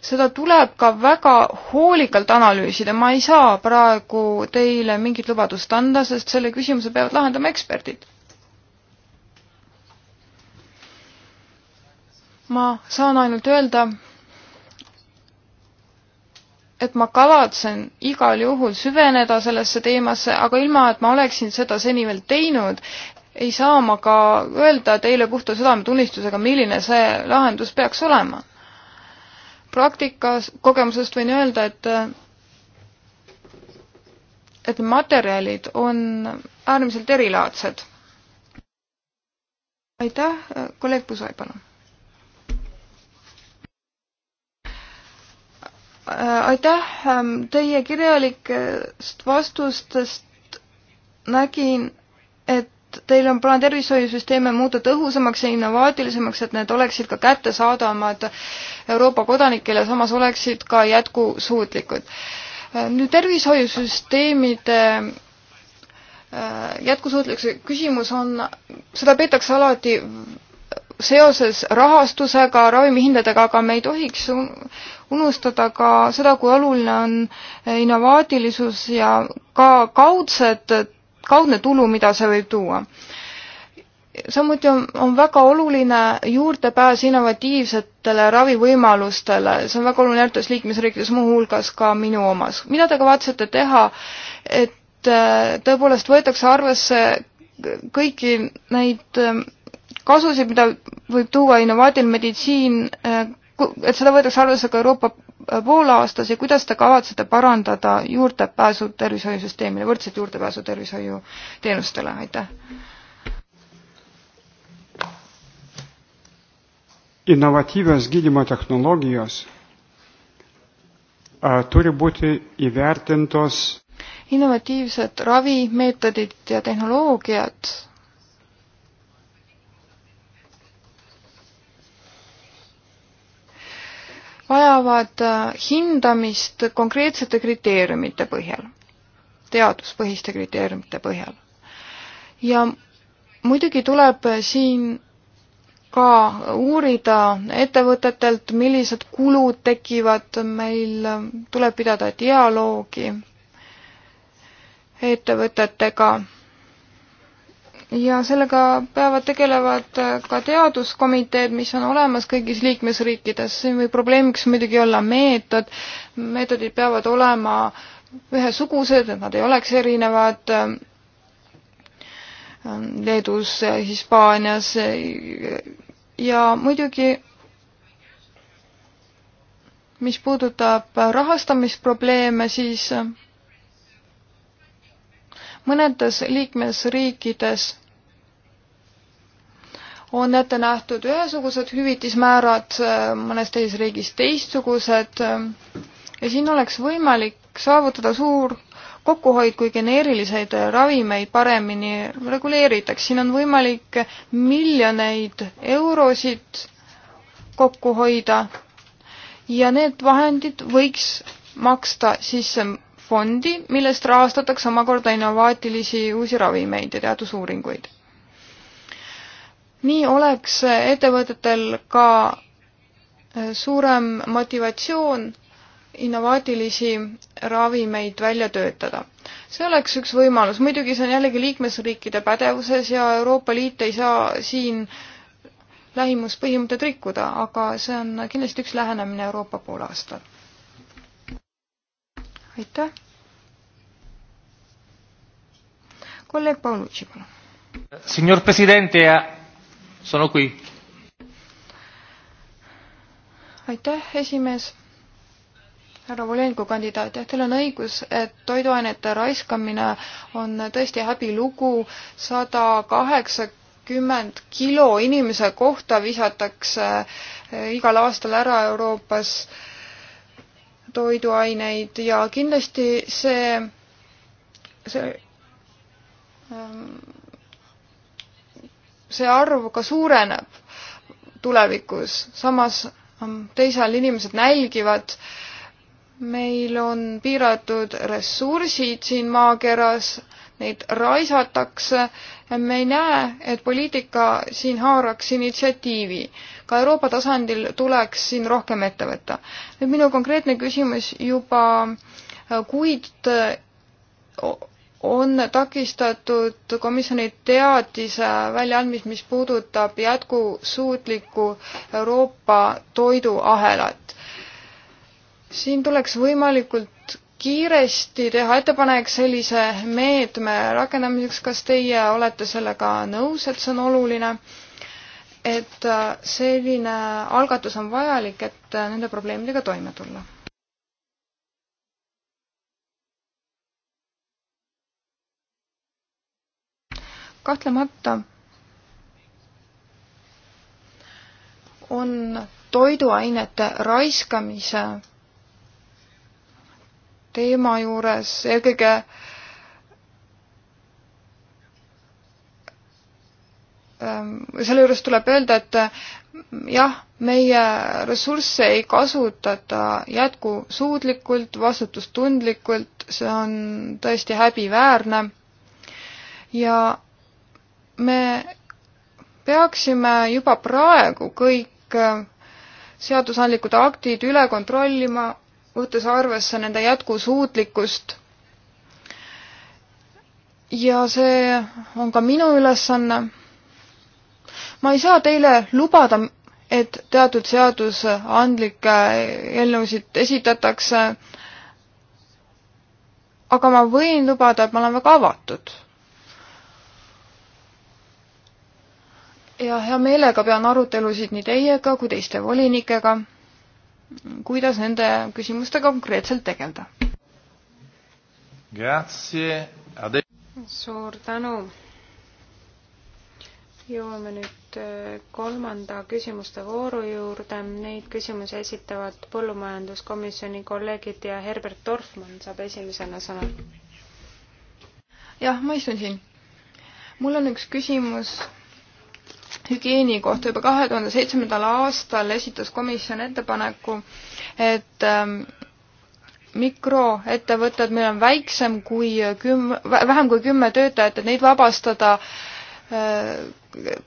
seda tuleb ka väga hoolikalt analüüsida, ma ei saa praegu teile mingit lubadust anda, sest selle küsimuse peavad lahendama eksperdid. ma saan ainult öelda, et ma kavatsen igal juhul süveneda sellesse teemasse, aga ilma, et ma oleksin seda seni veel teinud, ei saa ma ka öelda teile puhta südametunnistusega, milline see lahendus peaks olema. praktikas, kogemusest võin öelda, et et materjalid on äärmiselt erilaadsed. aitäh, kolleeg Pusoi, palun Äh, aitäh, ähm, teie kirjalikest vastustest nägin, et teil on plaan tervishoiusüsteeme muuta tõhusamaks ja innovaatilisemaks, et need oleksid ka kättesaadavamad Euroopa kodanikele, samas oleksid ka jätkusuutlikud. Äh, nüüd tervishoiusüsteemide äh, jätkusuutlikkuse küsimus on, seda peetakse alati seoses rahastusega, ravimihindadega, aga me ei tohiks unustada ka seda, kui oluline on eh, innovaatilisus ja ka kaudsed, kaudne tulu, mida see võib tuua. samuti on, on väga oluline juurdepääs innovatiivsetele ravivõimalustele, see on väga oluline erinevates liikmesriikides, muuhulgas ka minu omas. mida te kavatsete teha, et eh, tõepoolest võetakse arvesse kõiki neid eh, kasusid, mida võib tuua innovaatiline meditsiin et seda võetakse arvesse ka Euroopa äh, poolaastas ja kuidas te kavatsete parandada juurdepääsu tervishoiusüsteemile, võrdset juurdepääsu tervishoiuteenustele, aitäh! Innovatyvios gydymo technologijos turi būti įvertintos innovatiivsed ravimeetodid ja tehnoloogiad vajavad äh, hindamist konkreetsete kriteeriumite põhjal, teaduspõhiste kriteeriumite põhjal. ja muidugi tuleb äh, siin ka uurida ettevõtetelt, millised kulud tekivad, meil äh, tuleb pidada dialoogi ettevõtetega ja sellega peavad tegelevad äh, ka teaduskomiteed, mis on olemas kõigis liikmesriikides või probleemiks muidugi olla meetod, meetodid peavad olema ühesugused, et nad ei oleks erinevad äh, Leedus, Hispaanias äh, ja muidugi mis puudutab rahastamisprobleeme, siis mõnedes liikmesriikides on ette nähtud ühesugused hüvitismäärad, mõnes teises riigis teistsugused ja siin oleks võimalik saavutada suur kokkuhoid, kui geneeriliseid ravimeid paremini reguleeritaks. siin on võimalik miljoneid eurosid kokku hoida ja need vahendid võiks maksta sisse fondi, millest rahastatakse omakorda innovaatilisi uusi ravimeid ja teadusuuringuid nii oleks ettevõtetel ka äh, suurem motivatsioon innovaatilisi ravimeid välja töötada. see oleks üks võimalus, muidugi see on jällegi liikmesriikide pädevuses ja Euroopa Liit ei saa siin lähimuspõhimõtted rikkuda, aga see on kindlasti üks lähenemine Euroopa poolaastal. aitäh. kolleeg Paulucci, palun. Signor Presidente ja Sono qui. aitäh, esimees. härra Volenko kandidaat, jah, teil on õigus, et toiduainete raiskamine on tõesti häbilugu, sada kaheksakümmend kilo inimese kohta visatakse eh, igal aastal ära Euroopas toiduaineid ja kindlasti see, see ähm, see arv ka suureneb tulevikus, samas ähm, teisal inimesed nälgivad, meil on piiratud ressursid siin maakeras, neid raisatakse ja me ei näe, et poliitika siin haaraks initsiatiivi. ka Euroopa tasandil tuleks siin rohkem ette võtta. nüüd minu konkreetne küsimus juba äh, kuid äh, on takistatud komisjoni teadise väljaandmist, mis puudutab jätkusuutlikku Euroopa toiduahelat. siin tuleks võimalikult kiiresti teha ettepanek sellise meetme rakendamiseks, kas teie olete sellega nõus, et see on oluline? et selline algatus on vajalik, et nende probleemidega toime tulla kahtlemata on toiduainete raiskamise teema juures eelkõige ähm, selle juures tuleb öelda, et äh, jah, meie ressursse ei kasutata jätkusuutlikult, vastutustundlikult, see on tõesti häbiväärne ja me peaksime juba praegu kõik äh, seadusandlikud aktid üle kontrollima, võttes arvesse nende jätkusuutlikkust. ja see on ka minu ülesanne. ma ei saa teile lubada, et teatud seadusandlikke eelnõusid esitatakse, aga ma võin lubada, et ma olen väga avatud ja hea meelega pean arutelusid nii teiega kui teiste volinikega, kuidas nende küsimustega konkreetselt tegeleda. suur tänu. jõuame nüüd äh, kolmanda küsimuste vooru juurde. Neid küsimusi esitavad põllumajanduskomisjoni kolleegid ja Herbert Dorfmann saab esimesena sõna. jah, ma istun siin. mul on üks küsimus hügieeni kohta juba kahe tuhande seitsmendal aastal esitas komisjon ettepaneku, et ähm, mikroettevõtted, meil on väiksem kui küm-, vähem kui kümme töötajat, et neid vabastada äh,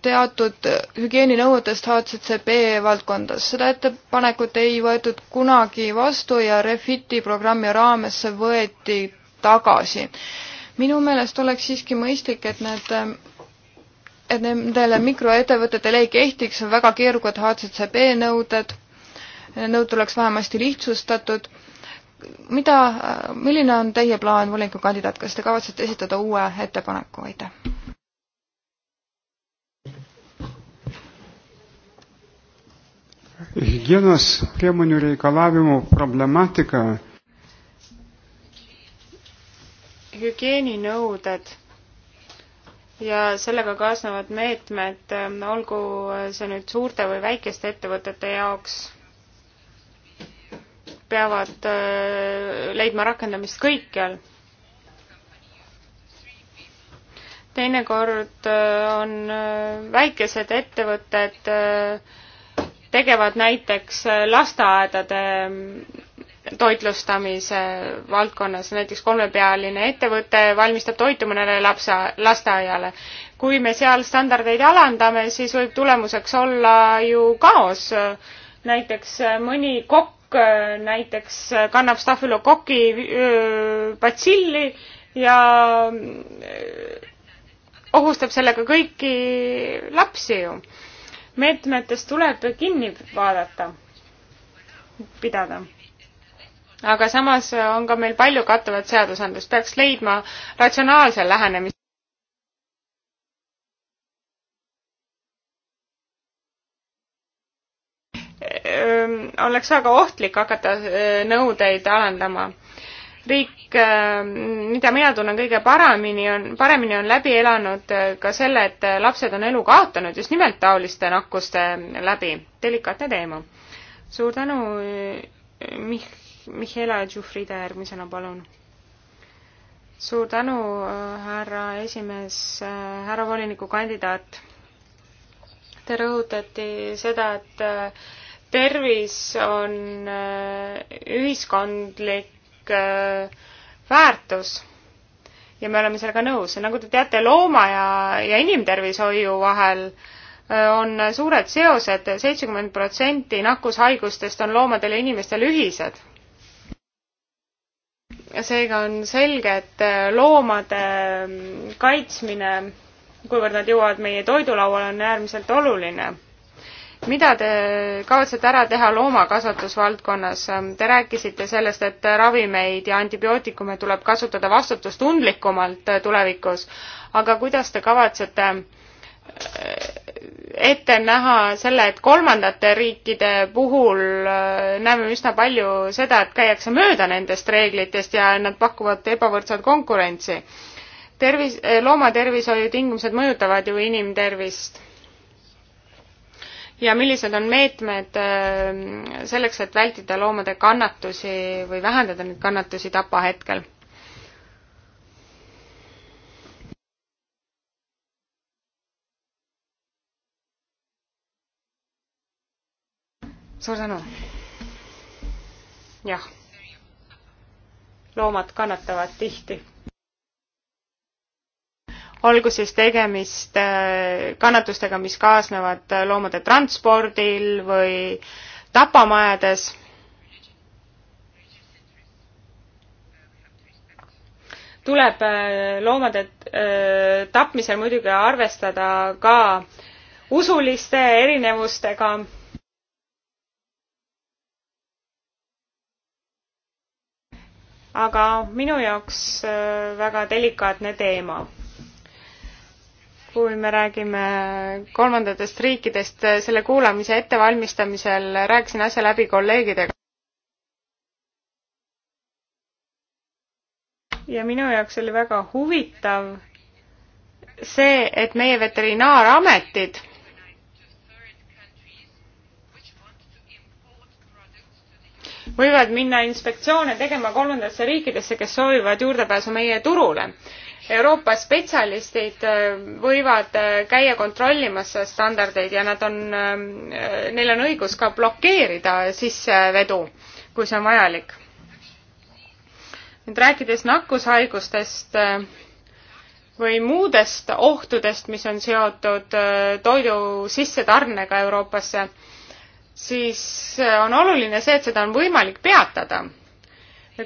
teatud hügieeninõuetest HCCP valdkondas. seda ettepanekut ei võetud kunagi vastu ja Refiti programmi raames see võeti tagasi. minu meelest oleks siiski mõistlik, et need ähm, et nendele mikroettevõtetele ei kehtiks väga keerukad HCCB nõuded, nõud tuleks vähemasti lihtsustatud. mida, milline on teie plaan, volinikukandidaat, kas te kavatsete esitada uue ettepaneku, aitäh? higienos priemonių reikalavimų problematika. hügieeninõuded ja sellega kaasnevad meetmed, olgu see nüüd suurte või väikeste ettevõtete jaoks, peavad äh, leidma rakendamist kõikjal. teinekord äh, on äh, väikesed ettevõtted tegevad näiteks lasteaedade toitlustamise valdkonnas, näiteks kolmepealine ettevõte valmistab toitu mõnele lapse, lasteaiale. kui me seal standardeid alandame, siis võib tulemuseks olla ju kaos. näiteks mõni kokk näiteks kannab stafylokoki patsilli ja ohustab sellega kõiki lapsi ju. meetmetest tuleb kinni vaadata, pidada aga samas on ka meil palju kattuvat seadusandlust, peaks leidma ratsionaalse lähenemise. Ehm, oleks väga ohtlik hakata eh, nõudeid alandama riik, ehm, mida mina tunnen kõige paremini, on, paremini on läbi elanud eh, ka selle, et lapsed on elu kaotanud just nimelt taoliste nakkuste läbi. delikaatne teema. suur tänu, eh, Mihh-, Mihhaila Džufrida järgmisena, palun. suur tänu, härra esimees, härra volinikukandidaat. Te rõhutati seda, et äh, tervis on äh, ühiskondlik äh, väärtus ja me oleme sellega nõus. nagu te teate, looma ja, ja inimtervishoiu vahel on suured seosed, seitsekümmend protsenti nakkushaigustest on loomadel ja inimestel ühised seega on selge, et äh, loomade mm, kaitsmine, kuivõrd nad jõuavad meie toidulauale, on äärmiselt oluline. mida te kavatsete ära teha loomakasvatusvaldkonnas? Te rääkisite sellest, et ravimeid ja antibiootikume tuleb kasutada vastutustundlikumalt äh, tulevikus, aga kuidas te kavatsete äh, ette näha selle, et kolmandate riikide puhul äh, näeme üsna palju seda, et käiakse mööda nendest reeglitest ja nad pakuvad ebavõrdset konkurentsi. tervis, äh, loomatervishoiutingimused mõjutavad ju inimtervist. ja millised on meetmed äh, selleks, et vältida loomade kannatusi või vähendada neid kannatusi tapahetkel? suur tänu. jah. loomad kannatavad tihti. olgu siis tegemist äh, kannatustega, mis kaasnevad loomade transpordil või tapamajades tuleb äh, loomade äh, tapmisel muidugi arvestada ka usuliste erinevustega aga minu jaoks äh, väga delikaatne teema. kui me räägime kolmandatest riikidest, äh, selle kuulamise ettevalmistamisel rääkisin asja läbi kolleegidega. ja minu jaoks oli väga huvitav see, et meie veterinaarametid võivad minna inspektsioone tegema kolmandatesse riikidesse, kes soovivad juurdepääsu meie turule. Euroopa spetsialistid äh, võivad äh, käia kontrollimas standardeid ja nad on, ähm, äh, neil on õigus ka blokeerida sissevedu, kui see on vajalik. nüüd rääkides nakkushaigustest või muudest ohtudest, mis on seotud toidu sissetarnega Euroopasse siis äh, on oluline see, et seda on võimalik peatada.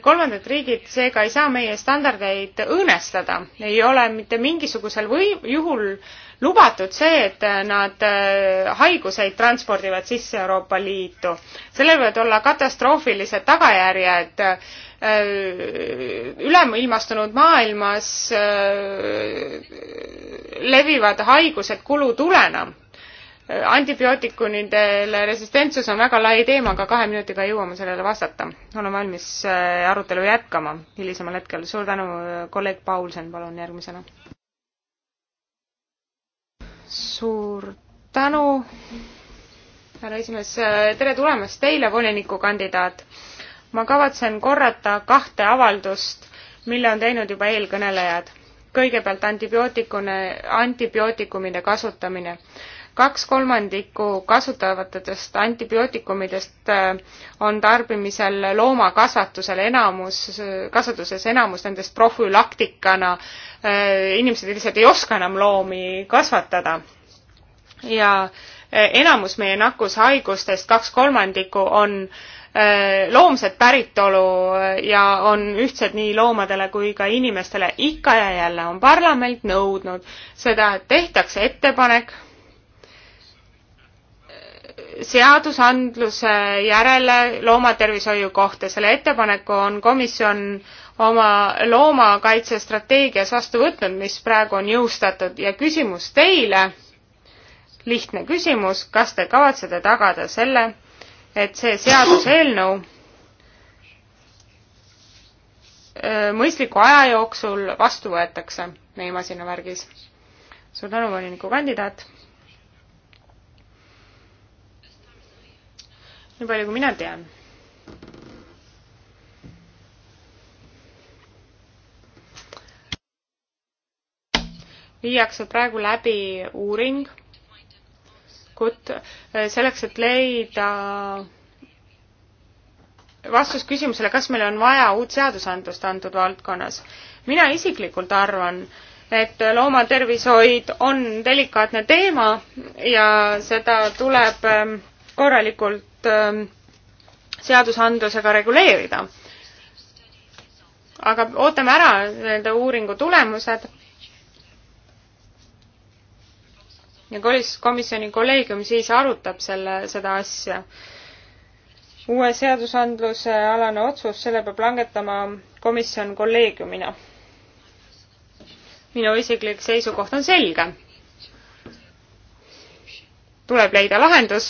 kolmandad riigid seega ei saa meie standardeid õõnestada, ei ole mitte mingisugusel või juhul lubatud see, et äh, nad äh, haiguseid transpordivad sisse Euroopa Liitu. sellel võivad olla katastroofilised tagajärjed üleilmastunud maailmas levivad haigused kulutulena antibiootikumidele resistentsus on väga lai teema, aga kahe minutiga jõuame sellele vastata. olen valmis äh, arutelu jätkama hilisemal hetkel. suur tänu, kolleeg Paulsen, palun järgmisena. suur tänu, härra esimees. Äh, tere tulemast teile, volinikukandidaat. ma kavatsen korrata kahte avaldust, mille on teinud juba eelkõnelejad. kõigepealt antibiootikune, antibiootikumide kasutamine kaks kolmandikku kasutatavatest antibiootikumidest äh, on tarbimisel loomakasvatusel enamus, kasvatuses enamus nendest profülaktikana. Äh, inimesed lihtsalt ei oska enam loomi kasvatada. ja äh, enamus meie nakkushaigustest, kaks kolmandikku, on loomset päritolu ja on ühtsed nii loomadele kui ka inimestele. ikka ja jälle on parlament nõudnud seda, et tehtakse ettepanek seadusandluse järele loomatervishoiu kohta. selle ettepaneku on komisjon oma loomakaitsestrateegias vastu võtnud, mis praegu on jõustatud ja küsimus teile, lihtne küsimus, kas te kavatsete tagada selle, et see seaduseelnõu äh, mõistliku aja jooksul vastu võetakse, neimasinavärgis. suur tänu, voliniku kandidaat! nii palju, kui mina tean. viiakse praegu läbi uuring, kut-, selleks, et leida vastus küsimusele, kas meil on vaja uut seadusandlust antud valdkonnas. mina isiklikult arvan, et loomatervishoid on delikaatne teema ja seda tuleb ähm, korralikult Ähm, seadusandlusega reguleerida. aga ootame ära nende uuringu tulemused. ja komisjoni kolleegium siis arutab selle, seda asja. uue seadusandluse alane otsus, selle peab langetama komisjon kolleegiumina. minu isiklik seisukoht on selge. tuleb leida lahendus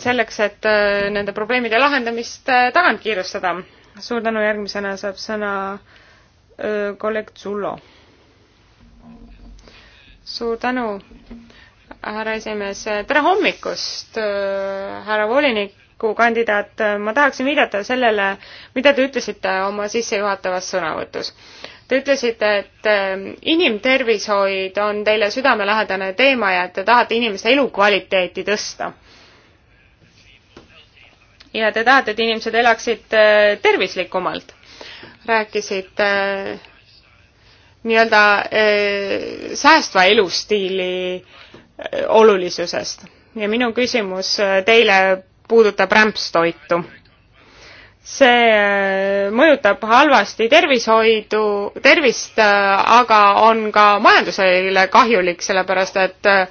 selleks, et äh, nende probleemide lahendamist äh, tagant kiirustada. suur tänu, järgmisena saab sõna äh, kolleeg Zullo. suur tänu, härra esimees, tere hommikust, härra volinikukandidaat, ma tahaksin viidata sellele, mida te ütlesite oma sissejuhatavas sõnavõtus Te ütlesite, et inimtervishoid on teile südamelähedane teema ja et te tahate inimeste elukvaliteeti tõsta ja te tahate, et inimesed elaksid äh, tervislikumalt. rääkisite äh, nii-öelda äh, säästva elustiili olulisusest ja minu küsimus teile puudutab rämpstoitu. see mõjutab halvasti tervishoidu, tervist, aga on ka majandusele kahjulik, sellepärast et äh,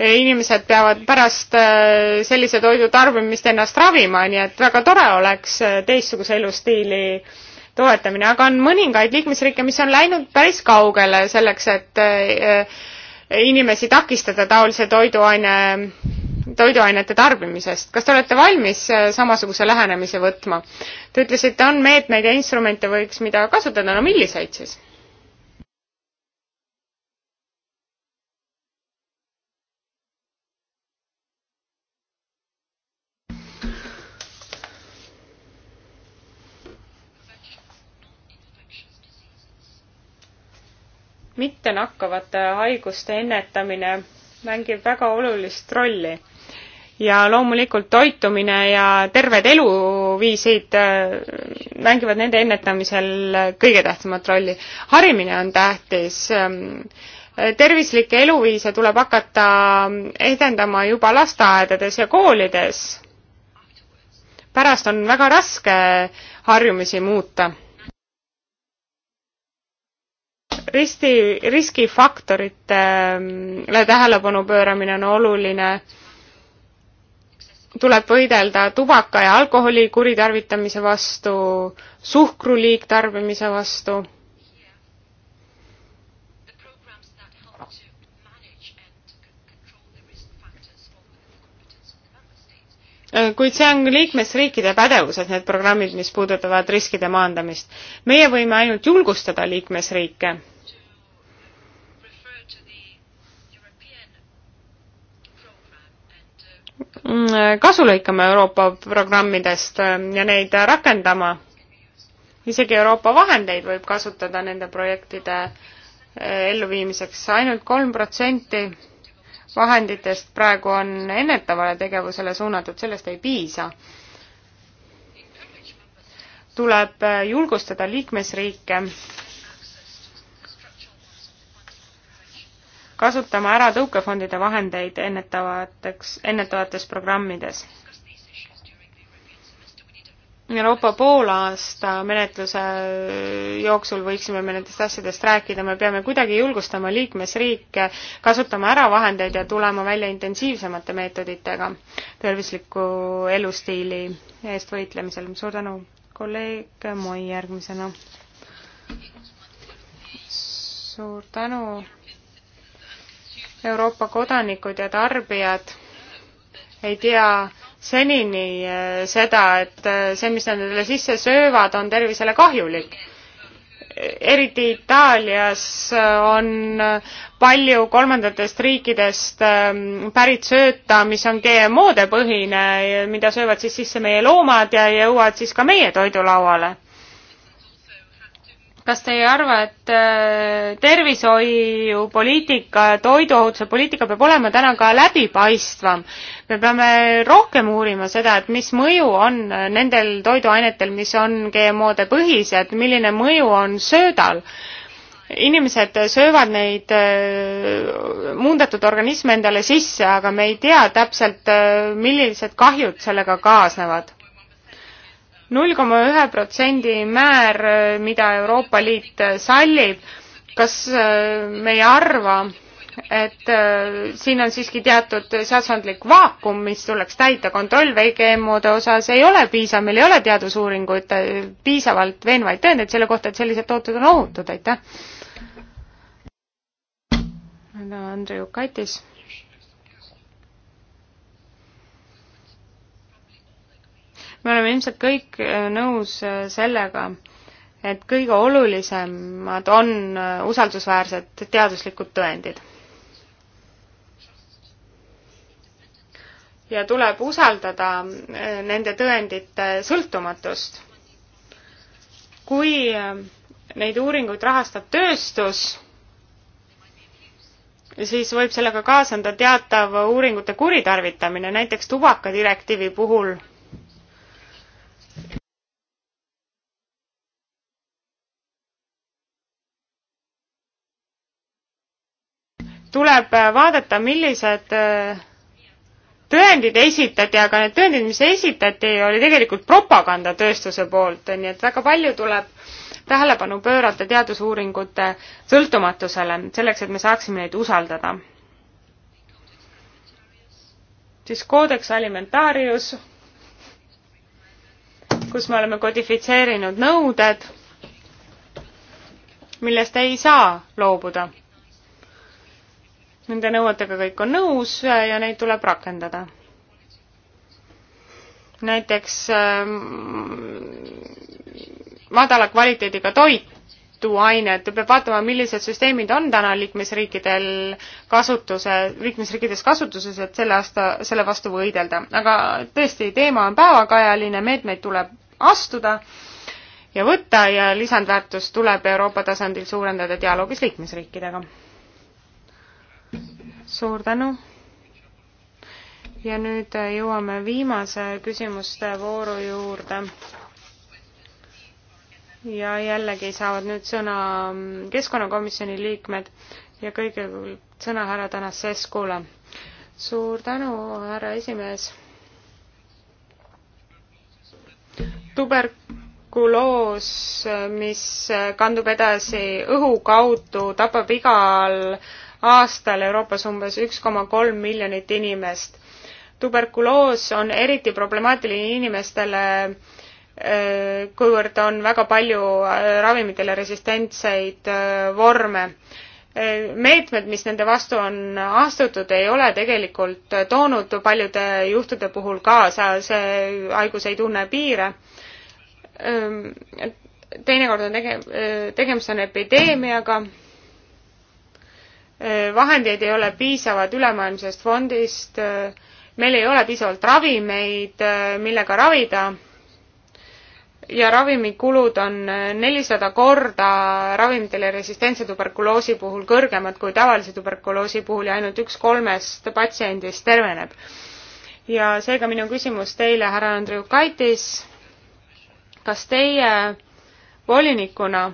Eh, inimesed peavad pärast eh, sellise toidu tarbimist ennast ravima, nii et väga tore oleks eh, teistsuguse elustiili toetamine, aga on mõningaid liikmesriike, mis on läinud päris kaugele selleks, et inimesi takistada taolise toiduaine, toiduainete tarbimisest. kas te olete valmis samasuguse lähenemise võtma? Te ütlesite, on meetmeid ja instrumente võiks, mida kasutada, no milliseid siis? mittenakkavate haiguste ennetamine mängib väga olulist rolli. ja loomulikult toitumine ja terved eluviisid äh, mängivad nende ennetamisel kõige tähtsamat rolli. harimine on tähtis ähm, tervislikke eluviise tuleb hakata edendama juba lasteaedades ja koolides. pärast on väga raske harjumusi muuta risti, riskifaktoritele tähelepanu pööramine on oluline, tuleb võidelda tubaka ja alkoholi kuritarvitamise vastu, suhkru liigtarbimise vastu. kuid see on liikmesriikide pädevuses, need programmid, mis puudutavad riskide maandamist. meie võime ainult julgustada liikmesriike Mm, kasu lõikama Euroopa programmidest ähm, ja neid rakendama. isegi Euroopa vahendeid võib kasutada nende projektide äh, elluviimiseks, ainult kolm protsenti vahenditest praegu on ennetavale tegevusele suunatud, sellest ei piisa. tuleb äh, julgustada liikmesriike kasutama ära tõukefondide vahendeid ennetavateks, ennetavates programmides. Euroopa poolaasta menetluse jooksul võiksime me nendest asjadest rääkida, me peame kuidagi julgustama liikmesriike kasutama ära vahendeid ja tulema välja intensiivsemate meetoditega tervisliku elustiili eest võitlemisel. suur tänu, kolleeg Moi järgmisena. suur tänu Euroopa kodanikud ja tarbijad ei tea senini eh, seda, et eh, see, mis nad endale sisse söövad, on tervisele kahjulik. eriti Itaalias eh, on palju kolmandatest riikidest pärit sööta, mis on GMO-de põhine, mida söövad siis sisse meie loomad ja jõuavad siis ka meie toidulauale kas te ei arva, et äh, tervishoiupoliitika, toiduohutuse poliitika peab olema täna ka läbipaistvam? me peame rohkem uurima seda, et mis mõju on äh, nendel toiduainetel, mis on GMO-de põhised, milline mõju on söödal inimesed söövad neid äh, muundatud organisme endale sisse, aga me ei tea täpselt, millised kahjud sellega kaasnevad null koma ühe protsendi määr, mida Euroopa Liit sallib, kas äh, me ei arva, et äh, siin on siiski teatud seadusandlik vaakum, mis tuleks täita, kontroll VGM-ude osas ei ole piisav, meil ei ole teadusuuringuid äh, piisavalt veenvaid tõendeid selle kohta, et sellised tooted on ohutud, aitäh. Andrei Ukaitis me oleme ilmselt kõik äh, nõus äh, sellega, et kõige olulisemad on äh, usaldusväärsed teaduslikud tõendid. ja tuleb usaldada nende tõendite sõltumatust. kui neid uuringuid rahastab tööstus, siis võib sellega kaasneda teatav uuringute kuritarvitamine, näiteks tubakadirektiivi puhul tuleb äh, vaadata, millised äh, tõendid esitati, aga need tõendid, mis esitati, oli tegelikult propagandatööstuse poolt, nii et väga palju tuleb tähelepanu pöörata teadusuuringute sõltumatusele, selleks et me saaksime neid usaldada. siis koodeks alimentarius, kus me oleme kodifitseerinud nõuded, millest ei saa loobuda Nende nõuetega kõik on nõus ja neid tuleb rakendada. näiteks ähm, madala kvaliteediga toituained, peab vaatama, millised süsteemid on täna liikmesriikidel kasutuse, liikmesriikides kasutuses, et selle aasta, selle vastu võidelda. aga tõesti, teema on päevakajaline, meetmeid tuleb astuda ja võtta ja lisandväärtust tuleb Euroopa tasandil suurendada dialoogis liikmesriikidega suur tänu. ja nüüd äh, jõuame viimase küsimuste vooru juurde. ja jällegi saavad nüüd sõna mm, keskkonnakomisjoni liikmed ja kõigepealt sõna härra Tanasseskule. suur tänu, härra esimees. tuber- tuberkuloos, äh, mis äh, kandub edasi õhu kaudu, tapab igal aastal Euroopas umbes üks koma kolm miljonit inimest. tuberkuloos on eriti problemaatiline inimestele, eh, kuivõrd on väga palju eh, ravimitele resistentseid eh, vorme. meetmed, mis nende vastu on astutud, ei ole tegelikult toonud paljude juhtude puhul kaasa, see haigus ei tunne piire ehm, teinekord on tege-, tegemist on epideemiaga vahendeid ei ole piisavalt ülemaailmsest fondist, meil ei ole piisavalt ravimeid, millega ravida ja ravimikulud on nelisada korda ravimitele resistentse tuberkuloosi puhul kõrgemad kui tavalise tuberkuloosi puhul ja ainult üks kolmest patsiendist terveneb. ja seega minu küsimus teile, härra Andriukaitis, kas teie volinikuna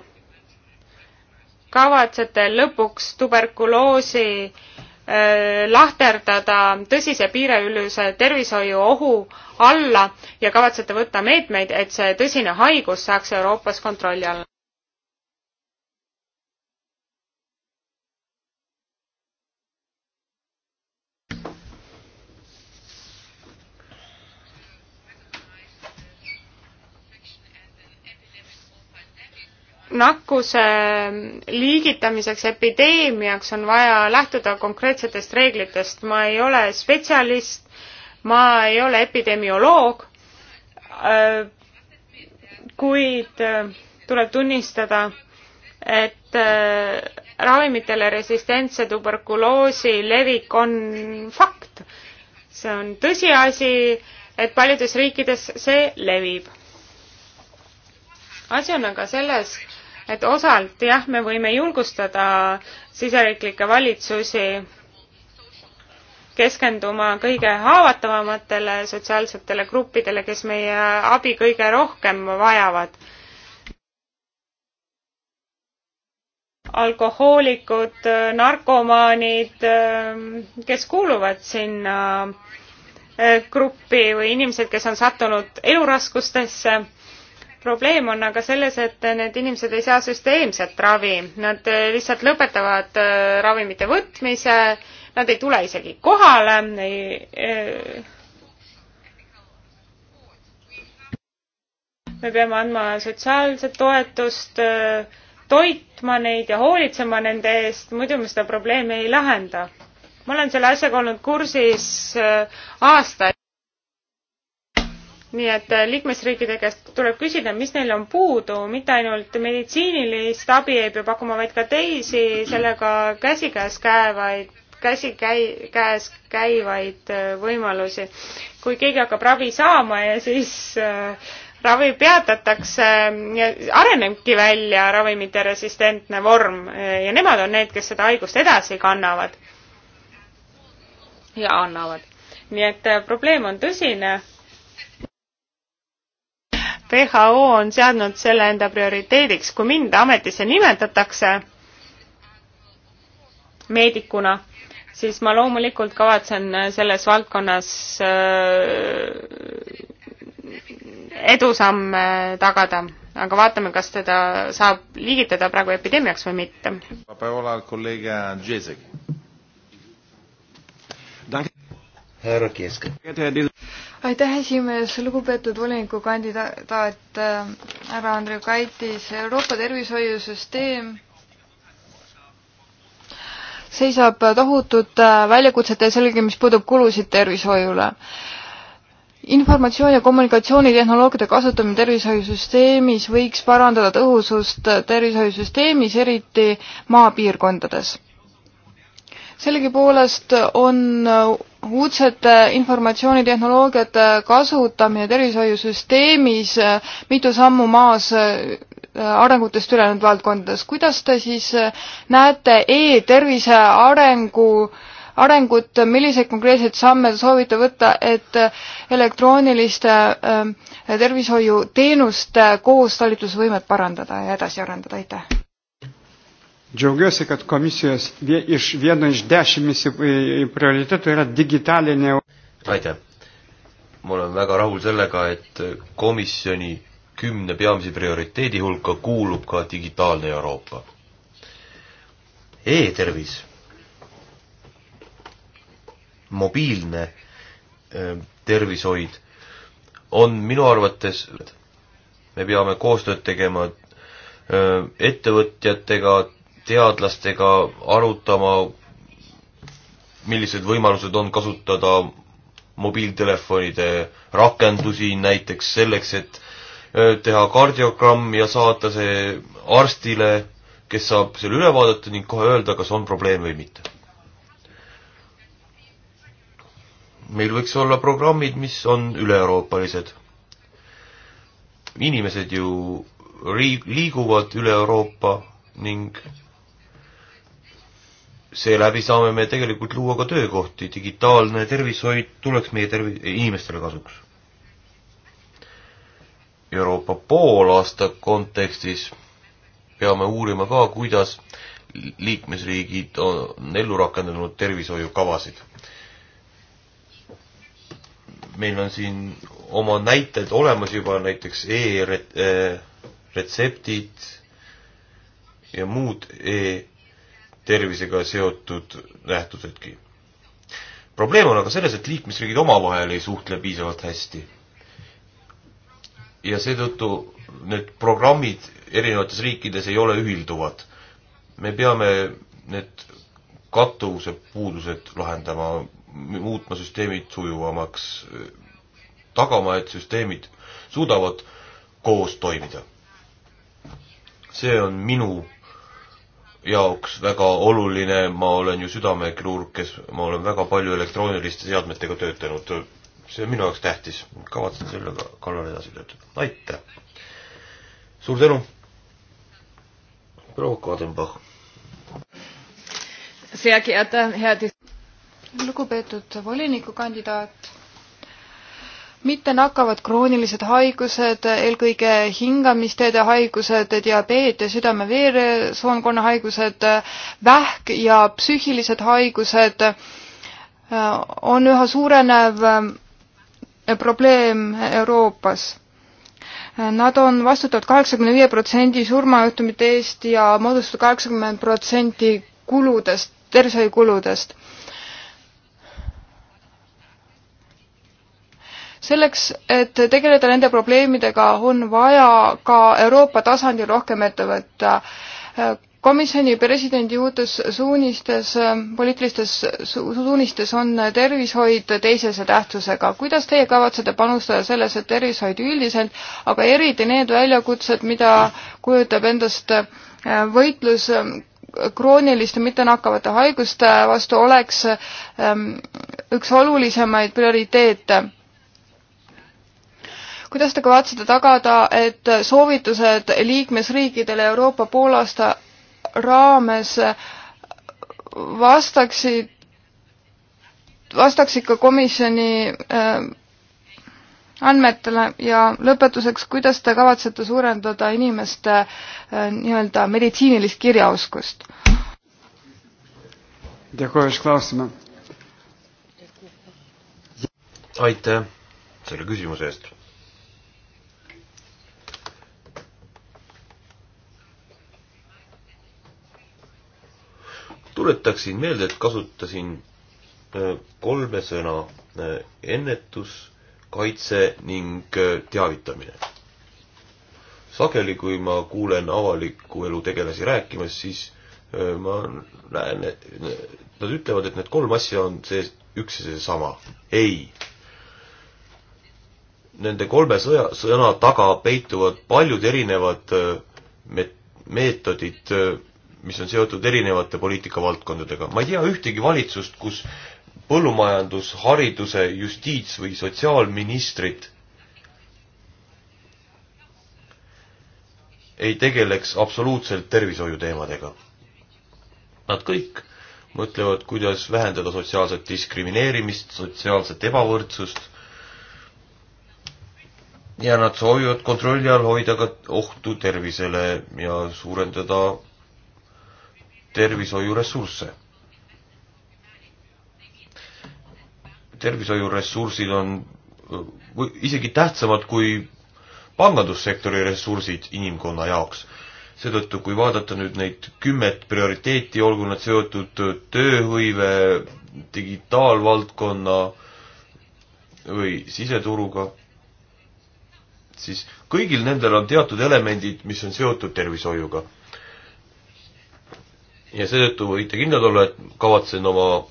kavatsete lõpuks tuberkuloosi äh, lahterdada tõsise piiriülese tervishoiuohu alla ja kavatsete võtta meetmeid, et see tõsine haigus saaks Euroopas kontrolli alla? nakkuse liigitamiseks epideemiaks on vaja lähtuda konkreetsetest reeglitest. ma ei ole spetsialist, ma ei ole epidemioloog, kuid äh, tuleb tunnistada, et äh, ravimitele resistentse tuberkuloosi levik on fakt. see on tõsiasi, et paljudes riikides see levib. asi on aga selles, et osalt jah, me võime julgustada siseriiklikke valitsusi keskenduma kõige haavatavamatele sotsiaalsetele gruppidele, kes meie abi kõige rohkem vajavad. alkohoolikud, narkomaanid, kes kuuluvad sinna eh, gruppi või inimesed, kes on sattunud eluraskustesse probleem on aga selles, et need inimesed ei saa süsteemset ravi, nad äh, lihtsalt lõpetavad äh, ravimite võtmise, nad ei tule isegi kohale, ei äh, me peame andma sotsiaalset toetust, toitma neid ja hoolitsema nende eest, muidu me seda probleemi ei lahenda. ma olen selle asjaga olnud kursis aastaid nii et äh, liikmesriikide käest tuleb küsida, mis neil on puudu, mitte ainult meditsiinilist abi ei pea pakkuma, vaid ka teisi sellega käsikäes käevaid, käsikäi-, käes käivaid äh, võimalusi. kui keegi hakkab ravi saama ja siis äh, ravi peatatakse ja arenebki välja ravimite resistentne vorm äh, ja nemad on need, kes seda haigust edasi kannavad ja annavad. nii et probleem on tõsine WHO on seadnud selle enda prioriteediks, kui mind ametisse nimetatakse meedikuna, siis ma loomulikult kavatsen selles valdkonnas äh, edusamme tagada, aga vaatame, kas teda saab liigitada praegu epideemiaks või mitte härra Kesk. aitäh, esimees, lugupeetud volinikukandidaat äh, härra Andrei Kaitis, Euroopa tervishoiusüsteem seisab tohutute äh, väljakutsete ees, eelkõige mis puudub kulusid tervishoiule informatsioon ja kommunikatsioonitehnoloogiate kasutamine tervishoiusüsteemis võiks parandada tõhusust äh, tervishoiusüsteemis, eriti maapiirkondades. sellegipoolest on uudsete äh, informatsioonitehnoloogiate äh, kasutamine tervishoiusüsteemis äh, mitu sammu maas arengutest ülejäänud valdkondades. kuidas te siis näete e-tervise arengu, arengut, milliseid konkreetseid samme te soovite võtta, et elektrooniliste tervishoiuteenuste koostalitusvõimet parandada ja edasi arendada, aitäh! Džiaugiuosi, kad komisijos iš vieno iš dešimis prioritetų yra digitalinė. aitäh. ma olen väga rahul sellega, et komisjoni kümne peamise prioriteedi hulka kuulub ka digitaalne Euroopa e. E-tervis, mobiilne e, tervishoid on minu arvates, me peame koostööd tegema e, ettevõtjatega, teadlastega arutama, millised võimalused on kasutada mobiiltelefonide rakendusi näiteks selleks, et teha kardiogramm ja saata see arstile, kes saab selle üle vaadata ning kohe öelda, kas on probleem või mitte. meil võiks olla programmid, mis on üle-euroopalised. inimesed ju riig-, liiguvad üle Euroopa ning seeläbi saame me tegelikult luua ka töökohti, digitaalne tervishoid tuleks meie tervi-, inimestele kasuks. Euroopa poolaasta kontekstis peame uurima ka, kuidas liikmesriigid on ellu rakendanud tervishoiukavasid. meil on siin oma näited olemas juba, näiteks e-retseptid e-, ja muud e tervisega seotud nähtusedki. probleem on aga selles, et liikmesriigid omavahel ei suhtle piisavalt hästi. ja seetõttu need programmid erinevates riikides ei ole ühilduvad. me peame need kattuvuse puudused lahendama, muutma süsteemid sujuvamaks, tagama, et süsteemid suudavad koos toimida. see on minu jaoks väga oluline, ma olen ju südamekirurg, kes, ma olen väga palju elektrooniliste seadmetega töötanud. see on minu jaoks tähtis, kavatsen selle kallal edasi töötada. aitäh! suur tänu! proua Kadenbach. lugupeetud volinikukandidaat mitte nakkavad kroonilised haigused, eelkõige hingamisteede haigused, diabeet ja südame-veresoonkonna haigused, vähk ja psüühilised haigused äh, on üha suurenev äh, probleem Euroopas. Äh, nad on vastutavad kaheksakümne viie protsendi surmajuhtumite eest ja moodustavad kaheksakümmend protsenti kuludest, tervishoiukuludest selleks, et tegeleda nende probleemidega, on vaja ka Euroopa tasandil rohkem ette võtta. komisjoni presidendi uutes suunistes, poliitilistes su suunistes on tervishoid teisese tähtsusega. kuidas teie kavatsete panustada sellesse, et tervishoid üldiselt, aga eriti need väljakutsed, mida kujutab endast äh, võitlus ähm, krooniliste mittenakkavate haiguste vastu oleks ähm, üks olulisemaid prioriteete kuidas te kavatsete tagada, et soovitused liikmesriikidele Euroopa poolaasta raames vastaksid, vastaksid ka komisjoni äh, andmetele ja lõpetuseks, kuidas te kavatsete suurendada inimeste äh, nii-öelda meditsiinilist kirjaoskust? aitäh selle küsimuse eest tuletaksin meelde, et kasutasin äh, kolme sõna äh, ennetus, kaitse ning äh, teavitamine. sageli, kui ma kuulen avaliku elu tegelasi rääkimas, siis ma näen, et nad ütlevad, et need kolm asja on see üks ja seesama. ei. Nende kolme sõja, sõna taga peituvad paljud erinevad met-, meetodid mis on seotud erinevate poliitikavaldkondadega. ma ei tea ühtegi valitsust, kus põllumajandus, hariduse, justiits või sotsiaalministrid ei tegeleks absoluutselt tervishoiuteemadega. Nad kõik mõtlevad, kuidas vähendada sotsiaalset diskrimineerimist, sotsiaalset ebavõrdsust ja nad soovivad kontrolli all hoida ka ohtu tervisele ja suurendada tervishoiuressursse. tervishoiuressursid on isegi tähtsamad kui pangandussektori ressursid inimkonna jaoks. seetõttu, kui vaadata nüüd neid kümmet prioriteeti, olgu nad seotud tööhõive, digitaalvaldkonna või siseturuga, siis kõigil nendel on teatud elemendid, mis on seotud tervishoiuga ja seetõttu võite kindlad olla, et kavatsen oma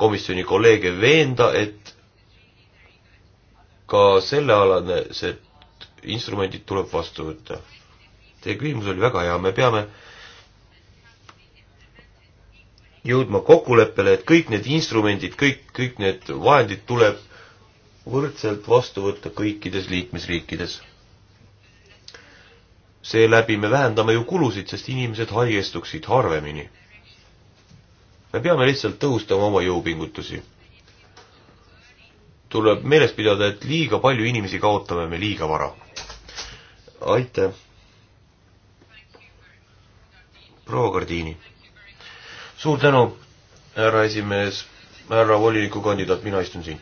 komisjoni kolleege veenda, et ka sellealane see instrumendid tuleb vastu võtta. Teie küsimus oli väga hea, me peame jõudma kokkuleppele, et kõik need instrumendid, kõik, kõik need vahendid tuleb võrdselt vastu võtta kõikides liikmesriikides. seeläbi me vähendame ju kulusid, sest inimesed haigestuksid harvemini me peame lihtsalt tõhustama oma jõupingutusi. tuleb meeles pidada, et liiga palju inimesi kaotame me liiga vara. aitäh. proua Gardiini. suur tänu, härra esimees, härra volinikukandidaat, mina istun siin.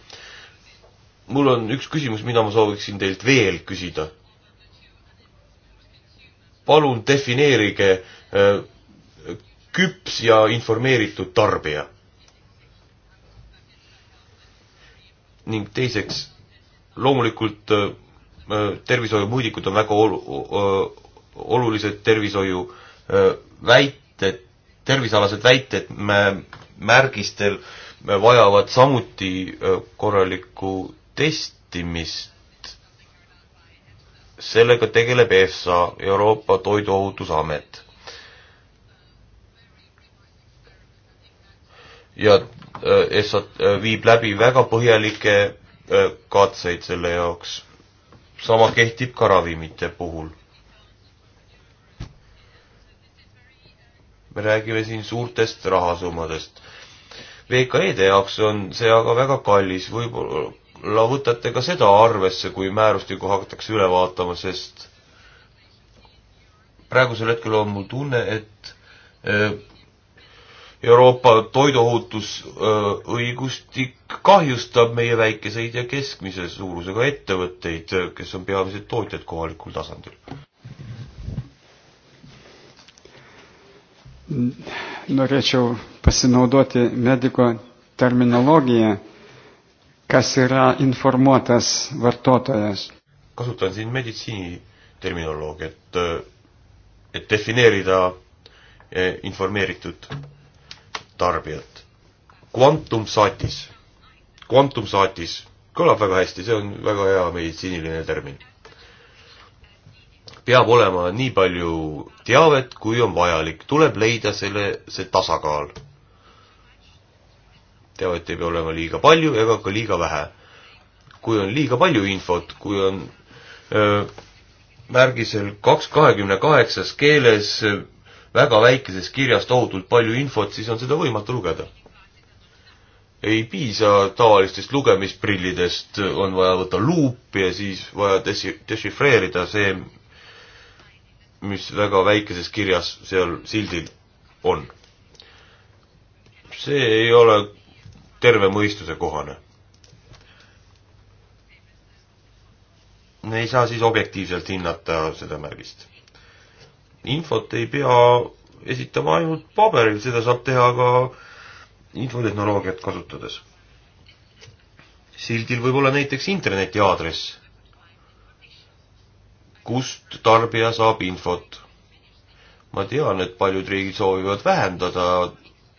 mul on üks küsimus, mida ma sooviksin teilt veel küsida. palun defineerige äh, küps ja informeeritud tarbija. ning teiseks, loomulikult äh, äh, tervishoiumõõdikud on väga olu-, olulised tervishoiu äh, väited, tervisealased väited märgistel vajavad samuti korralikku testimist sellega tegeleb EFSA, Euroopa Toiduohutusamet. ja äh, ESA äh, viib läbi väga põhjalikke äh, katseid selle jaoks. sama kehtib ka ravimite puhul. me räägime siin suurtest rahasummadest. VKE-de jaoks on see aga väga kallis, võib-olla võtate ka seda arvesse, kui määrustikku hakatakse üle vaatama, sest praegusel hetkel on mul tunne, et Euroopa toiduohutusõigustik kahjustab meie väikeseid ja keskmise suurusega ettevõtteid, kes on peamised tootjad kohalikul tasandil. norėčiau pasinaudoti mediko terminologiją, kas yra informuotas vartotojas. kasutan siin meditsiiniterminoloogiat, et defineerida eh, informeeritud tarbijat. kvantum saatis, kvantum saatis kõlab väga hästi, see on väga hea meditsiiniline termin. peab olema nii palju teavet, kui on vajalik, tuleb leida selle, see tasakaal. teavet ei pea olema liiga palju ega ka liiga vähe. kui on liiga palju infot, kui on öö, märgisel kaks kahekümne kaheksas keeles väga väikeses kirjas tohutult palju infot, siis on seda võimatu lugeda. ei piisa tavalistest lugemisprillidest, on vaja võtta luupi ja siis vaja desi-, dešifreerida see, mis väga väikeses kirjas seal sildil on. see ei ole terve mõistuse kohane. me ei saa siis objektiivselt hinnata seda märgist infot ei pea esitama ainult paberil, seda saab teha ka infotehnoloogiat kasutades. sildil võib olla näiteks interneti aadress, kust tarbija saab infot. ma tean, et paljud riigid soovivad vähendada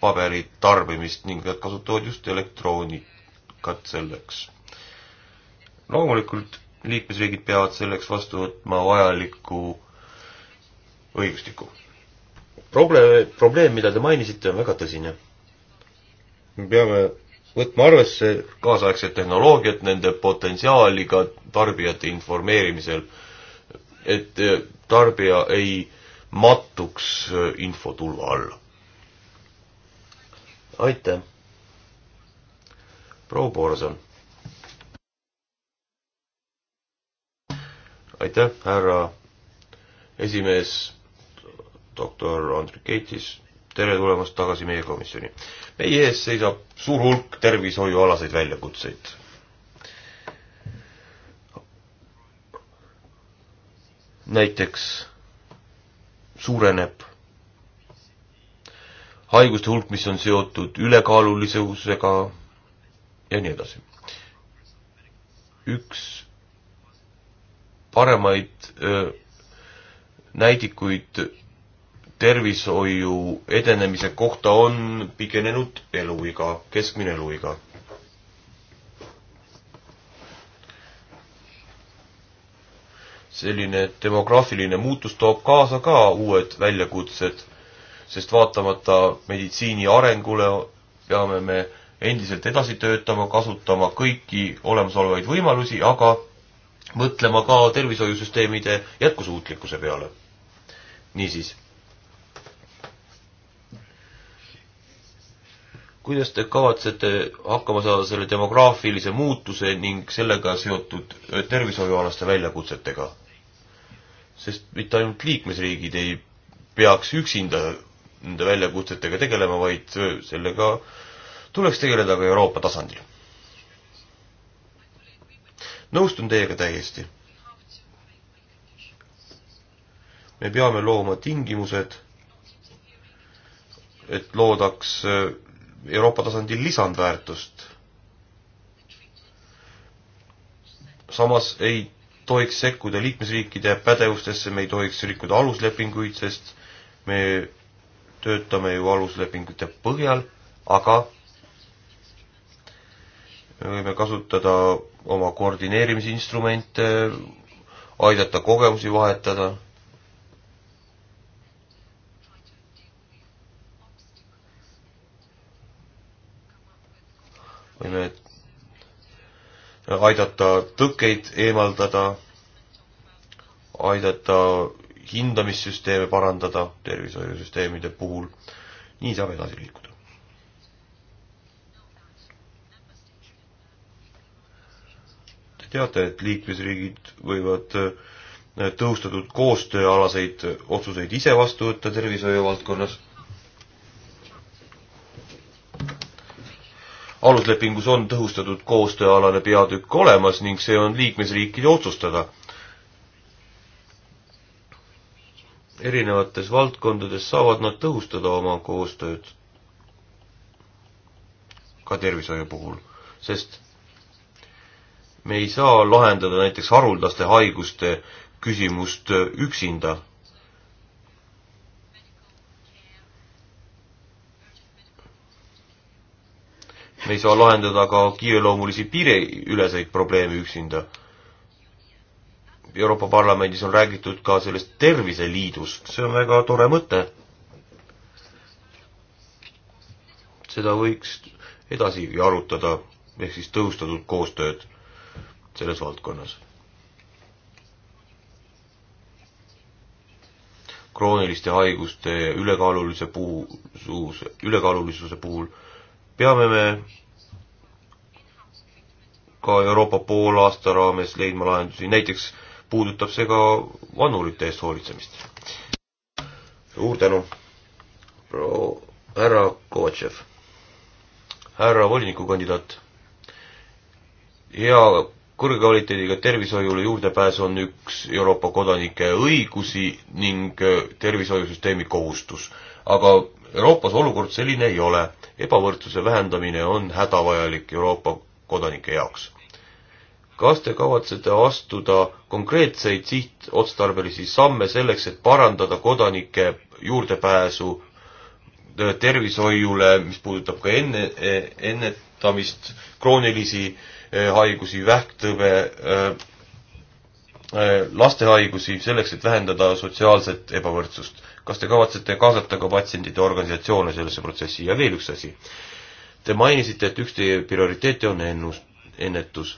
paberi tarbimist ning nad kasutavad just elektroonikat selleks. loomulikult liikmesriigid peavad selleks vastu võtma vajaliku õigustikku. probleem, probleem, mida te mainisite, on väga tõsine. me peame võtma arvesse kaasaegset tehnoloogiat, nende potentsiaali ka tarbijate informeerimisel, et eh, tarbija ei mattuks eh, infotulva alla. aitäh! proua Borson. aitäh, härra esimees doktor Andrikeitis, tere tulemast tagasi meie komisjoni. meie ees seisab suur hulk tervishoiualaseid väljakutseid. näiteks suureneb haiguste hulk, mis on seotud ülekaalulisusega ja nii edasi. üks paremaid öö, äh, näidikuid tervishoiu edenemise kohta on pikenenud eluiga, keskmine eluiga. selline demograafiline muutus toob kaasa ka uued väljakutsed, sest vaatamata meditsiini arengule peame me endiselt edasi töötama, kasutama kõiki olemasolevaid võimalusi, aga mõtlema ka tervishoiusüsteemide jätkusuutlikkuse peale. niisiis kuidas te kavatsete hakkama saada selle demograafilise muutuse ning sellega seotud äh, tervishoiualaste väljakutsetega? sest mitte ainult liikmesriigid ei peaks üksinda nende väljakutsetega tegelema, vaid äh, sellega tuleks tegeleda ka Euroopa tasandil. nõustun teiega täiesti. me peame looma tingimused, et loodaks äh, Euroopa tasandil lisandväärtust. samas ei tohiks sekkuda liikmesriikide pädevustesse, me ei tohiks rikkuda aluslepinguid, sest me töötame ju aluslepingute põhjal, aga me võime kasutada oma koordineerimisinstrumente, aidata kogemusi vahetada võime aidata tõkkeid eemaldada, aidata hindamissüsteeme parandada tervishoiusüsteemide puhul. nii saab edasi liikuda. Te teate, et liikmesriigid võivad äh, tõhustatud koostööalaseid otsuseid ise vastu võtta tervishoiu valdkonnas aluslepingus on tõhustatud koostööalane peatükk olemas ning see on liikmesriikide otsustada. erinevates valdkondades saavad nad tõhustada oma koostööd, ka tervishoiu puhul, sest me ei saa lahendada näiteks haruldaste haiguste küsimust üksinda me ei saa lahendada ka kiireloomulisi piiriüleseid probleeme üksinda. Euroopa Parlamendis on räägitud ka sellest terviseliidust, see on väga tore mõte. seda võiks edasigi arutada, ehk siis tõhustatud koostööd selles valdkonnas. krooniliste haiguste ülekaalulise puhul, ülekaalulisuse puhul peame me ka Euroopa poolaasta raames leidma lahendusi, näiteks puudutab see ka vanurite eest hoolitsemist. suur tänu, proua härra Kovatšev. härra volinikukandidaat. hea kõrge kvaliteediga tervishoiule juurdepääs on üks Euroopa kodanike õigusi ning tervishoiusüsteemi kohustus. aga Euroopas olukord selline ei ole. ebavõrdsuse vähendamine on hädavajalik Euroopa kodanike jaoks. kas te kavatsete astuda konkreetseid sihtotstarbelisi samme selleks, et parandada kodanike juurdepääsu äh, tervishoiule, mis puudutab ka enne, äh, ennetamist, kroonilisi äh, haigusi, vähktõve, Äh, laste haigusi selleks, et vähendada sotsiaalset ebavõrdsust. kas te kavatsete kaasata ka patsientide organisatsioone sellesse protsessi ja veel üks asi. Te mainisite, et üks teie prioriteete on ennus, ennetus.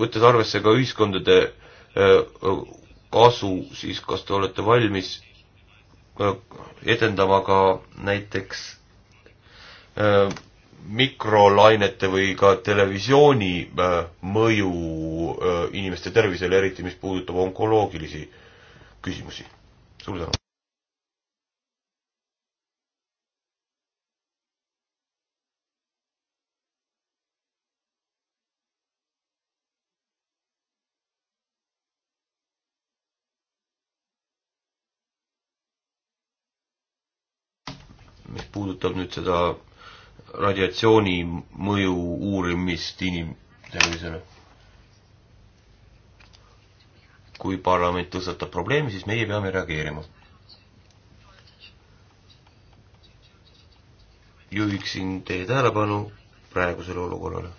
võttes arvesse ka ühiskondade äh, kasu, siis kas te olete valmis äh, edendama ka näiteks mikrolainete või ka televisiooni äh, mõju äh, inimeste tervisele, eriti mis puudutab onkoloogilisi küsimusi. suur tänu. mis puudutab nüüd seda radiatsiooni mõju uurimist inimtervisele. kui parlament tõstatab probleemi, siis meie peame reageerima. juhiksin teie tähelepanu praegusele olukorrale.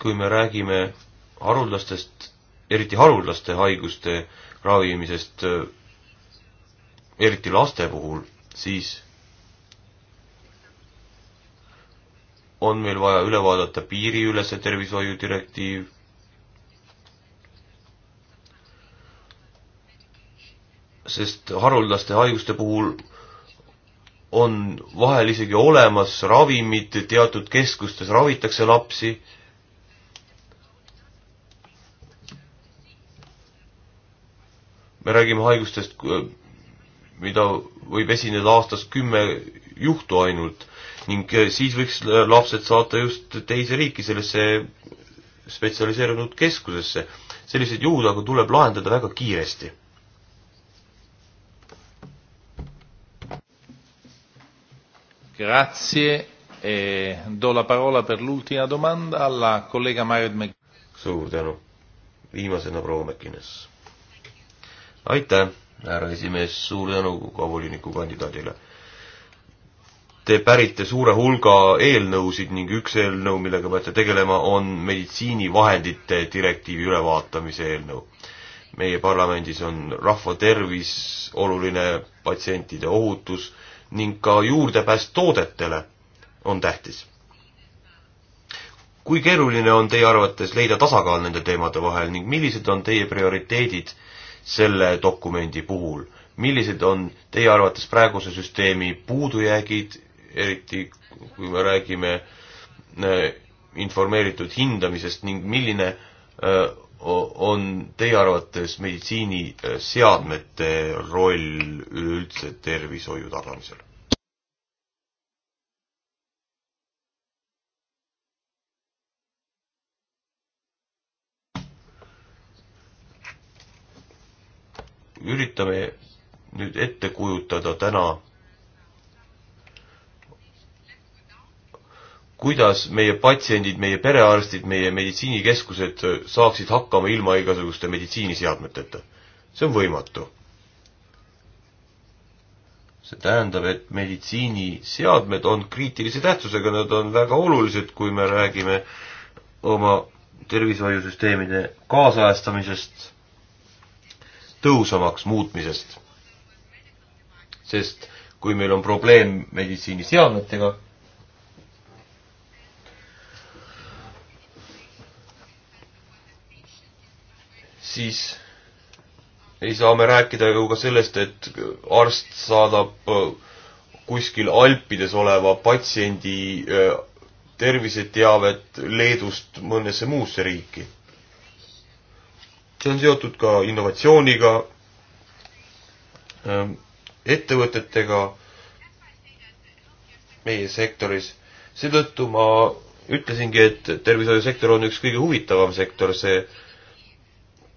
kui me räägime haruldastest eriti haruldaste haiguste ravimisest, eriti laste puhul, siis on meil vaja üle vaadata piiriülese tervishoiu direktiiv, sest haruldaste haiguste puhul on vahel isegi olemas ravimid, teatud keskustes ravitakse lapsi me räägime haigustest, mida võib esineda aastas kümme juhtu ainult ning eh, siis võiks lapsed saata just teise riiki, sellesse spetsialiseerunud keskusesse. sellised juhud aga tuleb lahendada väga kiiresti. Grazie e do la parola per l'ultima domanda alla collega Marit Mäk-. suur tänu. viimasena proua Mäkkines aitäh, härra esimees, suur tänu ka volinikukandidaadile te pärite suure hulga eelnõusid ning üks eelnõu, millega peate tegelema, on meditsiinivahendite direktiivi ülevaatamise eelnõu. meie parlamendis on rahva tervis oluline, patsientide ohutus ning ka juurdepääs toodetele on tähtis. kui keeruline on teie arvates leida tasakaal nende teemade vahel ning millised on teie prioriteedid selle dokumendi puhul. millised on teie arvates praeguse süsteemi puudujäägid, eriti kui me räägime äh, informeeritud hindamisest ning milline äh, on teie arvates meditsiiniseadmete roll üleüldse tervishoiu tagamisel? üritame nüüd ette kujutada täna, kuidas meie patsiendid, meie perearstid, meie meditsiinikeskused saaksid hakkama ilma igasuguste meditsiiniseadmeteta. see on võimatu. see tähendab, et meditsiiniseadmed on kriitilise tähtsusega, nad on väga olulised, kui me räägime oma tervishoiusüsteemide kaasajastamisest tõhusamaks muutmisest. sest kui meil on probleem meditsiiniseadmetega, siis ei saa me rääkida ju ka sellest, et arst saadab äh, kuskil Alpides oleva patsiendi äh, terviseteavet Leedust mõnesse muusse riiki see on seotud ka innovatsiooniga, ähm, ettevõtetega meie sektoris. seetõttu ma ütlesingi, et tervishoiusektor on üks kõige huvitavam sektor, see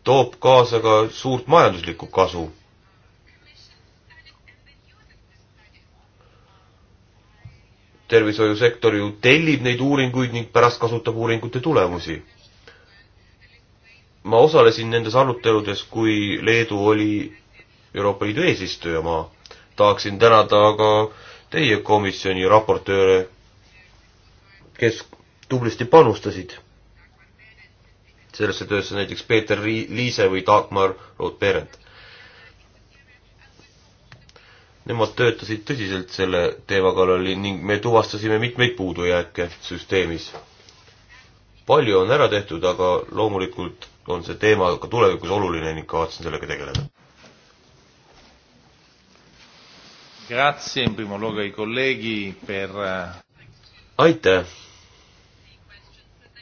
toob kaasa ka suurt majanduslikku kasu. tervishoiusektor ju tellib neid uuringuid ning pärast kasutab uuringute tulemusi ma osalesin nendes aruteludes, kui Leedu oli Euroopa Liidu eesistujamaa. tahaksin tänada ka teie komisjoni raportööre, kes tublisti panustasid sellesse töösse, näiteks Peeter Liise või Dagmar Roth-Berend. Nemad töötasid tõsiselt selle teema kallal ning me tuvastasime mitmeid puudujääke süsteemis. palju on ära tehtud, aga loomulikult on see teema ka tulevikus oluline ning kavatsen sellega tegeleda. Eh, aitäh!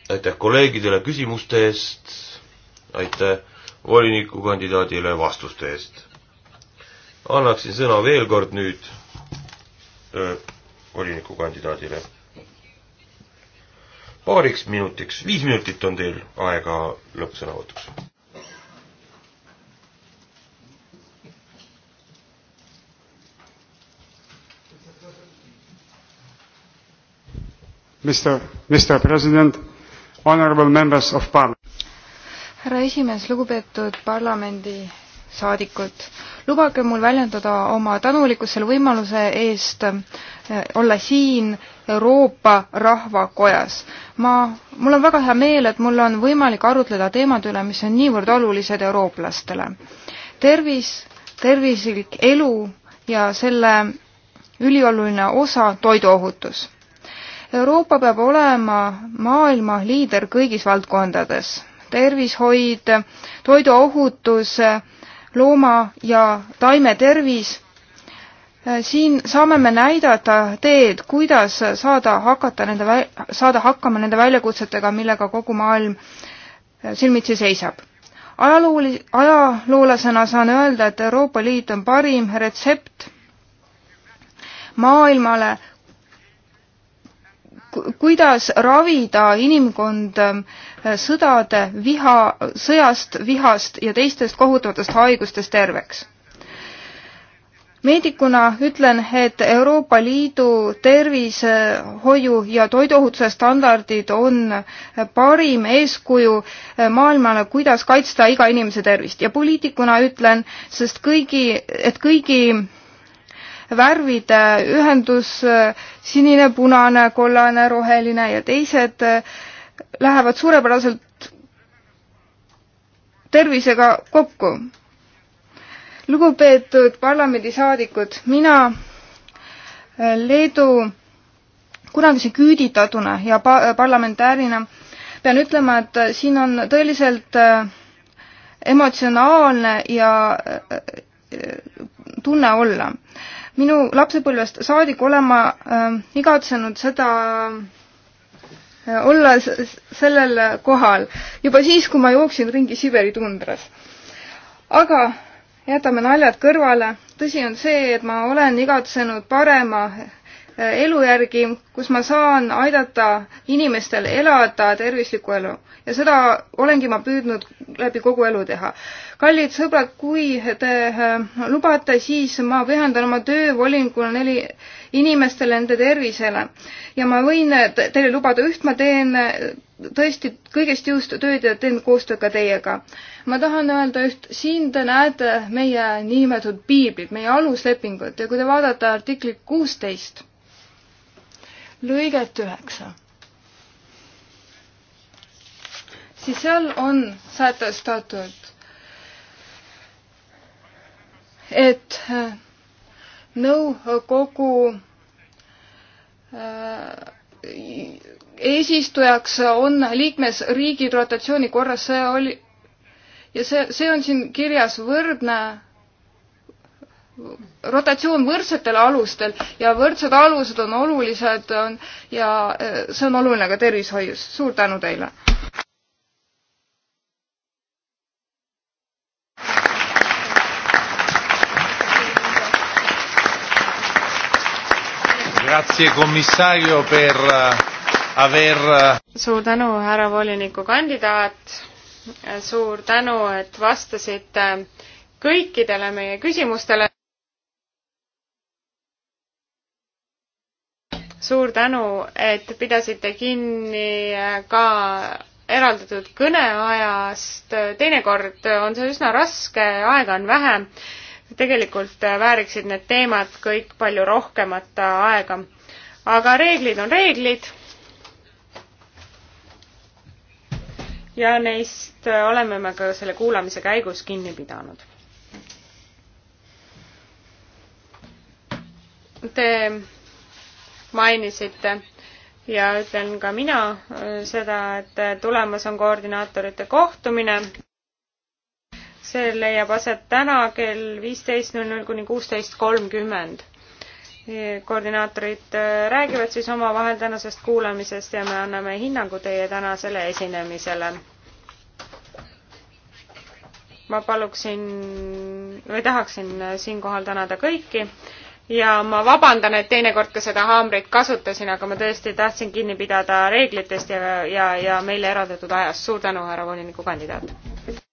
aitäh kolleegidele küsimuste eest, aitäh volinikukandidaadile vastuste eest. annaksin sõna veel kord nüüd äh, volinikukandidaadile paariks minutiks, viis minutit on teil aega lõppsõnavõtuks. Mr, Mr President, honorable members of parliament. härra esimees, lugupeetud parlamendi saadikult. lubage mul väljendada oma tänulikkust selle võimaluse eest eh, olla siin Euroopa Rahvakojas. ma, mul on väga hea meel, et mul on võimalik arutleda teemade üle, mis on niivõrd olulised eurooplastele. tervis, tervislik elu ja selle ülioluline osa toiduohutus. Euroopa peab olema maailma liider kõigis valdkondades tervishoid, toiduohutus looma- ja taimetervis. Äh, siin saame me näidata teed, kuidas saada hakata nende, saada hakkama nende väljakutsetega, millega kogu maailm äh, silmitsi seisab ajalooli-, ajaloolasena saan öelda, et Euroopa Liit on parim retsept maailmale, kuidas ravida inimkond ähm, sõdade viha, sõjast, vihast ja teistest kohutavatest haigustest terveks. meedikuna ütlen, et Euroopa Liidu tervishoiu ja toiduohutuse standardid on parim eeskuju maailmale, kuidas kaitsta iga inimese tervist ja poliitikuna ütlen, sest kõigi, et kõigi värvide ühendus, sinine, punane, kollane, roheline ja teised eh, lähevad suurepäraselt tervisega kokku. lugupeetud parlamendisaadikud, mina eh, Leedu kunagise küüditatuna ja pa-, parlamentäärina pean ütlema, et siin on tõeliselt eh, emotsionaalne ja tunne olla minu lapsepõlvest saadik olen ma äh, igatsenud seda äh, olla sellel kohal juba siis, kui ma jooksin ringi Siberi tundras. aga jätame naljad kõrvale. tõsi on see, et ma olen igatsenud parema äh, elu järgi, kus ma saan aidata inimestel elada tervislikku elu ja seda olengi ma püüdnud läbi kogu elu teha kallid sõbrad, kui te äh, lubate, siis ma pühendan oma töö volinikuna neli inimestele, nende tervisele. ja ma võin äh, teile lubada üht, ma teen äh, tõesti kõigest jõust tööd ja teen koostööd ka teiega. ma tahan öelda üht, siin te näete meie niinimetatud piiblit, meie aluslepingut ja kui te vaatate artiklit kuusteist, lõiget üheksa siis seal on sätestatud et äh, nõukogu äh, eesistujaks on liikmesriigid rotatsiooni korras, see oli ja see, see on siin kirjas võrdne rotatsioon võrdsetel alustel ja võrdsed alused on olulised on, ja äh, see on oluline ka tervishoius. suur tänu teile! Grazie commissario per eh, aver. Eh, suur tänu, härra volinikukandidaat. suur tänu, et vastasite kõikidele meie küsimustele. suur tänu, et pidasite kinni eh, ka eraldatud kõneajast. teinekord on see üsna raske, aega on vähe tegelikult äh, vääriksid need teemad kõik palju rohkemat äh, aega. aga reeglid on reeglid. ja neist äh, oleme me ka selle kuulamise käigus kinni pidanud. Te mainisite ja ütlen ka mina seda, et tulemas on koordinaatorite kohtumine see leiab aset täna kell viisteist null null kuni kuusteist kolmkümmend. koordinaatorid äh, räägivad siis omavahel tänasest kuulamisest ja me anname hinnangu teie tänasele esinemisele. ma paluksin või tahaksin äh, siinkohal tänada kõiki ja ma vabandan, et teinekord ka seda haamrit kasutasin, aga ma tõesti tahtsin kinni pidada reeglitest ja, ja, ja meile eraldatud ajast. suur tänu, härra volinikukandidaat!